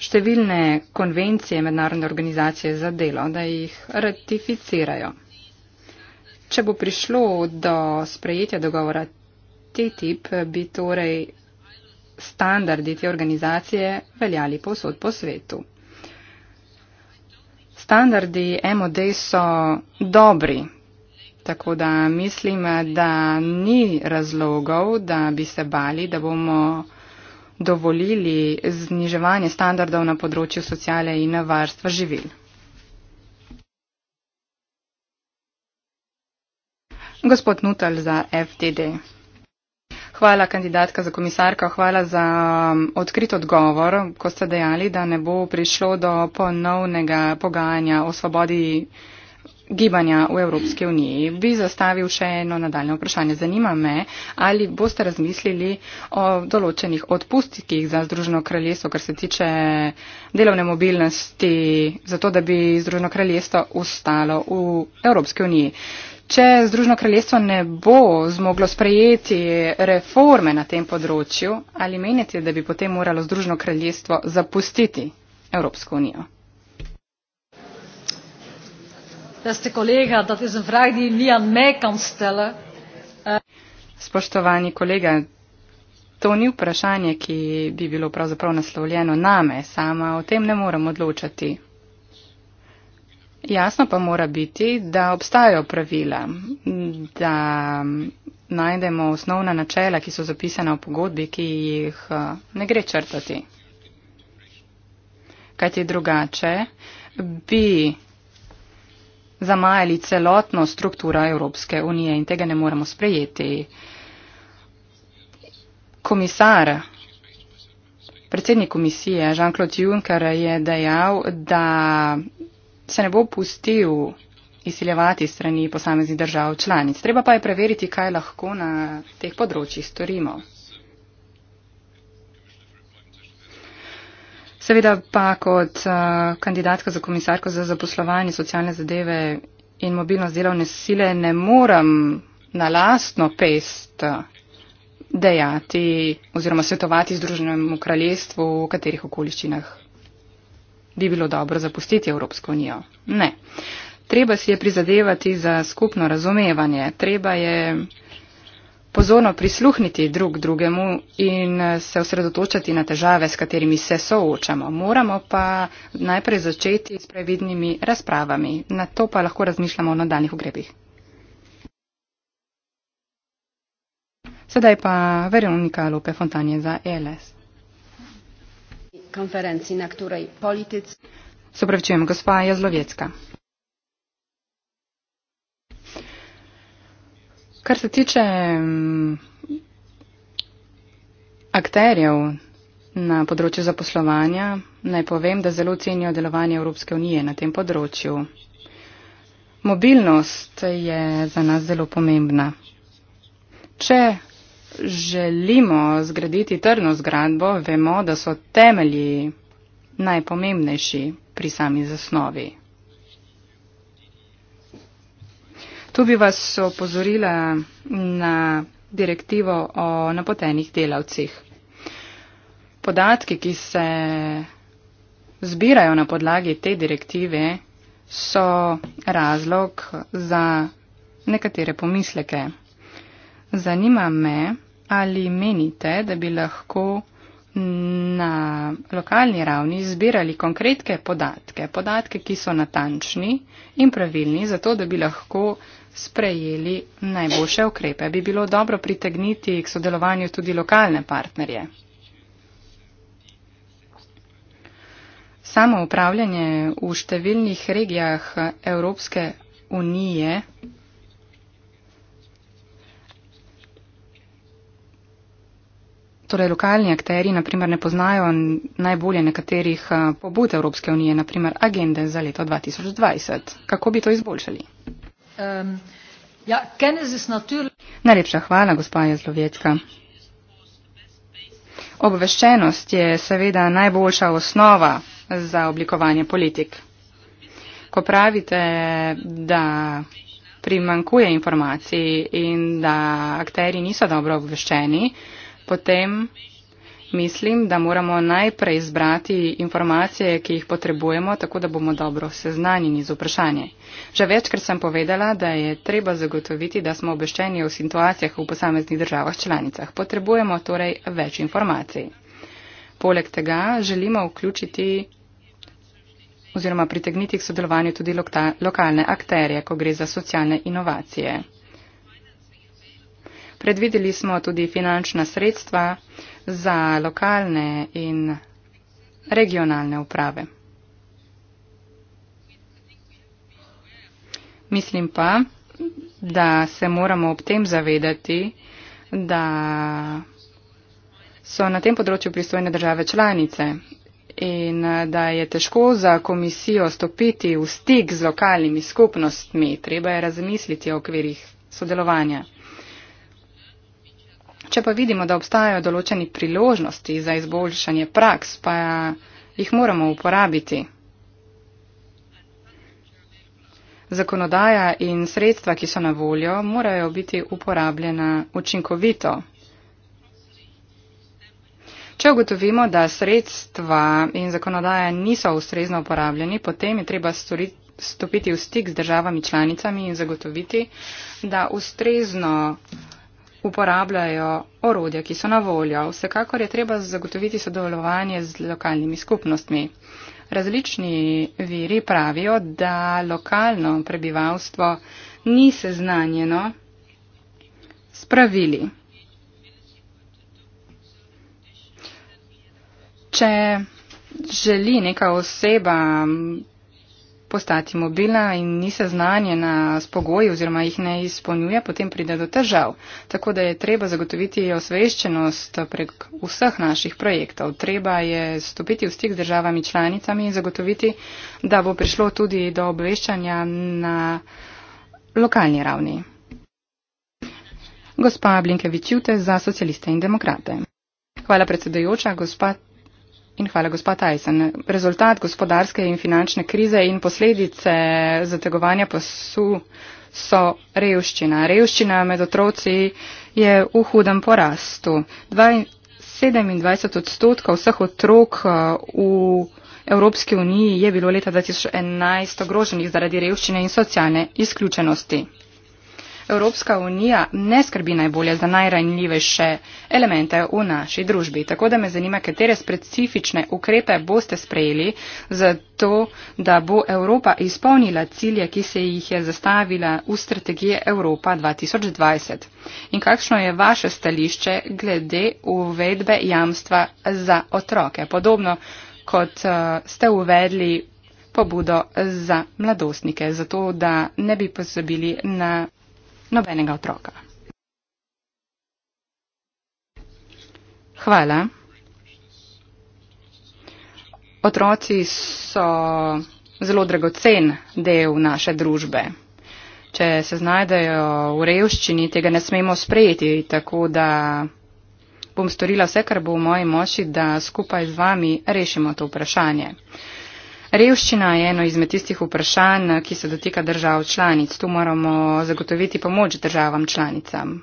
S2: številne konvencije mednarodne organizacije za delo, da jih ratificirajo. Če bo prišlo do sprejetja dogovora TTIP, bi torej standardi te organizacije veljali posod po svetu. Standardi MOD so dobri, Tako da mislim, da ni razlogov, da bi se bali, da bomo dovolili zniževanje standardov na področju sociale in varstva živil. Gospod Nutal za FTD. Hvala kandidatka za komisarko, hvala za um, odkrit odgovor, ko ste dejali, da ne bo prišlo do ponovnega pogajanja o svobodi gibanja v Evropski uniji. Bi zastavil še eno nadaljno vprašanje. Zanima me, ali boste razmislili o določenih odpustkih za Združeno kraljestvo, kar se tiče delovne mobilnosti, zato da bi Združeno kraljestvo ostalo v Evropski uniji. Če Združeno kraljestvo ne bo zmoglo sprejeti reforme na tem področju, ali menite, da bi potem moralo Združeno kraljestvo zapustiti Evropsko unijo?
S1: beste collega dat is een vraag die je niet aan mij kan stellen. Eh,
S2: Spoštovani kolega, to ni vprašanje, ki bi bilo pravzaprav naslovljeno name, sama o tem ne morem odločati. Jasno pa mora biti, da obstajajo pravila, da najdemo osnovna načela, ki so zapisana v pogodbi, ki jih eh, ne gre črtati. Kaj ti drugače? Bi zamajali celotno strukturo Evropske unije in tega ne moremo sprejeti. Komisar, predsednik komisije Jean-Claude Juncker je dejal, da se ne bo pustil izsiljevati strani posameznih držav članic. Treba pa je preveriti, kaj lahko na teh področjih storimo. Seveda pa kot uh, kandidatka za komisarko za zaposlovanje socialne zadeve in mobilnost delovne sile ne moram na lastno pest eh, dejati oziroma svetovati Združenemu kraljestvu, v katerih okoliščinah bi bilo dobro zapustiti Evropsko unijo. Ne. Treba si je prizadevati za skupno razumevanje. Treba je pozorno prisluhniti drug drugemu in eh, se osredotočati na težave, s katerimi se soočamo. Moramo pa najprej začeti s previdnimi razpravami, na to pa lahko razmišljamo o nadaljnih ukrepih. Sedaj pa Veronika Lope Fontanje za ELS.
S4: Konferenci, na kateri politici.
S2: Se pravičujem, gospa Jazlovecka. Kar se tiče mm, akterjev na področju zaposlovanja, naj povem, da zelo cenijo delovanje Evropske unije na tem področju. Mobilnost je za nas zelo pomembna. Če želimo zgraditi trdno zgradbo, vemo, da so temelji najpomembnejši pri sami zasnovi. Tu bi vas opozorila na direktivo o napotenih delavcih. Podatki, ki se zbirajo na podlagi te direktive, so razlog za nekatere pomisleke. Zanima me, ali menite, da bi lahko na lokalni ravni zbirali konkretke podatke, podatke, ki so natančni in pravilni, zato da bi lahko sprejeli najboljše ukrepe. Bi bilo dobro pritegniti k sodelovanju tudi lokalne partnerje. Samo upravljanje v številnih regijah Evropske unije torej lokalni akteri naprimer ne poznajo najbolje nekaterih eh, pobud Evropske unije, naprimer agende za leto 2020. Kako bi to izboljšali?
S1: Um, ja, natur...
S2: Najlepša hvala, gospa Jezlovečka. Obveščenost je seveda najboljša osnova za oblikovanje politik. Ko pravite, da primankuje informacij in da akteri niso dobro obveščeni, potem mislim, da moramo najprej izbrati informacije, ki jih potrebujemo, tako da bomo dobro seznanjeni z vprašanje. Že večkrat sem povedala, da je treba zagotoviti, da smo obveščeni o situacijah v posameznih državah članicah. Potrebujemo torej več informacij. Poleg tega želimo vključiti oziroma pritegniti k sodelovanju tudi lokalne akterje, ko gre za socialne inovacije. Predvideli smo tudi finančna sredstva za lokalne in regionalne uprave. Mislim pa, da se moramo ob tem zavedati, da so na tem področju pristojne države članice in da je težko za komisijo stopiti v stik z lokalnimi skupnostmi. Treba je razmisliti o okvirih sodelovanja. Če pa vidimo, da obstajajo določeni priložnosti za izboljšanje praks, pa jih moramo uporabiti. Zakonodaja in sredstva, ki so na voljo, morajo biti uporabljena učinkovito. Če ugotovimo, da sredstva in zakonodaja niso ustrezno uporabljeni, potem je treba stopiti v stik z državami članicami in zagotoviti, da ustrezno uporabljajo orodja, ki so na voljo. Vsekakor je treba zagotoviti sodelovanje z lokalnimi skupnostmi. Različni viri pravijo, da lokalno prebivalstvo ni seznanjeno s pravili. Če želi neka oseba postati mobilna in ni seznanjena s pogoji oziroma jih ne izpolnjuje, potem pride do težav. Tako da je treba zagotoviti osveščenost prek vseh naših projektov. Treba je stopiti v stik z državami članicami in zagotoviti, da bo prišlo tudi do obveščanja na lokalni ravni. Gospa Blinkevičjute za socialiste in demokrate. Hvala predsedojoča, gospod In hvala, gospod Tyson. Rezultat gospodarske in finančne krize in posledice zategovanja pasu so revščina. Revščina med otroci je v hudem porastu. 27 odstotkov vseh otrok eh, v Evropski uniji je bilo leta 2011 ogroženih zaradi revščine in socialne izključenosti. Evropska unija ne skrbi najbolje za najranjivejše elemente v naši družbi. Tako da me zanima, katere specifične ukrepe boste sprejeli za to, da bo Evropa izpolnila cilje, ki se jih je zastavila v strategiji Evropa 2020. In kakšno je vaše stališče glede uvedbe jamstva za otroke? Podobno kot eh, ste uvedli pobudo za mladostnike, zato da ne bi pozabili na nobenega otroka. Hvala. Otroci so zelo dragocen del naše družbe. Če se znajdejo v revščini, tega ne smemo sprejeti, tako da bom storila vse, kar bo v moji moči, da skupaj z vami rešimo to vprašanje. Revščina je eno izmed tistih vprašanj, ki se dotika držav članic. Tu moramo zagotoviti pomoč državam članicam.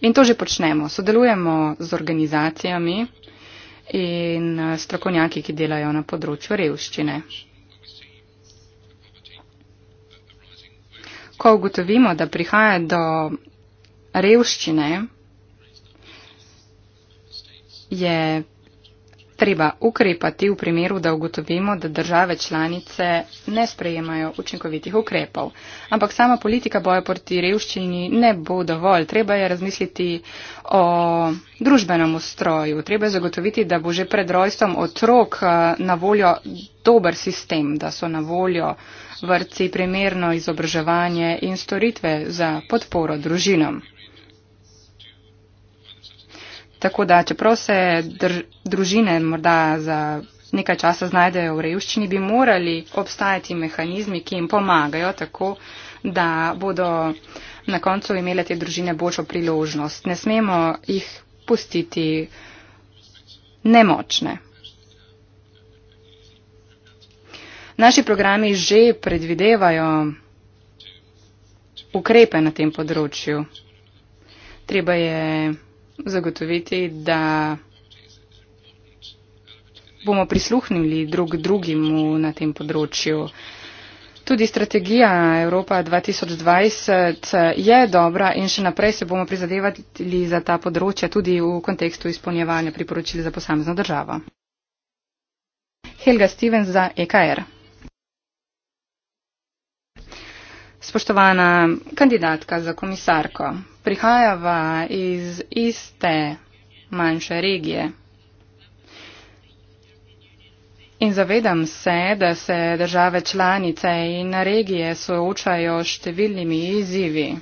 S2: In to že počnemo. Sodelujemo z organizacijami in strokovnjaki, ki delajo na področju revščine. Ko ugotovimo, da prihaja do revščine, je treba ukrepati v primeru, da ugotovimo, da države članice ne sprejemajo učinkovitih ukrepov. Ampak sama politika boja proti revščini ne bo dovolj. Treba je razmisliti o družbenem ustroju. Treba je zagotoviti, da bo že pred rojstvom otrok eh, na voljo dober sistem, da so na voljo vrci primerno izobraževanje in storitve za podporo družinam. Tako da, čeprav se dr družine morda za nekaj časa znajdejo v revščini, bi morali obstajati mehanizmi, ki jim pomagajo tako, da bodo na koncu imele te družine boljšo priložnost. Ne smemo jih pustiti nemočne. Naši programi že predvidevajo ukrepe na tem področju. Treba je zagotoviti, da bomo prisluhnili drug drugimu na tem področju. Tudi strategija Evropa 2020 je dobra in še naprej se bomo prizadevali za ta področja tudi v kontekstu izpolnjevanja priporočil za posamezno državo. Helga Stevens za EKR. Spoštovana kandidatka za komisarko, prihajava iz iste manjše regije. In zavedam se, da se države članice in regije soočajo s številnimi izzivi.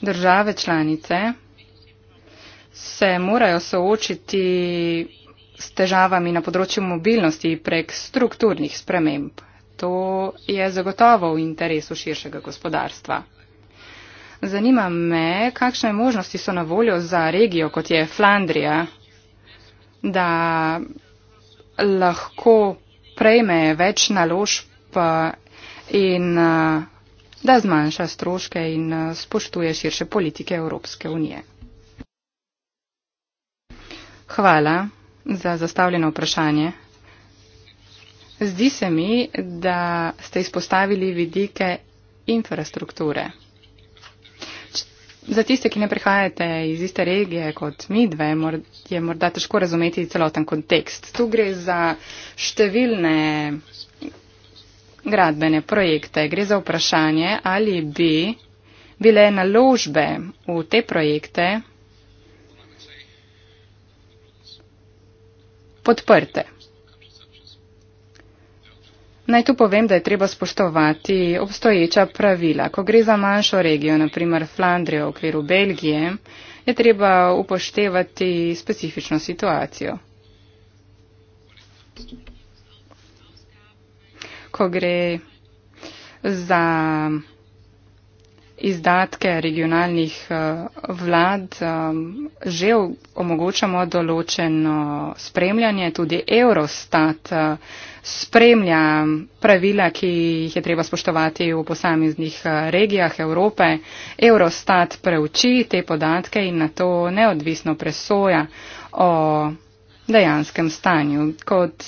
S2: Države članice se morajo soočiti s težavami na področju mobilnosti prek strukturnih sprememb. To je zagotovo v interesu širšega gospodarstva. Zanima me, kakšne možnosti so na voljo za regijo, kot je Flandrija, da lahko prejme več naložb in eh, da zmanjša stroške in eh, spoštuje širše politike Evropske unije. Hvala za zastavljeno vprašanje. Zdi se mi, da ste izpostavili vidike infrastrukture. Za tiste, ki ne prihajate iz iste regije kot mi dve, je morda težko razumeti celoten kontekst. Tu gre za številne gradbene projekte, gre za vprašanje, ali bi bile naložbe v te projekte podprte. Naj tu povem, da je treba spoštovati obstoječa pravila. Ko gre za manjšo regijo, naprimer Flandrijo v okviru Belgije, je treba upoštevati specifično situacijo. Ko gre za izdatke regionalnih eh, vlad eh, že omogočamo določeno spremljanje. Tudi Eurostat eh, spremlja pravila, ki jih je treba spoštovati v posameznih regijah Evrope. Eurostat preuči te podatke in na to neodvisno presoja o dejanskem stanju. Kot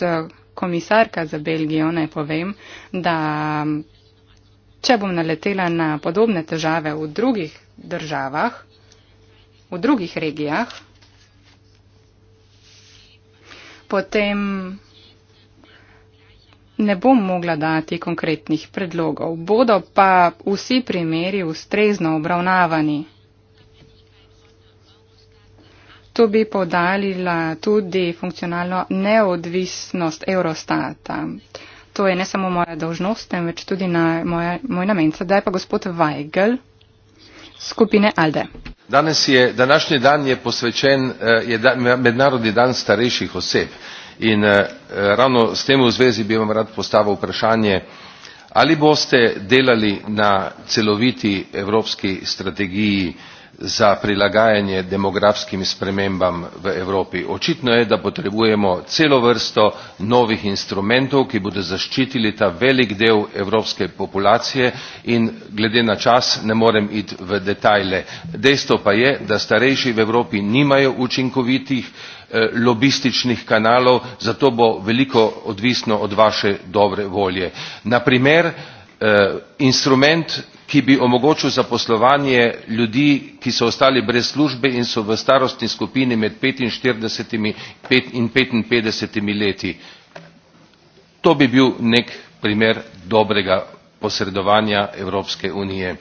S2: komisarka za Belgijo ne povem, da če bom naletela na podobne težave v drugih državah, v drugih regijah, potem ne bom mogla dati konkretnih predlogov. Bodo pa vsi primeri ustrezno obravnavani. Tu bi podalila tudi funkcionalno neodvisnost Eurostata to je ne samo moja dolžnost, temveč tudi na moja, moj namen. Sedaj pa gospod Weigel, skupine Alde.
S5: Danes je, današnji dan je posvečen eh, je da, mednarodni dan starejših oseb in eh, eh, ravno s tem v zvezi bi vam rad postavil vprašanje, ali boste delali na celoviti evropski strategiji za prilagajanje demografskim spremembam v evropi. očitno je da potrebujemo celo vrsto novih instrumentov ki bodo zaščitili ta velik del evropske populacije in glede na čas ne morem iti v detajle. dejstvo pa je da starejši v evropi nimajo učinkovitih eh, lobističnih kanalov zato bo veliko odvisno od vaše dobre volje. na primer eh, instrument ki bi omogočil zaposlovanje ljudi ki so ostali brez službe in so v starostni skupini med petinštirideset in petinpetdeset leti to bi bil nek primer dobrega posredovanja evropske unije.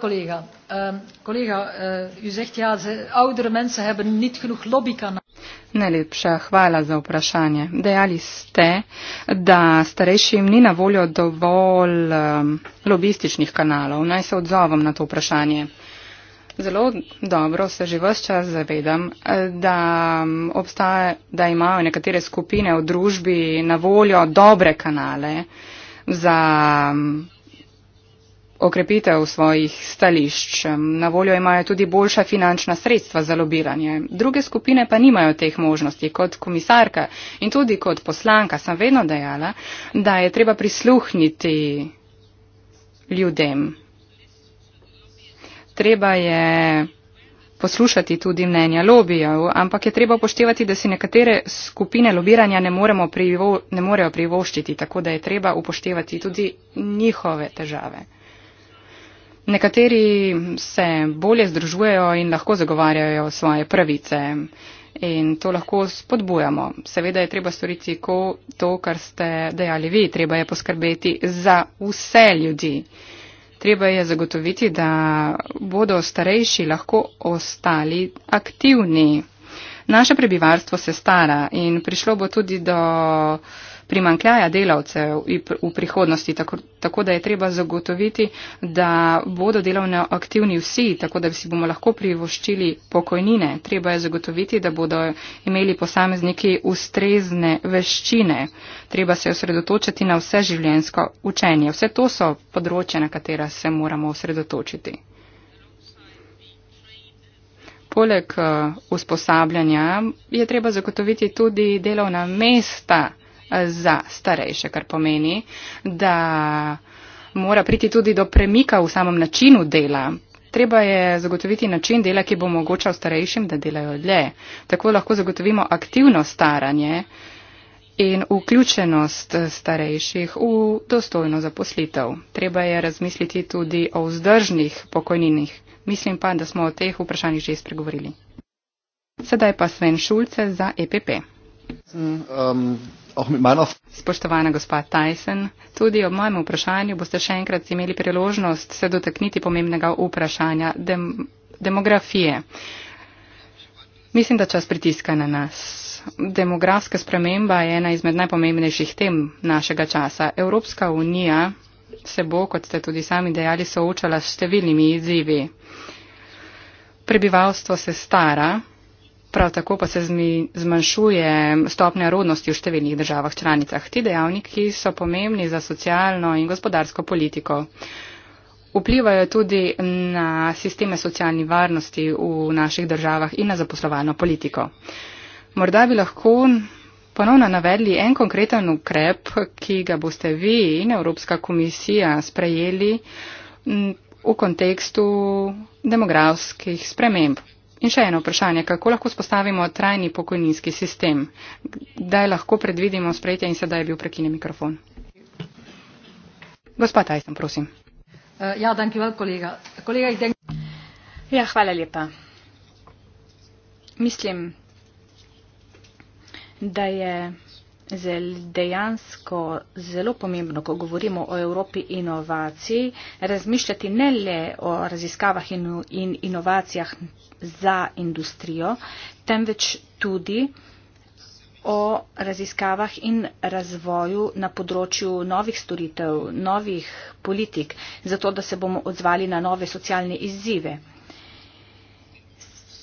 S1: collega ehm, collega eh, u zegt ja ze oudere mensen hebben niet genoeg lobbykanalen.
S2: Najlepša hvala za vprašanje. Dejali ste, da starejšim ni na voljo dovolj um, lobističnih kanalov. Naj se odzovem na to vprašanje. Zelo dobro se že vse čas zavedam, da, ehm, obstaja, da imajo nekatere skupine v družbi na voljo dobre kanale za um, okrepitev svojih stališč. Na voljo imajo tudi boljša finančna sredstva za lobiranje. Druge skupine pa nimajo teh možnosti. Kot komisarka in tudi kot poslanka sem vedno dejala, da je treba prisluhniti ljudem. Treba je poslušati tudi mnenja lobijev, ampak je treba upoštevati, da si nekatere skupine lobiranja ne, privo, ne morejo privoščiti, tako da je treba upoštevati tudi njihove težave. Nekateri se bolje združujejo in lahko zagovarjajo svoje pravice in to lahko spodbujamo. Seveda je treba storiti ko to, kar ste dejali vi. Treba je poskrbeti za vse ljudi. Treba je zagotoviti, da bodo starejši lahko ostali aktivni. Naše prebivalstvo se stara in prišlo bo tudi do primankljaja delavcev v prihodnosti, tako, tako da je treba zagotoviti, da bodo delovno aktivni vsi, tako da si bomo lahko privoščili pokojnine. Treba je zagotoviti, da bodo imeli posamezniki ustrezne veščine. Treba se osredotočiti na vse življensko učenje. Vse to so področje, na katera se moramo osredotočiti. Poleg eh, usposabljanja je treba zagotoviti tudi delovna mesta za starejše, kar pomeni, da mora priti tudi do premika v samem načinu dela. Treba je zagotoviti način dela, ki bo omogočal starejšim, da delajo dlje. Tako lahko zagotovimo aktivno staranje in vključenost starejših v dostojno zaposlitev. Treba je razmisliti tudi o vzdržnih pokojninih. Mislim pa, da smo o teh vprašanjih že spregovorili. Sedaj pa Sven Šulce za EPP auch mit meiner Spoštovana gospa Tyson, tudi ob mojem vprašanju boste še enkrat imeli priložnost se dotakniti pomembnega vprašanja dem demografije. Mislim, da čas pritiska na nas. Demografska sprememba je ena izmed najpomembnejših tem našega časa. Evropska unija se bo, kot ste tudi sami dejali, soočala s številnimi izzivi. Prebivalstvo se stara. Prav tako pa se zmanjšuje stopnja rodnosti v številnih državah članicah. Ti dejavniki so pomembni za socialno in gospodarsko politiko. Vplivajo tudi na sisteme socialne varnosti v naših državah in na zaposlovalno politiko. Morda bi lahko ponovno navedli en konkreten ukrep, ki ga boste vi in Evropska komisija sprejeli v kontekstu demografskih sprememb. In še eno vprašanje, kako lahko spostavimo trajni pokojninski sistem? Kdaj lahko predvidimo sprejetje in sedaj je bil prekinjen mikrofon? Gospa Tajsen, prosim.
S1: Eh, ja, danke vam, kolega.
S3: kolega den... Ja, hvala lepa. Mislim, da je zel, dejansko zelo pomembno, ko govorimo o Evropi inovacij, razmišljati ne le o raziskavah in, in inovacijah za industrijo, temveč tudi o raziskavah in razvoju na področju novih storitev, novih politik, zato da se bomo odzvali na nove socialne izzive.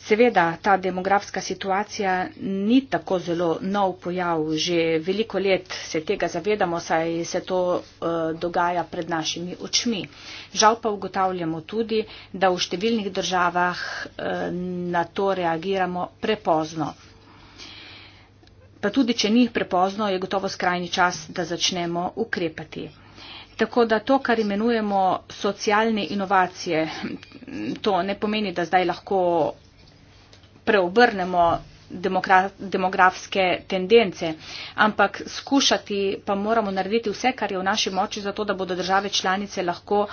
S3: Seveda ta demografska situacija ni tako zelo nov pojav, že veliko let se tega zavedamo, saj se to uh, dogaja pred našimi očmi. Žal pa ugotavljamo tudi, da v številnih državah uh, na to reagiramo prepozno. Pa tudi, če ni prepozno, je gotovo skrajni čas, da začnemo ukrepati. Tako da to, kar imenujemo socialne inovacije, to ne pomeni, da zdaj lahko preobrnemo demografske tendence, ampak skušati pa moramo narediti vse, kar je v naši moči, zato da bodo države članice lahko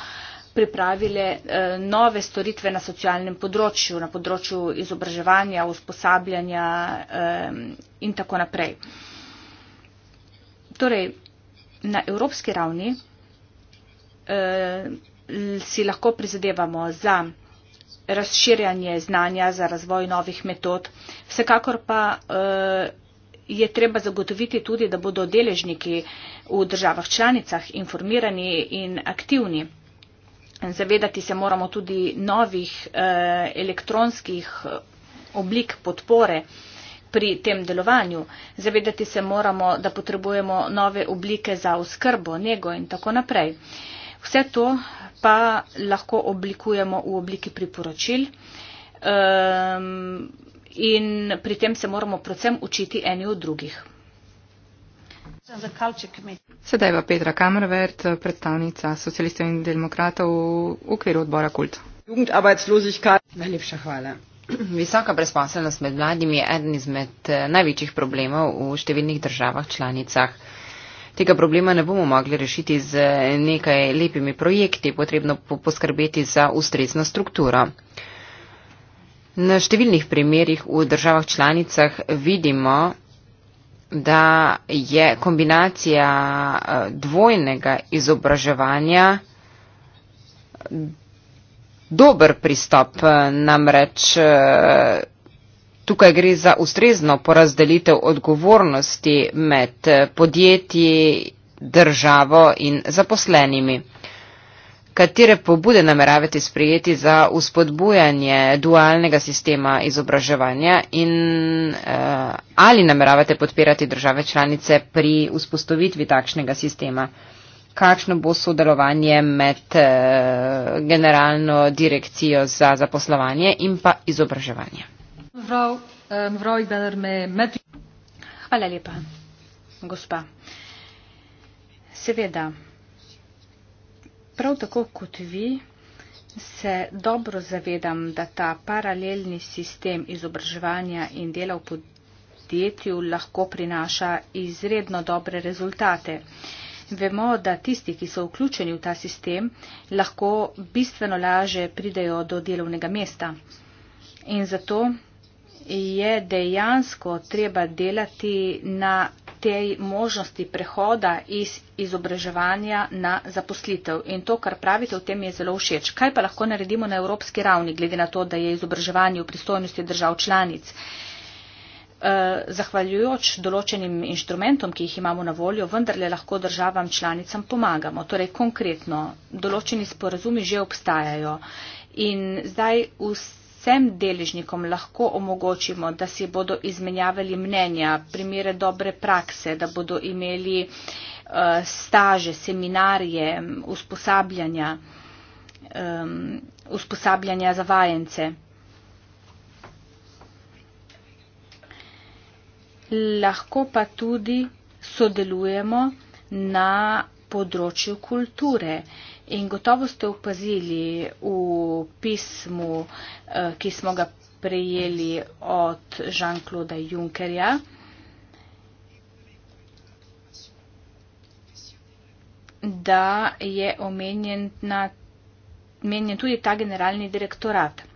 S3: pripravile eh, nove storitve na socialnem področju, na področju izobraževanja, usposabljanja eh, in tako naprej. Torej, na evropski ravni eh, si lahko prizadevamo za razširjanje znanja za razvoj novih metod. Vsekakor pa eh, je treba zagotoviti tudi, da bodo deležniki v državah članicah informirani in aktivni. Zavedati se moramo tudi novih eh, elektronskih eh, oblik podpore pri tem delovanju. Zavedati se moramo, da potrebujemo nove oblike za oskrbo, nego in tako naprej. Vse to pa lahko oblikujemo v obliki priporočil um, in pri tem se moramo predvsem učiti eni od drugih. Sedaj
S2: pa Petra Kamervert, predstavnica socialistov in demokratov v okviru odbora Kult.
S4: Najlepša hvala. Visoka brezposelnost med mladimi je eden izmed eh, največjih problemov v številnih državah članicah. Tega problema ne bomo mogli rešiti z nekaj lepimi projekti, potrebno poskrbeti za ustrezno strukturo. Na številnih primerjih v državah članicah vidimo, da je kombinacija eh, dvojnega izobraževanja dober pristop eh, namreč. Eh, Tukaj gre za ustrezno porazdelitev odgovornosti med eh, podjetji, državo in zaposlenimi. Katere pobude nameravate sprejeti za uspodbujanje dualnega sistema izobraževanja in uh, ali nameravate podpirati države članice pri vzpostavitvi takšnega sistema? Kakšno bo sodelovanje med uh, generalno direkcijo za zaposlovanje in pa izobraževanje?
S1: Mevrouw, ähm, mevrouw, ik ben er
S3: mee met u. Hvala lepa, gospa. Seveda, prav tako kot vi, se dobro zavedam, da ta paralelni sistem izobraževanja in dela v podjetju lahko prinaša izredno dobre rezultate. Vemo, da tisti, ki so vključeni v ta sistem, lahko bistveno laže pridejo do delovnega mesta. In zato je dejansko treba delati na tej možnosti prehoda iz izobraževanja na zaposlitev. In to, kar pravite o tem, je zelo všeč. Kaj pa lahko naredimo na evropski ravni, glede na to, da je izobraževanje v pristojnosti držav članic? Eh, zahvaljujoč določenim inštrumentom, ki jih imamo na voljo, vendarle lahko državam članicam pomagamo. Torej, konkretno, določeni sporazumi že obstajajo. In zdaj vse vsem deležnikom lahko omogočimo, da si bodo izmenjavali mnenja, primere dobre prakse, da bodo imeli eh, staže, seminarije, usposabljanja, usposabljanja za vajence. Lahko pa tudi sodelujemo na področju kulture. In gotovo ste opazili v pismu, eh, ki smo ga prejeli od Jean-Claude Junckerja, da je omenjen, na, omenjen tudi ta generalni direktorat.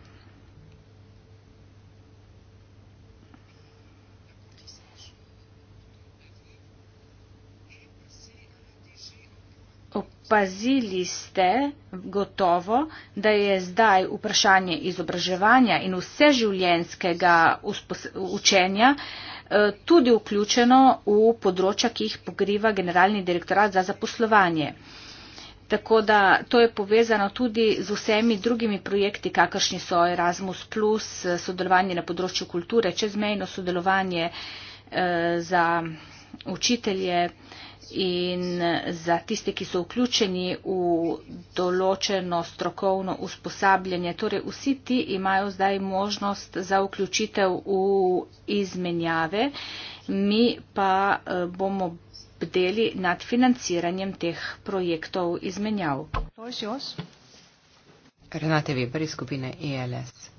S3: opazili ste gotovo, da je zdaj vprašanje izobraževanja in vseživljenskega učenja eh, tudi vključeno v področja, ki jih pogriva Generalni direktorat za zaposlovanje. Tako da to je povezano tudi z vsemi drugimi projekti, kakršni so Erasmus, plus, sodelovanje na področju kulture, čezmejno sodelovanje eh, za učitelje, in eh, za tiste, ki so vključeni v določeno strokovno usposabljanje. Torej, vsi ti imajo zdaj možnost za vključitev v izmenjave, mi pa eh, bomo bdeli nad financiranjem teh projektov izmenjav.
S4: Renate Weber iz skupine ELS.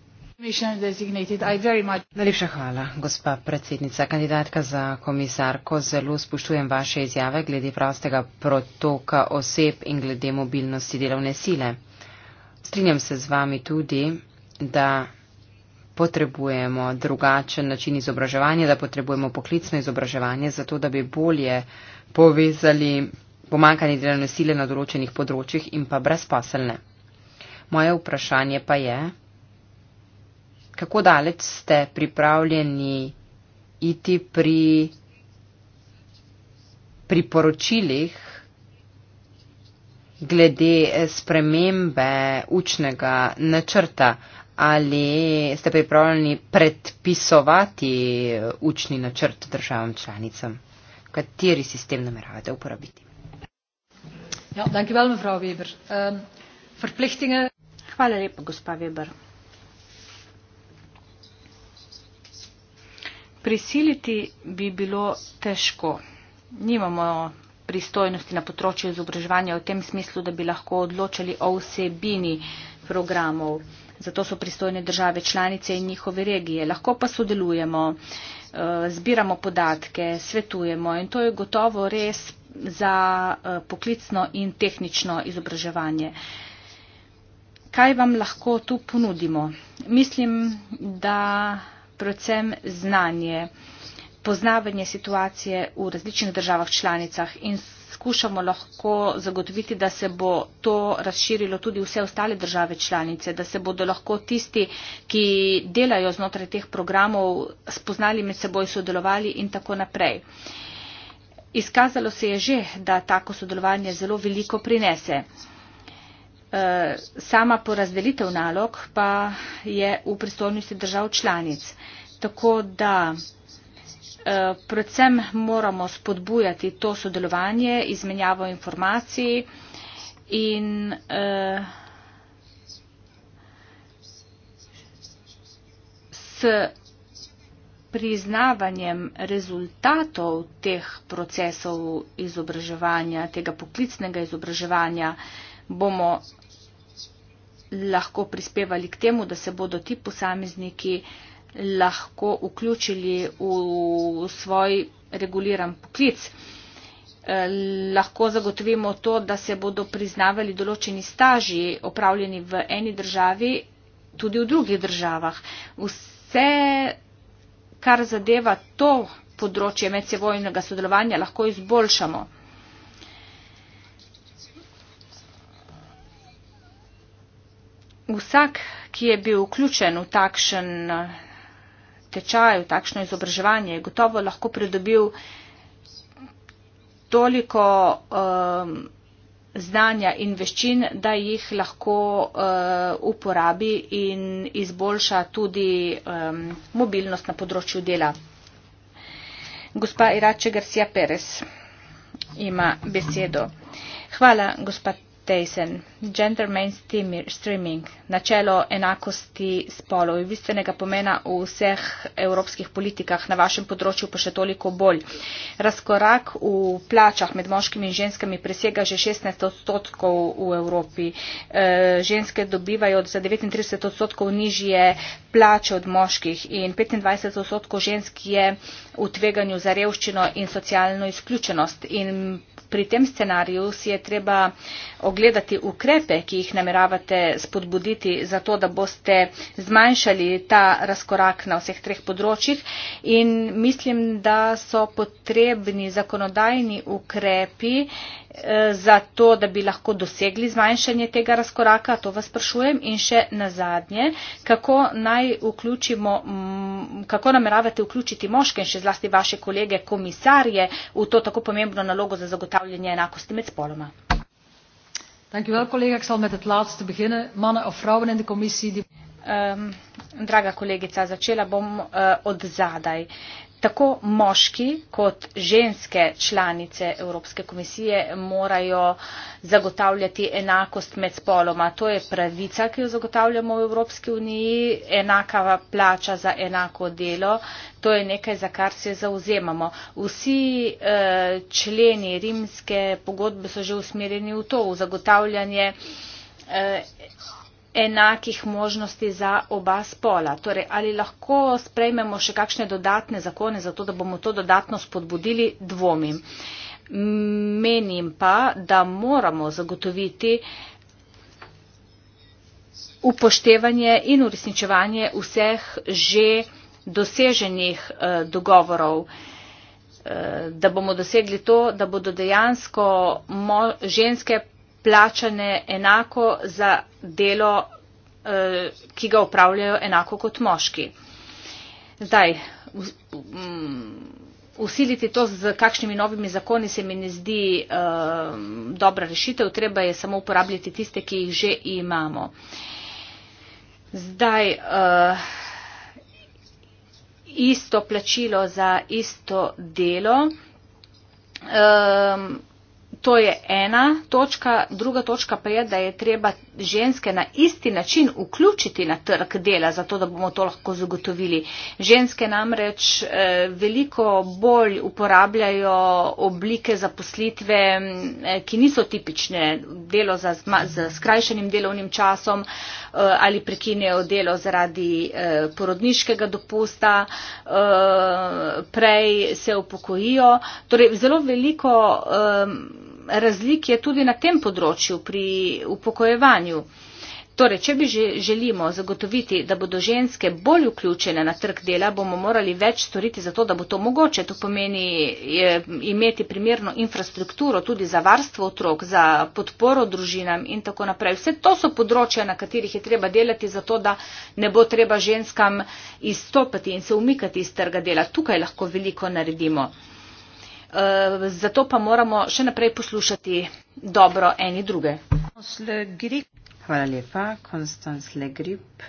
S4: Najlepša hvala, gospa predsednica, kandidatka za komisarko. Zelo spoštujem vaše izjave glede prostega protoka oseb in glede mobilnosti delovne sile. Strinjam se z vami tudi, da potrebujemo drugačen način izobraževanja, da potrebujemo poklicno izobraževanje, zato da bi bolje povezali pomankanje delovne sile na določenih področjih in pa brezposelne. Moje vprašanje pa je, kako daleč ste pripravljeni iti pri priporočilih glede spremembe učnega načrta? Ali ste pripravljeni predpisovati učni načrt državam članicam? Kateri sistem nameravate uporabiti?
S1: Ja, danke vel, mevrouw Weber. Um, verplichtingen. Hvala lepa, gospa
S3: Weber. Prisiliti bi bilo težko. Nimamo pristojnosti na področju izobraževanja v tem smislu, da bi lahko odločali o vsebini programov. Zato so pristojne države članice in njihove regije. Lahko pa sodelujemo, eh, zbiramo podatke, svetujemo in to je gotovo res za eh, poklicno in tehnično izobraževanje. Kaj vam lahko tu ponudimo? Mislim, da predvsem znanje, poznavanje situacije v različnih državah članicah in skušamo lahko zagotoviti, da se bo to razširilo tudi vse ostale države članice, da se bodo lahko tisti, ki delajo znotraj teh programov, spoznali med seboj, sodelovali in tako naprej. Izkazalo se je že, da tako sodelovanje zelo veliko prinese. Eh, sama porazdelitev nalog pa je v pristojnosti držav članic. Tako da eh, predvsem moramo spodbujati to sodelovanje, izmenjavo informacij in eh, s priznavanjem rezultatov teh procesov izobraževanja, tega poklicnega izobraževanja, bomo lahko prispevali k temu, da se bodo ti posamezniki lahko vključili v svoj reguliran poklic. Eh, lahko zagotovimo to, da se bodo priznavali določeni staži opravljeni v eni državi, tudi v drugih državah. Vse, kar zadeva to področje medsevojnega sodelovanja, lahko izboljšamo. vsak, ki je bil vključen v takšen eh, tečaj, v takšno izobraževanje, je gotovo lahko pridobil toliko um, znanja in veščin, da jih lahko uh, uporabi in izboljša tudi um, mobilnost na področju dela. Gospa Irače Garcia Perez ima besedo. Hvala, gospod. Tyson, gender mainstreaming, načelo enakosti spolov, bistvenega pomena v vseh evropskih politikah, na vašem področju pa še toliko bolj. Razkorak v plačah med moškimi in ženskami presega že 16 odstotkov v Evropi. E, ženske dobivajo za 39 odstotkov nižje plače od moških in 25 odstotkov žensk je v tveganju za revščino in socialno izključenost. In pri tem scenariju si je treba ogledati ukrepe, ki jih nameravate spodbuditi za to, da boste zmanjšali ta razkorak na vseh treh področjih in mislim, da so potrebni zakonodajni ukrepi, za to, da bi lahko dosegli zmanjšanje tega razkoraka, to vas sprašujem. In še na zadnje, kako, kako nameravate vključiti moške in še zlasti vaše kolege komisarje v to tako pomembno nalogo za zagotavljanje enakosti med spoloma?
S1: Dankjewel, kolega. Ik zal met het laatste beginnen. Mannen of vrouwen in de commissie.
S3: Die... Um, draga kolegica, začela bom uh, od zadaj. Uh, tako moški kot ženske članice Evropske komisije morajo zagotavljati enakost med spoloma. To je pravica, ki jo zagotavljamo v Evropski uniji, enaka plača za enako delo. To je nekaj, za kar se zauzemamo. Vsi eh, členi rimske pogodbe so že usmerjeni v to, v zagotavljanje. Eh, enakih možnosti za oba spola. Torej, ali lahko sprejmemo še kakšne dodatne zakone za to, da bomo to dodatno spodbudili, dvomim. Menim pa, da moramo zagotoviti upoštevanje in uresničevanje vseh že doseženih eh, dogovorov, eh, da bomo dosegli to, da bodo dejansko mo ženske plačane enako za delo, eh, ki ga upravljajo enako kot moški. Zdaj, mm, usiliti to z kakšnimi novimi zakoni se mi ne zdi eh, dobra rešitev, treba je samo uporabljati tiste, ki jih že imamo. Zdaj, eh, isto plačilo za isto delo. To je ena točka. Druga točka pa je, da je treba ženske na isti način vključiti na trg dela, zato da bomo to lahko zagotovili. Ženske namreč eh, veliko bolj uporabljajo oblike zaposlitve, eh, ki niso tipične delo z, z skrajšanim delovnim časom eh, ali prekinejo delo zaradi porodniškega dopusta, prej se upokojijo. Torej, zelo veliko razlik je tudi na tem področju pri upokojevanju. Torej, če bi želimo zagotoviti, da bodo ženske bolj vključene na trg dela, bomo morali več storiti za to, da bo to mogoče. To pomeni eh, imeti primerno infrastrukturo tudi za varstvo otrok, za podporo družinam in tako naprej. Vse to so področja, na katerih je treba delati za to, da ne bo treba ženskam izstopati in se umikati iz trga dela. Tukaj lahko veliko naredimo. Eh, zato pa moramo še naprej poslušati dobro eni druge.
S4: Hvala lepa, Konstanc Legrip,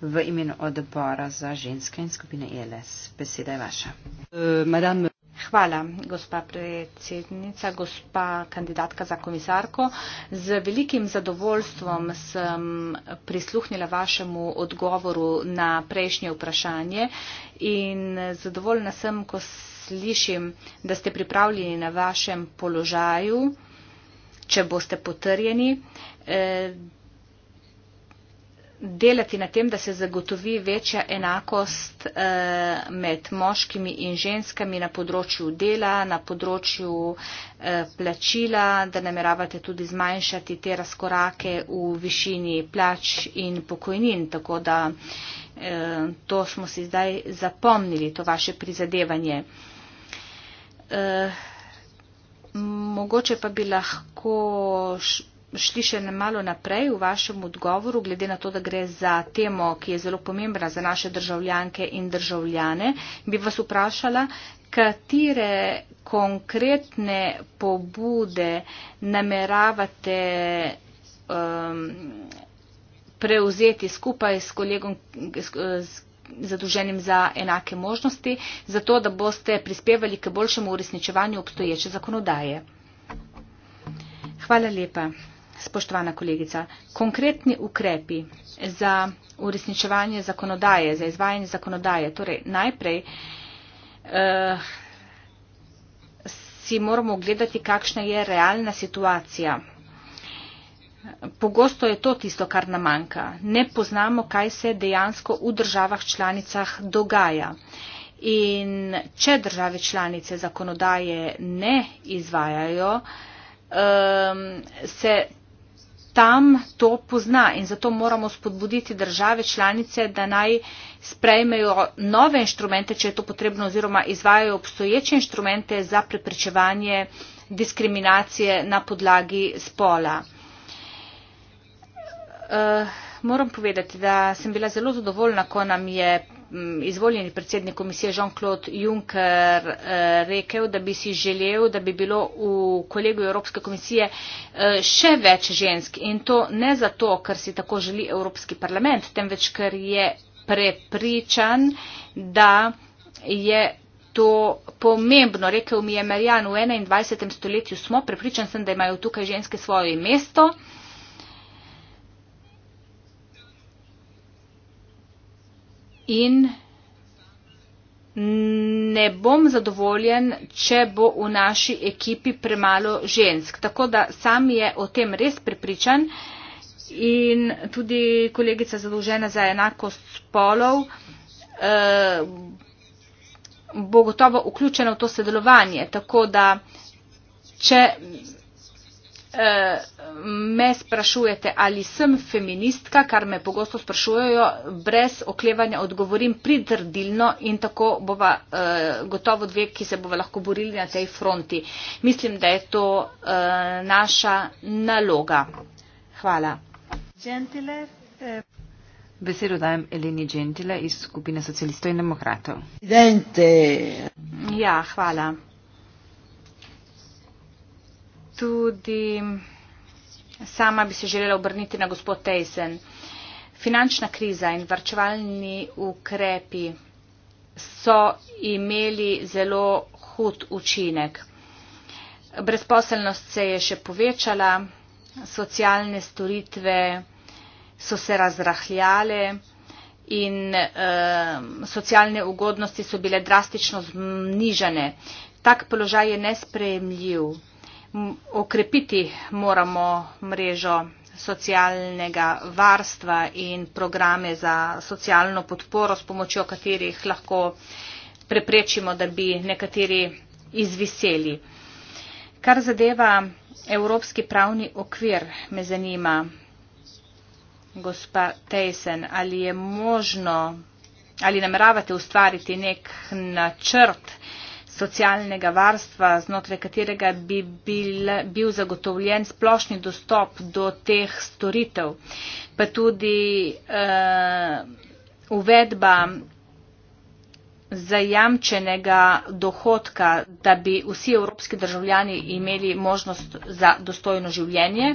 S4: v imenu odbora za ženske in skupine ELS.
S3: Beseda je vaša. Eh, Hvala, gospa predsednica, gospa kandidatka za komisarko. Z velikim zadovoljstvom sem prisluhnila vašemu odgovoru na prejšnje vprašanje in zadovoljna sem, ko sem slišim, da ste pripravljeni na vašem položaju, če boste potrjeni, eh, delati na tem, da se zagotovi večja enakost eh, med moškimi in ženskami na področju dela, na področju eh, plačila, da nameravate tudi zmanjšati te razkorake v višini plač in pokojnin. Tako da to smo si zdaj zapomnili, to vaše prizadevanje. Eh, mogoče pa bi lahko šli še na malo naprej v vašem odgovoru, glede na to, da gre za temo, ki je zelo pomembna za naše državljanke in državljane, bi vas vprašala, katere konkretne pobude nameravate um, prevzeti skupaj s kolegom, s, eh, zadolženim za enake možnosti, zato da boste prispevali k boljšemu uresničevanju obstoječe zakonodaje. Hvala lepa, spoštovana kolegica. Konkretni ukrepi za uresničevanje zakonodaje, za izvajanje zakonodaje, torej najprej. Uh, si moramo ogledati, kakšna je realna situacija. Pogosto je to tisto, kar nam manjka. Ne poznamo, kaj se dejansko v državah članicah dogaja. In če države članice zakonodaje ne izvajajo, se tam to pozna in zato moramo spodbuditi države članice, da naj sprejmejo nove inštrumente, če je to potrebno, oziroma izvajajo obstoječe inštrumente za preprečevanje diskriminacije na podlagi spola. Eh, moram povedati, da sem bila zelo zadovoljna, ko nam je mm, izvoljeni predsednik komisije Jean-Claude Juncker eh, rekel, da bi si želel, da bi bilo v kolegu Evropske komisije eh, še več žensk. In to ne zato, ker si tako želi Evropski parlament, temveč ker je prepričan, da je. To pomembno, rekel mi je Marjan, v 21. stoletju smo, prepričan sem, da imajo tukaj ženske svoje mesto. in ne bom zadovoljen, če bo v naši ekipi premalo žensk. Tako da sam je o tem res pripričan in tudi kolegica zadolžena za enakost spolov eh, bo gotovo vključena v to sodelovanje. Tako da, če me sprašujete, ali sem feministka, kar me pogosto sprašujejo, brez oklevanja odgovorim pridrdilno in tako bova eh, gotovo dve, ki se bova lahko borili na tej fronti. Mislim, da je to eh, naša naloga. Hvala. Gentile. Eh.
S4: Besedo dajem Eleni Gentile iz skupine socialistov in demokratov.
S3: Ja, hvala tudi sama bi se želela obrniti na gospod Tejsen. Finančna kriza in varčevalni ukrepi so imeli zelo hud učinek. Brezposelnost se je še povečala, socialne storitve so se razrahljale in e, socialne ugodnosti so bile drastično znižane. Tak položaj je nespremljiv okrepiti moramo mrežo socialnega varstva in programe za socialno podporo, s pomočjo katerih lahko preprečimo, da bi nekateri izviseli. Kar zadeva Evropski pravni okvir, me zanima, gospa Tejsen, ali je možno, ali nameravate ustvariti nek načrt, socialnega varstva, znotraj katerega bi bil, bil zagotovljen splošni dostop do teh storitev, pa tudi uh, uvedba zajamčenega dohodka, da bi vsi evropski državljani imeli možnost za dostojno življenje.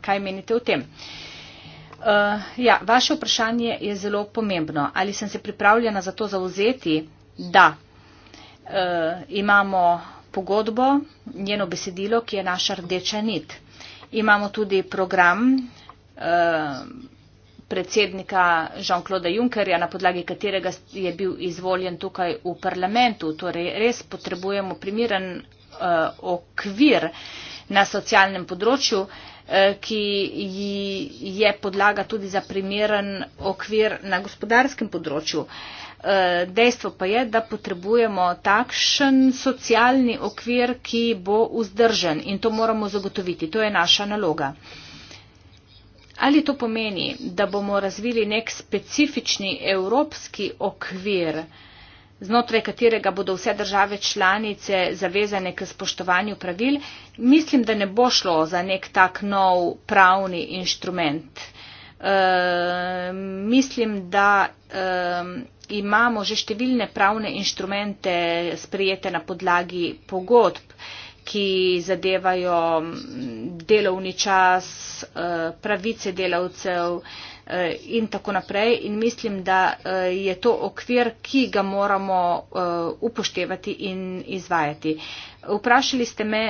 S3: Kaj menite o tem? Uh, ja, vaše vprašanje je zelo pomembno. Ali sem se pripravljena za to zauzeti? Da uh, imamo pogodbo, njeno besedilo, ki je naša rdeča nit. Imamo tudi program uh, predsednika Jean-Claude Junckerja, na podlagi katerega je bil izvoljen tukaj v parlamentu. Torej, res potrebujemo primiren uh, eh, okvir na socialnem področju, ki je podlaga tudi za primeren okvir na gospodarskem področju. Uh, Eh, dejstvo pa je, da potrebujemo takšen socialni okvir, ki bo vzdržen in to moramo zagotoviti. To je naša naloga. Ali to pomeni, da bomo razvili nek specifični evropski okvir, znotraj katerega bodo vse države članice zavezane k spoštovanju pravil, mislim, da ne bo šlo za nek tak nov pravni inštrument. Ehm, mislim, da uh, imamo že številne pravne inštrumente sprijete na podlagi pogodb, ki zadevajo mm, delovni čas, uh, pravice delavcev uh, in tako naprej. In mislim, da uh, je to okvir, ki ga moramo uh, upoštevati in izvajati. Vprašali ste me,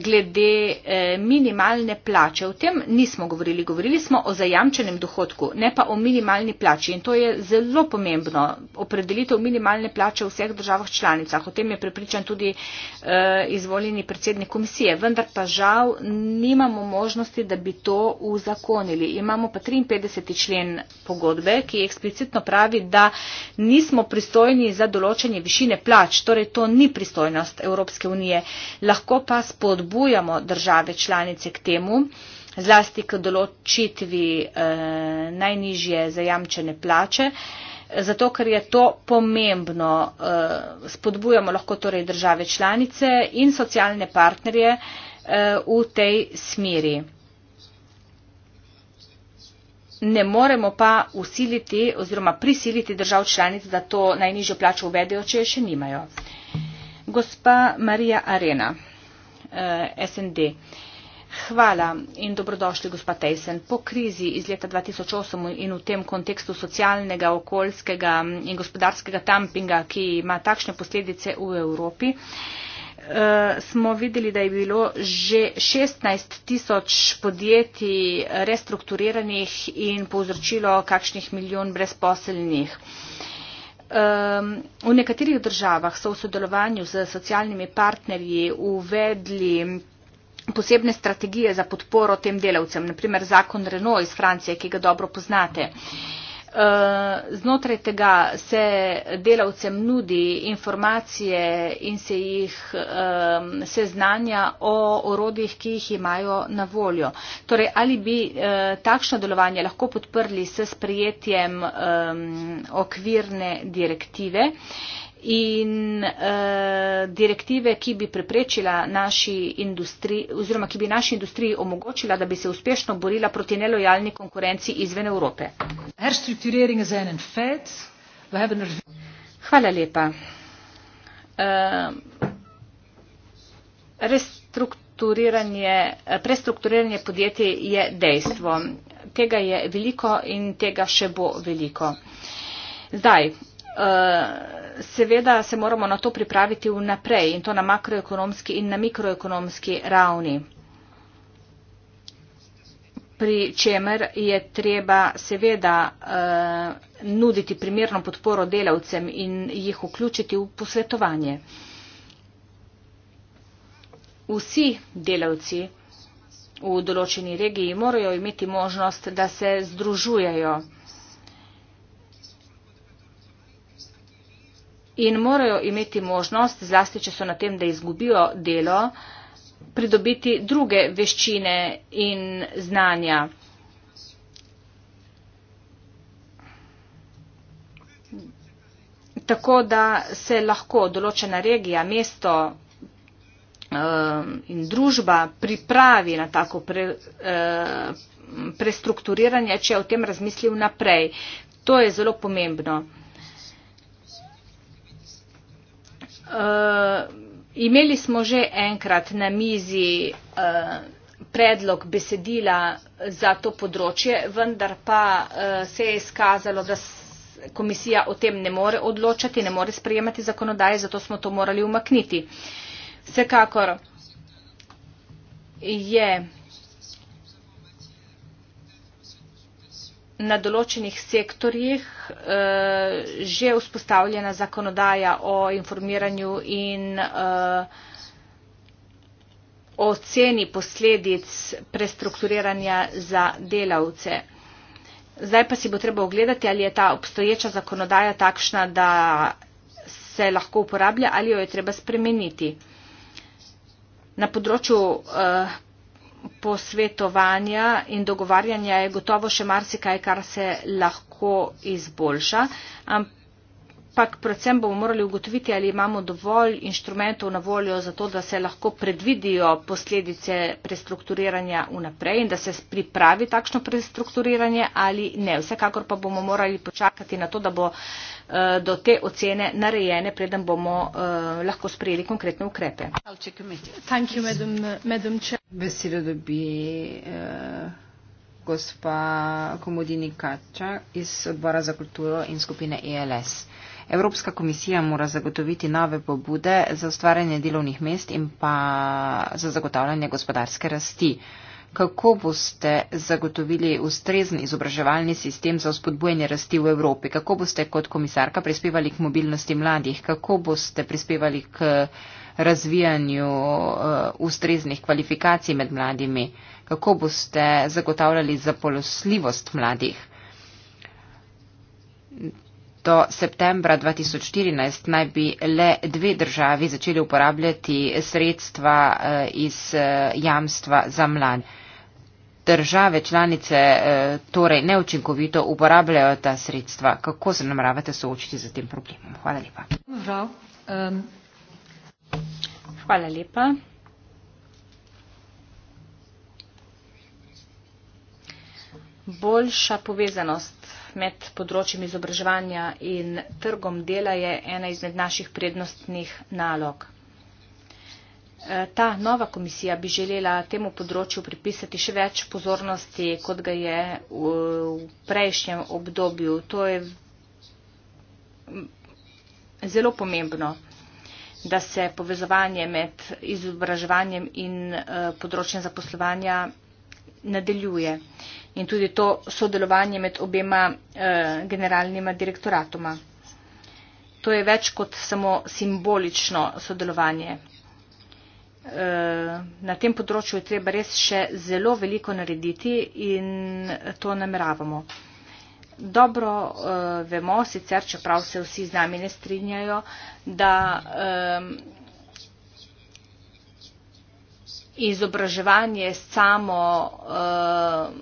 S3: glede eh, minimalne plače. O tem nismo govorili. Govorili smo o zajamčenem dohodku, ne pa o minimalni plači. In to je zelo pomembno. Opredelitev minimalne plače v vseh državah članicah. O tem je prepričan tudi eh, izvoljeni predsednik komisije. Vendar pa žal nimamo možnosti, da bi to uzakonili. Imamo pa 53. člen pogodbe, ki eksplicitno pravi, da nismo pristojni za določenje višine plač. Torej, to ni pristojnost Evropske unije. Lahko pa spodbujamo spodbujamo države članice k temu, zlasti k določitvi eh, najnižje zajamčene plače, zato ker je to pomembno. Eh, spodbujamo lahko torej države članice in socialne partnerje eh, v tej smeri. Ne moremo pa usiliti oziroma prisiliti držav članic, da to najnižjo plačo uvedejo, če še nimajo. Gospa Marija Arena. Eh, SND. Hvala in dobrodošli, gospa Tejsen. Po krizi iz leta 2008 in v tem kontekstu socialnega, okoljskega in gospodarskega tampinga, ki ima takšne posledice v Evropi, eh, smo videli, da je bilo že 16 tisoč podjetij restrukturiranih in povzročilo kakšnih milijon brezposelnih. V nekaterih državah so v sodelovanju z socialnimi partnerji uvedli posebne strategije za podporo tem delavcem, naprimer zakon Renault iz Francije, ki ga dobro poznate. Uh, Eh, znotraj tega se delavcem nudi informacije in se jih um, seznanja o orodjih, ki jih imajo na voljo. Torej, ali bi uh, takšno delovanje lahko podprli s sprejetjem um, okvirne direktive? Uh, in uh, direktive, ki bi preprečila naši industriji oziroma ki bi naši industriji omogočila, da bi se uspešno borila proti nelojalni konkurenci izven Evrope.
S1: Hvala lepa.
S3: Uh, restrukturiranje, prestrukturiranje podjetij je dejstvo. Tega je veliko in tega še bo veliko. Zdaj, Eh, seveda se moramo na to pripraviti vnaprej in to na makroekonomski in na mikroekonomski ravni pri čemer je treba seveda uh, nuditi primerno podporo delavcem in jih vključiti v posvetovanje. Vsi delavci v določeni regiji morajo imeti možnost, da se združujejo. in morajo imeti možnost, zlasti če so na tem, da izgubijo delo, pridobiti druge veščine in znanja. Tako da se lahko določena regija, mesto um, in družba pripravi na tako uh, prestrukturiranje, če o tem razmisli vnaprej. To je zelo pomembno. Uh, imeli smo že enkrat na mizi uh, predlog besedila za to področje, vendar pa uh, se je izkazalo, da komisija o tem ne more odločati, ne more sprejemati zakonodaje, zato smo to morali umakniti. Vsekakor je. Yeah. na določenih sektorjih eh, že vzpostavljena zakonodaja o informiranju in eh, o ceni posledic prestrukturiranja za delavce. Zdaj pa si bo treba ogledati, ali je ta obstoječa zakonodaja takšna, da se lahko uporablja ali jo je treba spremeniti. Na področju uh, posvetovanja in dogovarjanja je gotovo še marsikaj, kar se lahko izboljša. Ampak ampak predvsem bomo morali ugotoviti, ali imamo dovolj inštrumentov na voljo za to, da se lahko predvidijo posledice prestrukturiranja vnaprej in da se pripravi takšno prestrukturiranje ali ne. Vsekakor pa bomo morali počakati na to, da bo eh, do te ocene narejene, preden bomo eh, lahko sprejeli konkretne ukrepe.
S4: Besedo dobi eh, gospa Komodini Kača iz odbora za kulturo in skupine ELS. Evropska komisija mora zagotoviti nove pobude za ustvarjanje delovnih mest in pa za zagotavljanje gospodarske rasti. Kako boste zagotovili ustrezen izobraževalni sistem za vzpodbujanje rasti v Evropi? Kako boste kot komisarka prispevali k mobilnosti mladih? Kako boste prispevali k razvijanju uh, ustreznih kvalifikacij med mladimi? Kako boste zagotavljali zaposljivost mladih? Do septembra 2014 naj bi le dve državi začeli uporabljati sredstva eh, iz eh, jamstva za mlade. Države članice eh, torej neučinkovito uporabljajo ta sredstva. Kako se namravate soočiti z tem problemom? Hvala lepa.
S3: Um, Hvala lepa. Boljša povezanost med področjem izobraževanja in trgom dela je ena izmed naših prednostnih nalog. E, ta nova komisija bi želela temu področju pripisati še več pozornosti, kot ga je v prejšnjem obdobju. To je zelo pomembno da se povezovanje med izobraževanjem in e, področjem zaposlovanja nadaljuje. In tudi to sodelovanje med obema eh, generalnima direktoratoma. To je več kot samo simbolično sodelovanje. Eh, na tem področju je treba res še zelo veliko narediti in to nameravamo. Dobro eh, vemo, sicer čeprav se vsi z nami ne strinjajo, da. Eh, izobraževanje samo uh,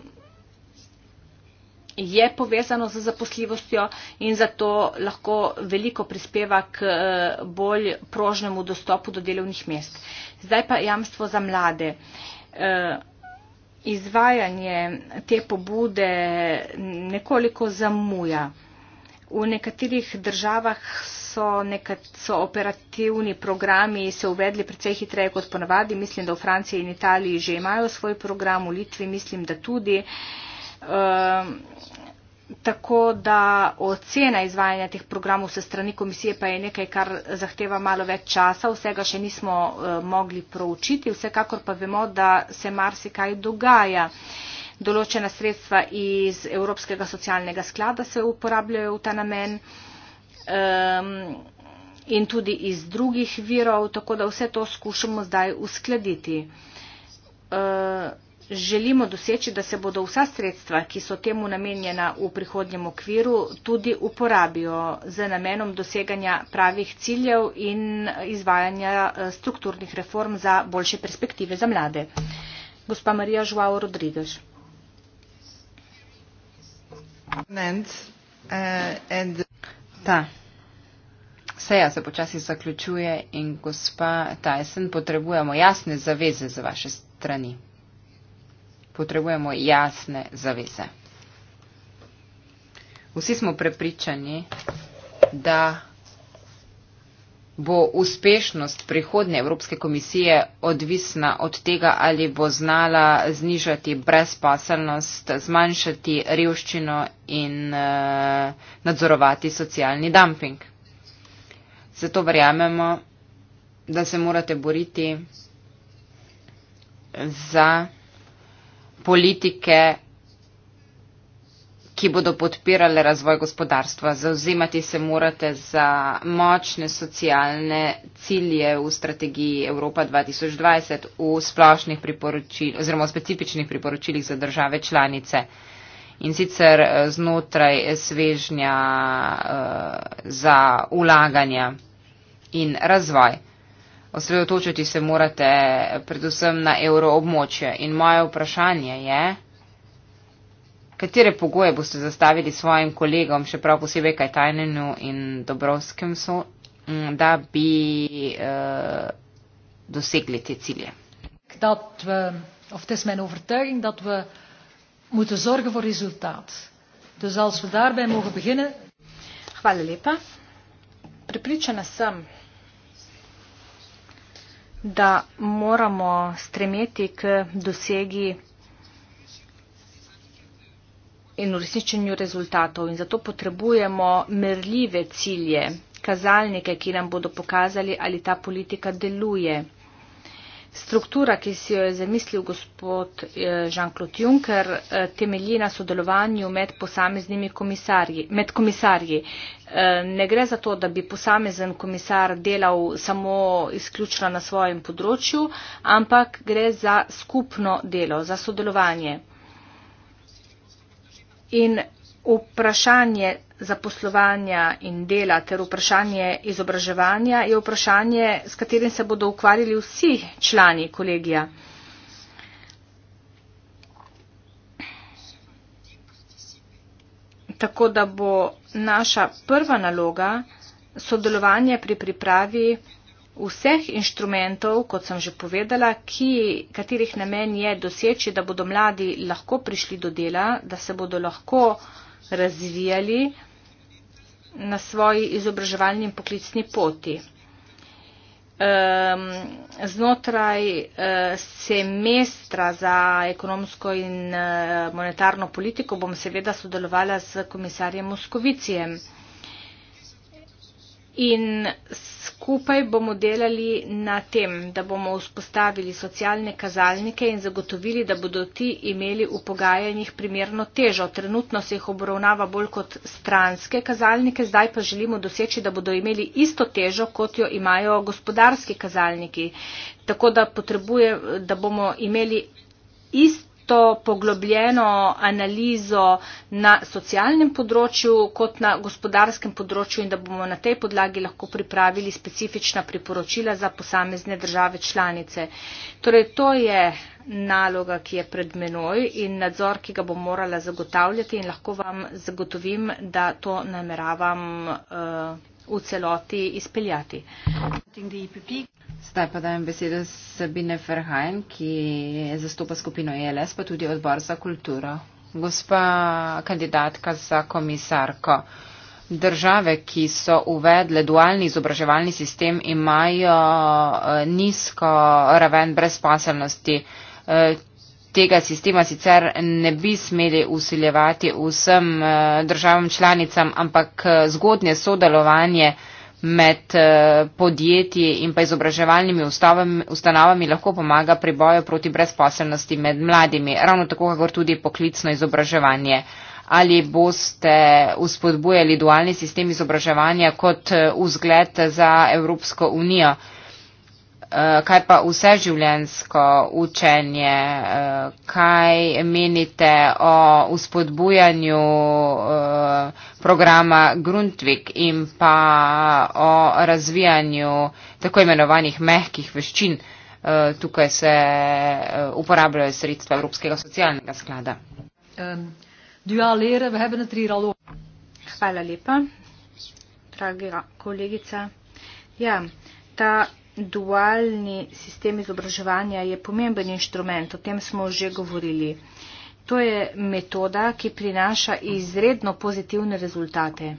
S3: je povezano z zaposljivostjo in zato lahko veliko prispeva k uh, bolj prožnemu dostopu do delovnih mest. Zdaj pa jamstvo za mlade. Uh, izvajanje te pobude nekoliko zamuja. V nekaterih državah so, nekat, so operativni programi se uvedli precej hitreje kot ponavadi. Mislim, da v Franciji in Italiji že imajo svoj program, v Litvi mislim, da tudi. Um, tako da ocena izvajanja teh programov se strani komisije pa je nekaj, kar zahteva malo več časa. Vsega še nismo uh, mogli proučiti, vsekakor pa vemo, da se marsikaj dogaja. Določena sredstva iz Evropskega socialnega sklada se uporabljajo v ta namen. Uh, um, in tudi iz drugih virov, tako da vse to skušamo zdaj uskladiti. Uh, želimo doseči, da se bodo vsa sredstva, ki so temu namenjena v prihodnjem okviru, tudi uporabijo z namenom doseganja pravih ciljev in izvajanja e, strukturnih reform za boljše perspektive za mlade. Gospa Marija Žuao Rodrigež. Uh, e, and... Ta seja se
S4: počasi zaključuje in gospa Tyson, potrebujemo jasne zaveze za vaše strani. Potrebujemo jasne zaveze. Vsi smo prepričani, da bo uspešnost prihodne Evropske komisije odvisna od tega, ali bo znala znižati brezpaselnost, zmanjšati revščino in uh, nadzorovati socialni dumping. Zato verjamemo, da se morate boriti za politike ki bodo podpirale razvoj gospodarstva. Zauzemati se morate za močne socialne cilje v strategiji Evropa 2020 v splošnih priporočil oziroma v specifičnih priporočilih za države članice. In sicer eh, znotraj svežnja uh, za ulaganja in razvoj. Osredotočiti se morate predvsem na evroobmočje. In moje vprašanje je, Katere pogoje boste zastavili svojim kolegom, še prav posebej Kajtajnenu in Dobrovskem, so, mm, da bi uh, dosegli te cilje?
S1: Dat we, of het is mijn overtuiging dat we moeten zorgen voor resultaat.
S3: Dus als we daarbij mogen beginnen. Hvala lepa. Prepričana sem, da moramo stremeti k dosegi in uresničenju rezultatov. In zato potrebujemo merljive cilje, kazalnike, ki nam bodo pokazali, ali ta politika deluje. Struktura, ki si jo je zamislil gospod eh, Jean-Claude Juncker, eh, temelji na sodelovanju med posameznimi komisarji. Med komisarji. Eh, ne gre za to, da bi posamezen komisar delal samo izključno na svojem področju, ampak gre za skupno delo, za sodelovanje in vprašanje zaposlovanja in dela ter vprašanje izobraževanja je vprašanje, s katerim se bodo ukvarjali vsi člani kolegija. Tako da bo naša prva naloga sodelovanje pri pripravi vseh inštrumentov, kot sem že povedala, ki, katerih namen je doseči, da bodo mladi lahko prišli do dela, da se bodo lahko razvijali na svoji izobraževalni in poklicni poti. Ehm, znotraj e, semestra za ekonomsko in e, monetarno politiko bom seveda sodelovala z komisarjem Moskovicijem in skupaj bomo delali na tem, da bomo vzpostavili socialne kazalnike in zagotovili, da bodo ti imeli v pogajanjih primerno težo. Trenutno se jih obravnava bolj kot stranske kazalnike, zdaj pa želimo doseči, da bodo imeli isto težo, kot jo imajo gospodarski kazalniki. Tako da potrebuje, da bomo imeli isto tisto poglobljeno analizo na socialnem področju kot na gospodarskem področju in da bomo na tej podlagi lahko pripravili specifična priporočila za posamezne države članice. Torej, to je naloga, ki je pred menoj in nadzor, ki ga bom morala zagotavljati in lahko vam zagotovim, da to nameravam. Uh, v celoti izpeljati.
S4: Zdaj pa dajem besedo Sabine Ferhajn, ki zastopa skupino ELS, pa tudi odbor za kulturo. Gospa kandidatka za komisarko. Države, ki so uvedle dualni izobraževalni sistem, imajo eh, nizko raven brezposelnosti. Eh, tega sistema sicer ne bi smeli usiljevati vsem eh, državam članicam, ampak eh, zgodnje sodelovanje med eh, podjetji in pa izobraževalnimi ustanovami lahko pomaga pri boju proti brezposelnosti med mladimi, ravno tako, kakor tudi poklicno izobraževanje. Ali boste uspodbujali dualni sistem izobraževanja kot vzgled za Evropsko unijo? Eh, kaj pa vse življensko učenje, eh, kaj menite o uspodbujanju eh, programa Grundtvig in pa o razvijanju tako imenovanih mehkih veščin. Tukaj se uporabljajo sredstva Evropskega socialnega sklada.
S1: Ehm,
S3: Hvala lepa, dragi kolegica. Ja, ta dualni sistem izobraževanja je pomemben inštrument, o tem smo že govorili. To je metoda, ki prinaša izredno pozitivne rezultate.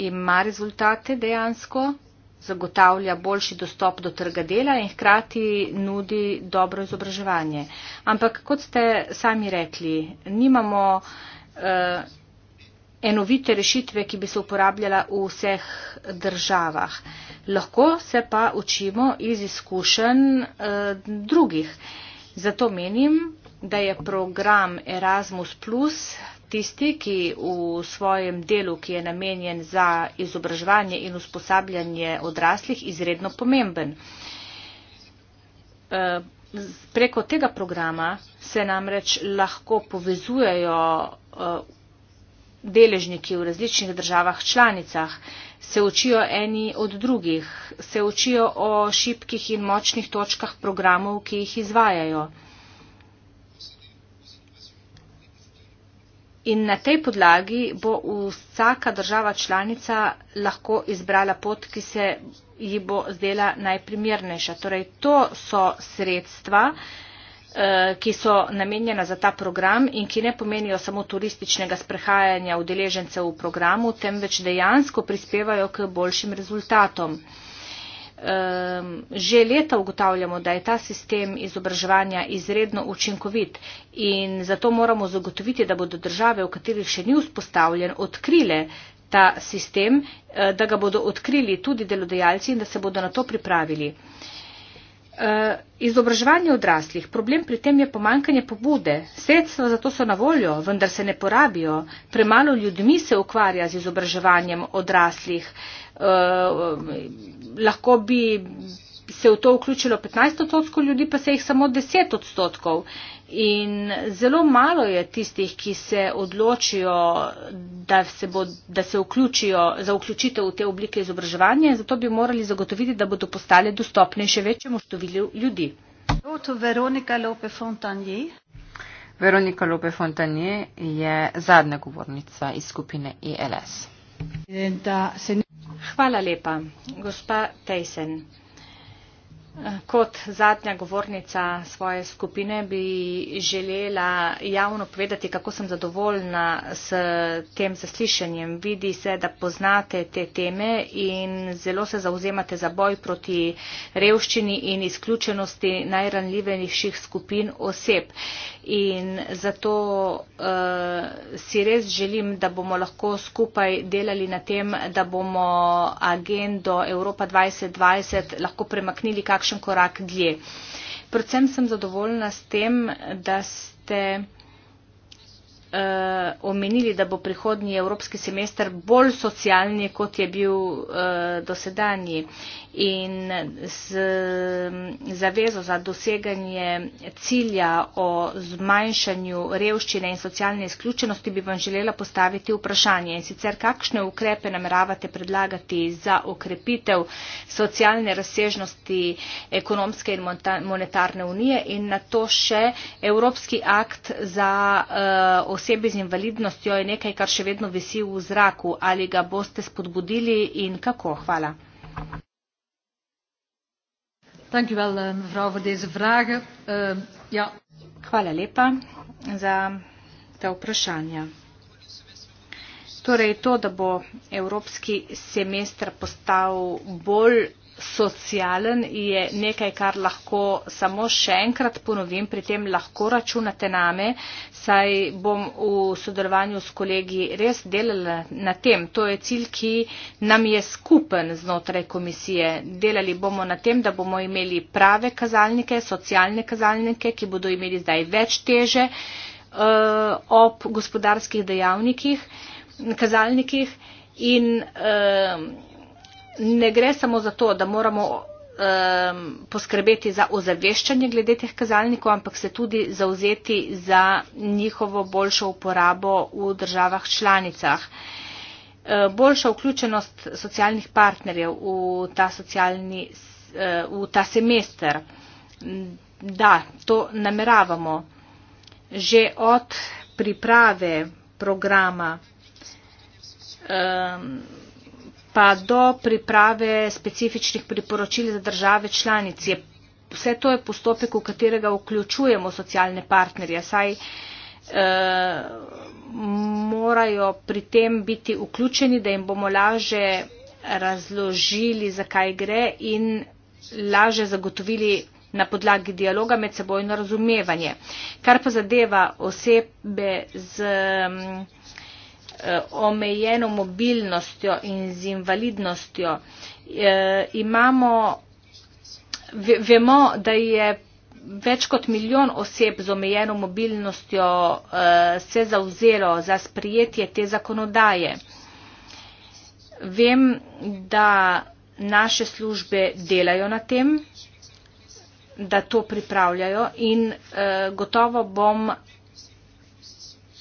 S3: Ima rezultate dejansko, zagotavlja boljši dostop do trga dela in hkrati nudi dobro izobraževanje. Ampak, kot ste sami rekli, nimamo. Uh, enovite rešitve, ki bi se uporabljala v vseh državah. Lahko se pa učimo iz izkušenj eh, drugih. Zato menim, da je program Erasmus Plus tisti, ki v svojem delu, ki je namenjen za izobraževanje in usposabljanje odraslih, izredno pomemben. Eh, preko tega programa se namreč lahko povezujejo eh, deležniki v različnih državah članicah, se učijo eni od drugih, se učijo o šibkih in močnih točkah programov, ki jih izvajajo. In na tej podlagi bo vsaka država članica lahko izbrala pot, ki se ji bo zdela najprimernejša. Torej, to so sredstva, Eh, ki so namenjena za ta program in ki ne pomenijo samo turističnega sprehajanja udeležencev v programu, temveč dejansko prispevajo k boljšim rezultatom. Že leta ugotavljamo, da je ta sistem izobraževanja izredno učinkovit in zato moramo zagotoviti, da bodo države, v katerih še ni vzpostavljen, odkrile ta sistem, eh, da ga bodo odkrili tudi delodajalci in da se bodo na to pripravili. Eh, izobraževanje odraslih. Problem pri tem je pomankanje pobude. Sredstva za to so na voljo, vendar se ne porabijo. Premalo ljudmi se ukvarja z izobraževanjem odraslih. Uh, lahko bi se v to vključilo 15 odstotkov ljudi, pa se jih samo 10 odstotkov. In zelo malo je tistih, ki se odločijo, da se, bo, da se vključijo za vključitev v te oblike izobraževanja in zato bi morali zagotoviti, da bodo postale dostopne še večjemu številu ljudi. Veronika
S4: Lope-Fontanje je zadnja govornica iz skupine ILS.
S3: E Hvala lepa, gospa Tejsen. Kot zadnja govornica svoje skupine bi želela javno povedati, kako sem zadovoljna s tem zaslišanjem. Vidi se, da poznate te teme in zelo se zauzemate za boj proti revščini in izključenosti najranljivejših skupin oseb. In zato uh, si res želim, da bomo lahko skupaj delali na tem, da bomo agendo Evropa 2020 lahko premaknili kakšno kakšen korak dlje. Predvsem sem zadovoljna s tem, da ste uh, omenili, da bo prihodnji evropski semester bolj socialni, kot je bil uh, dosedanji in z zavezo za doseganje cilja o zmanjšanju revščine in socialne izključenosti bi vam želela postaviti vprašanje. In sicer, kakšne ukrepe nameravate predlagati za okrepitev socialne razsežnosti ekonomske in monetarne unije in na to še Evropski akt za uh, osebe z invalidnostjo je nekaj, kar še vedno visi v zraku. Ali ga boste spodbudili in kako? Hvala. Eh, eh, ja. Hvala lepa za ta vprašanja. Torej, to, da bo evropski semester postal bolj socialen je nekaj, kar lahko samo še enkrat ponovim, pri tem lahko računate name, saj bom v sodelovanju s kolegi res delala na tem. To je cilj, ki nam je skupen znotraj komisije. Delali bomo na tem, da bomo imeli prave kazalnike, socialne kazalnike, ki bodo imeli zdaj več teže eh, ob gospodarskih dejavnikih, kazalnikih in. Eh, ne gre samo za to, da moramo um, poskrbeti za ozaveščanje glede teh kazalnikov, ampak se tudi zauzeti za njihovo boljšo uporabo v državah članicah. E, boljša vključenost socialnih partnerjev v ta, socialni, e, v ta semester. Da, to nameravamo. Že od priprave programa um, pa do priprave specifičnih priporočil za države članice. Vse to je postopek, v katerega vključujemo socialne partnerje, saj eh, morajo pri tem biti vključeni, da jim bomo laže razložili, zakaj gre in laže zagotovili na podlagi dialoga medsebojno razumevanje. Kar pa zadeva osebe z. Hm, Eh, omejeno mobilnostjo in z invalidnostjo. Eh, imamo, vemo, da je več kot milijon oseb z omejeno mobilnostjo eh, se zauzelo za sprijetje te zakonodaje. Vem, da naše službe delajo na tem, da to pripravljajo in gotovo bom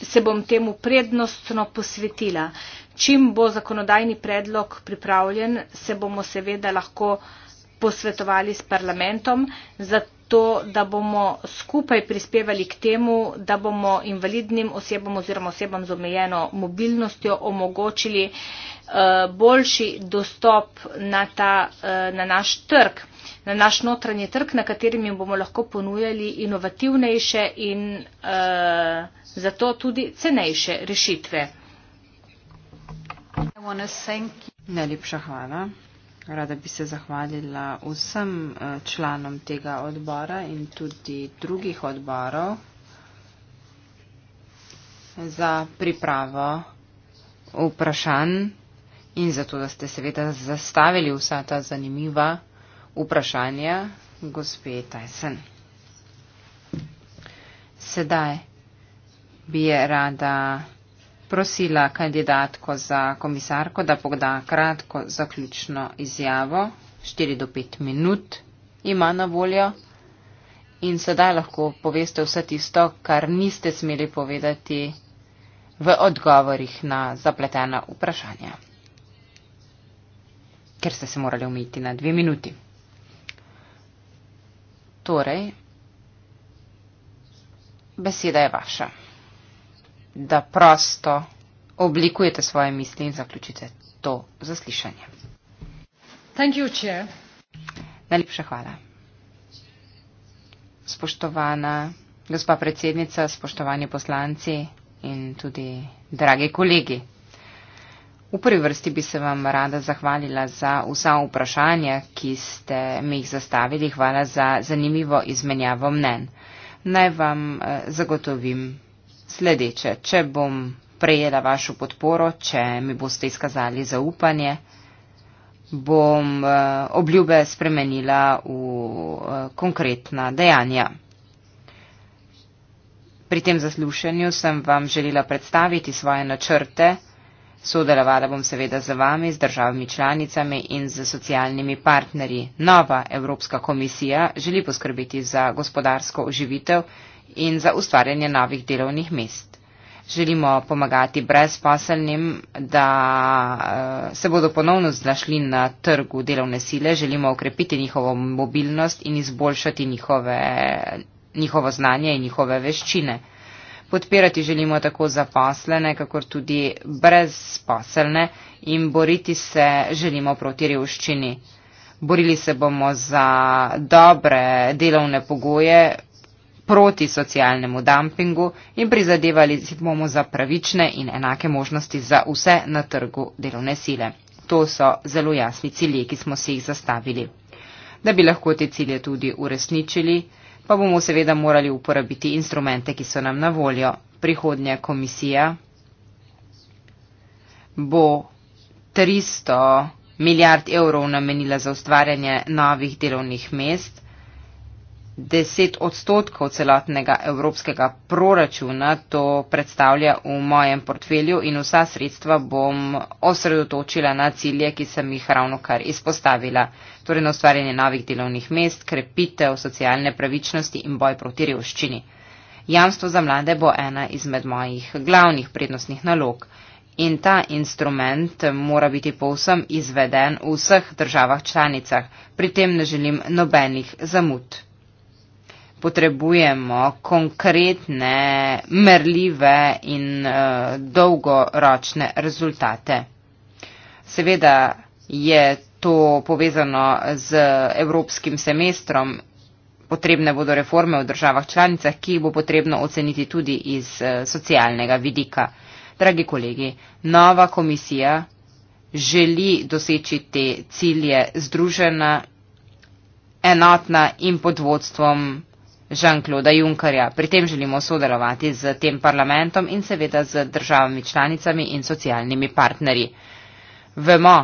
S3: se bom temu prednostno posvetila. Čim bo zakonodajni predlog pripravljen, se bomo seveda lahko posvetovali s parlamentom, zato da bomo skupaj prispevali k temu, da bomo invalidnim osebam oziroma osebam z omejeno mobilnostjo omogočili uh, boljši dostop na, ta, uh, na naš trg na naš notranji trg, na katerim jim bomo lahko ponujali inovativnejše in uh, zato tudi cenejše rešitve.
S4: Najlepša hvala. Rada bi se zahvalila vsem eh, članom tega odbora in tudi drugih odborov za pripravo vprašanj in za to, da ste seveda zastavili vsa ta zanimiva vprašanja vprašanja gospe Tyson. Sedaj bi rada prosila kandidatko za komisarko, da pogleda kratko zaključno izjavo, 4 do 5 minut ima na voljo in sedaj lahko poveste vse tisto, kar niste smeli povedati v odgovorih na zapletena vprašanja, ker ste se morali umiti na 2 minuti. Torej, beseda je vaša, da prosto oblikujete svoje misli in zaključite to zaslišanje. You, Najlepša hvala. Spoštovana gospa predsednica, spoštovani poslanci in tudi dragi kolegi. V prvi vrsti bi se vam rada zahvalila za vsa vprašanja, ki ste mi jih zastavili. Hvala za zanimivo izmenjavo mnen. Naj vam eh, zagotovim sledeče. Če bom prejela vašo podporo, če mi boste izkazali zaupanje, bom eh, obljube spremenila v eh, konkretna dejanja. Pri tem zaslušanju sem vam želela predstaviti svoje načrte. Sodelovala bom seveda z vami, z državami članicami in z socialnimi partnerji. Nova Evropska komisija želi poskrbeti za gospodarsko oživitev in za ustvarjanje novih delovnih mest. Želimo pomagati brezposelnim, da eh, se bodo ponovno znašli na trgu delovne sile, želimo okrepiti njihovo mobilnost in izboljšati njihove, njihovo znanje in njihove veščine. Podpirati želimo tako zaposlene, kakor tudi brezposelne in boriti se želimo proti revščini. Borili se bomo za dobre delovne pogoje, proti socialnemu dampingu in prizadevali si bomo za pravične in enake možnosti za vse na trgu delovne sile. To so zelo jasni cilje, ki smo si jih zastavili. Da bi lahko te cilje tudi uresničili, pa bomo seveda morali uporabiti instrumente, ki so nam na voljo. Prihodnja komisija bo 300 milijard evrov namenila za ustvarjanje novih delovnih mest, 10 odstotkov celotnega evropskega proračuna to predstavlja v mojem portfelju in vsa sredstva bom osredotočila na cilje, ki sem jih ravno kar izpostavila torej na ustvarjanje novih delovnih mest, krepitev socialne pravičnosti in boj proti revščini. Jamstvo za mlade bo ena izmed mojih glavnih prednostnih nalog in ta instrument mora biti povsem izveden v vseh državah članicah, pri tem ne želim nobenih zamud. Potrebujemo konkretne, merljive in e, dolgoročne rezultate. Seveda je to povezano z evropskim semestrom. Potrebne bodo reforme v državah članicah, ki jih bo potrebno oceniti tudi iz eh, socialnega vidika. Dragi kolegi, nova komisija želi doseči te cilje združena, enotna in pod vodstvom Jean-Claude Junckerja. Pri tem želimo sodelovati z tem parlamentom in seveda z državami članicami in socialnimi partnerji. Vemo,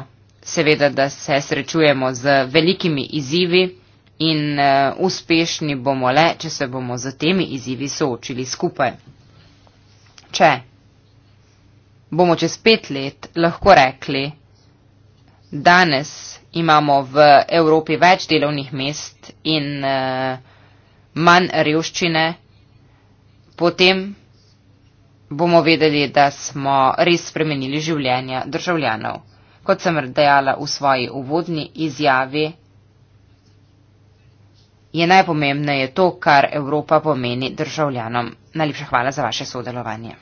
S4: seveda, da se srečujemo z velikimi izzivi in eh, uspešni bomo le, če se bomo z temi izzivi soočili skupaj. Če bomo čez pet let lahko rekli, danes imamo v Evropi več delovnih mest in eh, manj revščine, potem bomo vedeli, da smo res spremenili življenja državljanov kot sem dejala v svoji uvodni izjavi, je najpomembneje to, kar Evropa pomeni državljanom. Najlepša hvala za vaše sodelovanje.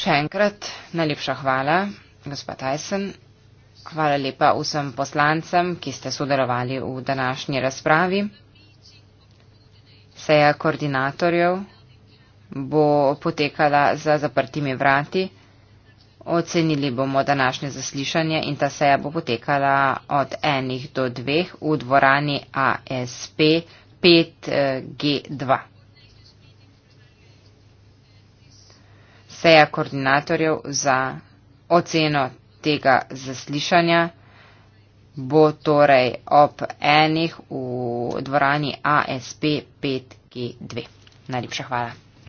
S4: Še enkrat najlepša hvala, gospod Tyson. Hvala lepa vsem poslancem, ki ste sodelovali v današnji razpravi. Seja koordinatorjev bo potekala za zaprtimi vrati. Ocenili bomo današnje zaslišanje in ta seja bo potekala od enih do dveh v dvorani ASP 5G2. Seja koordinatorjev za oceno tega zaslišanja bo torej ob enih v dvorani ASP 5G2. Najlepša hvala.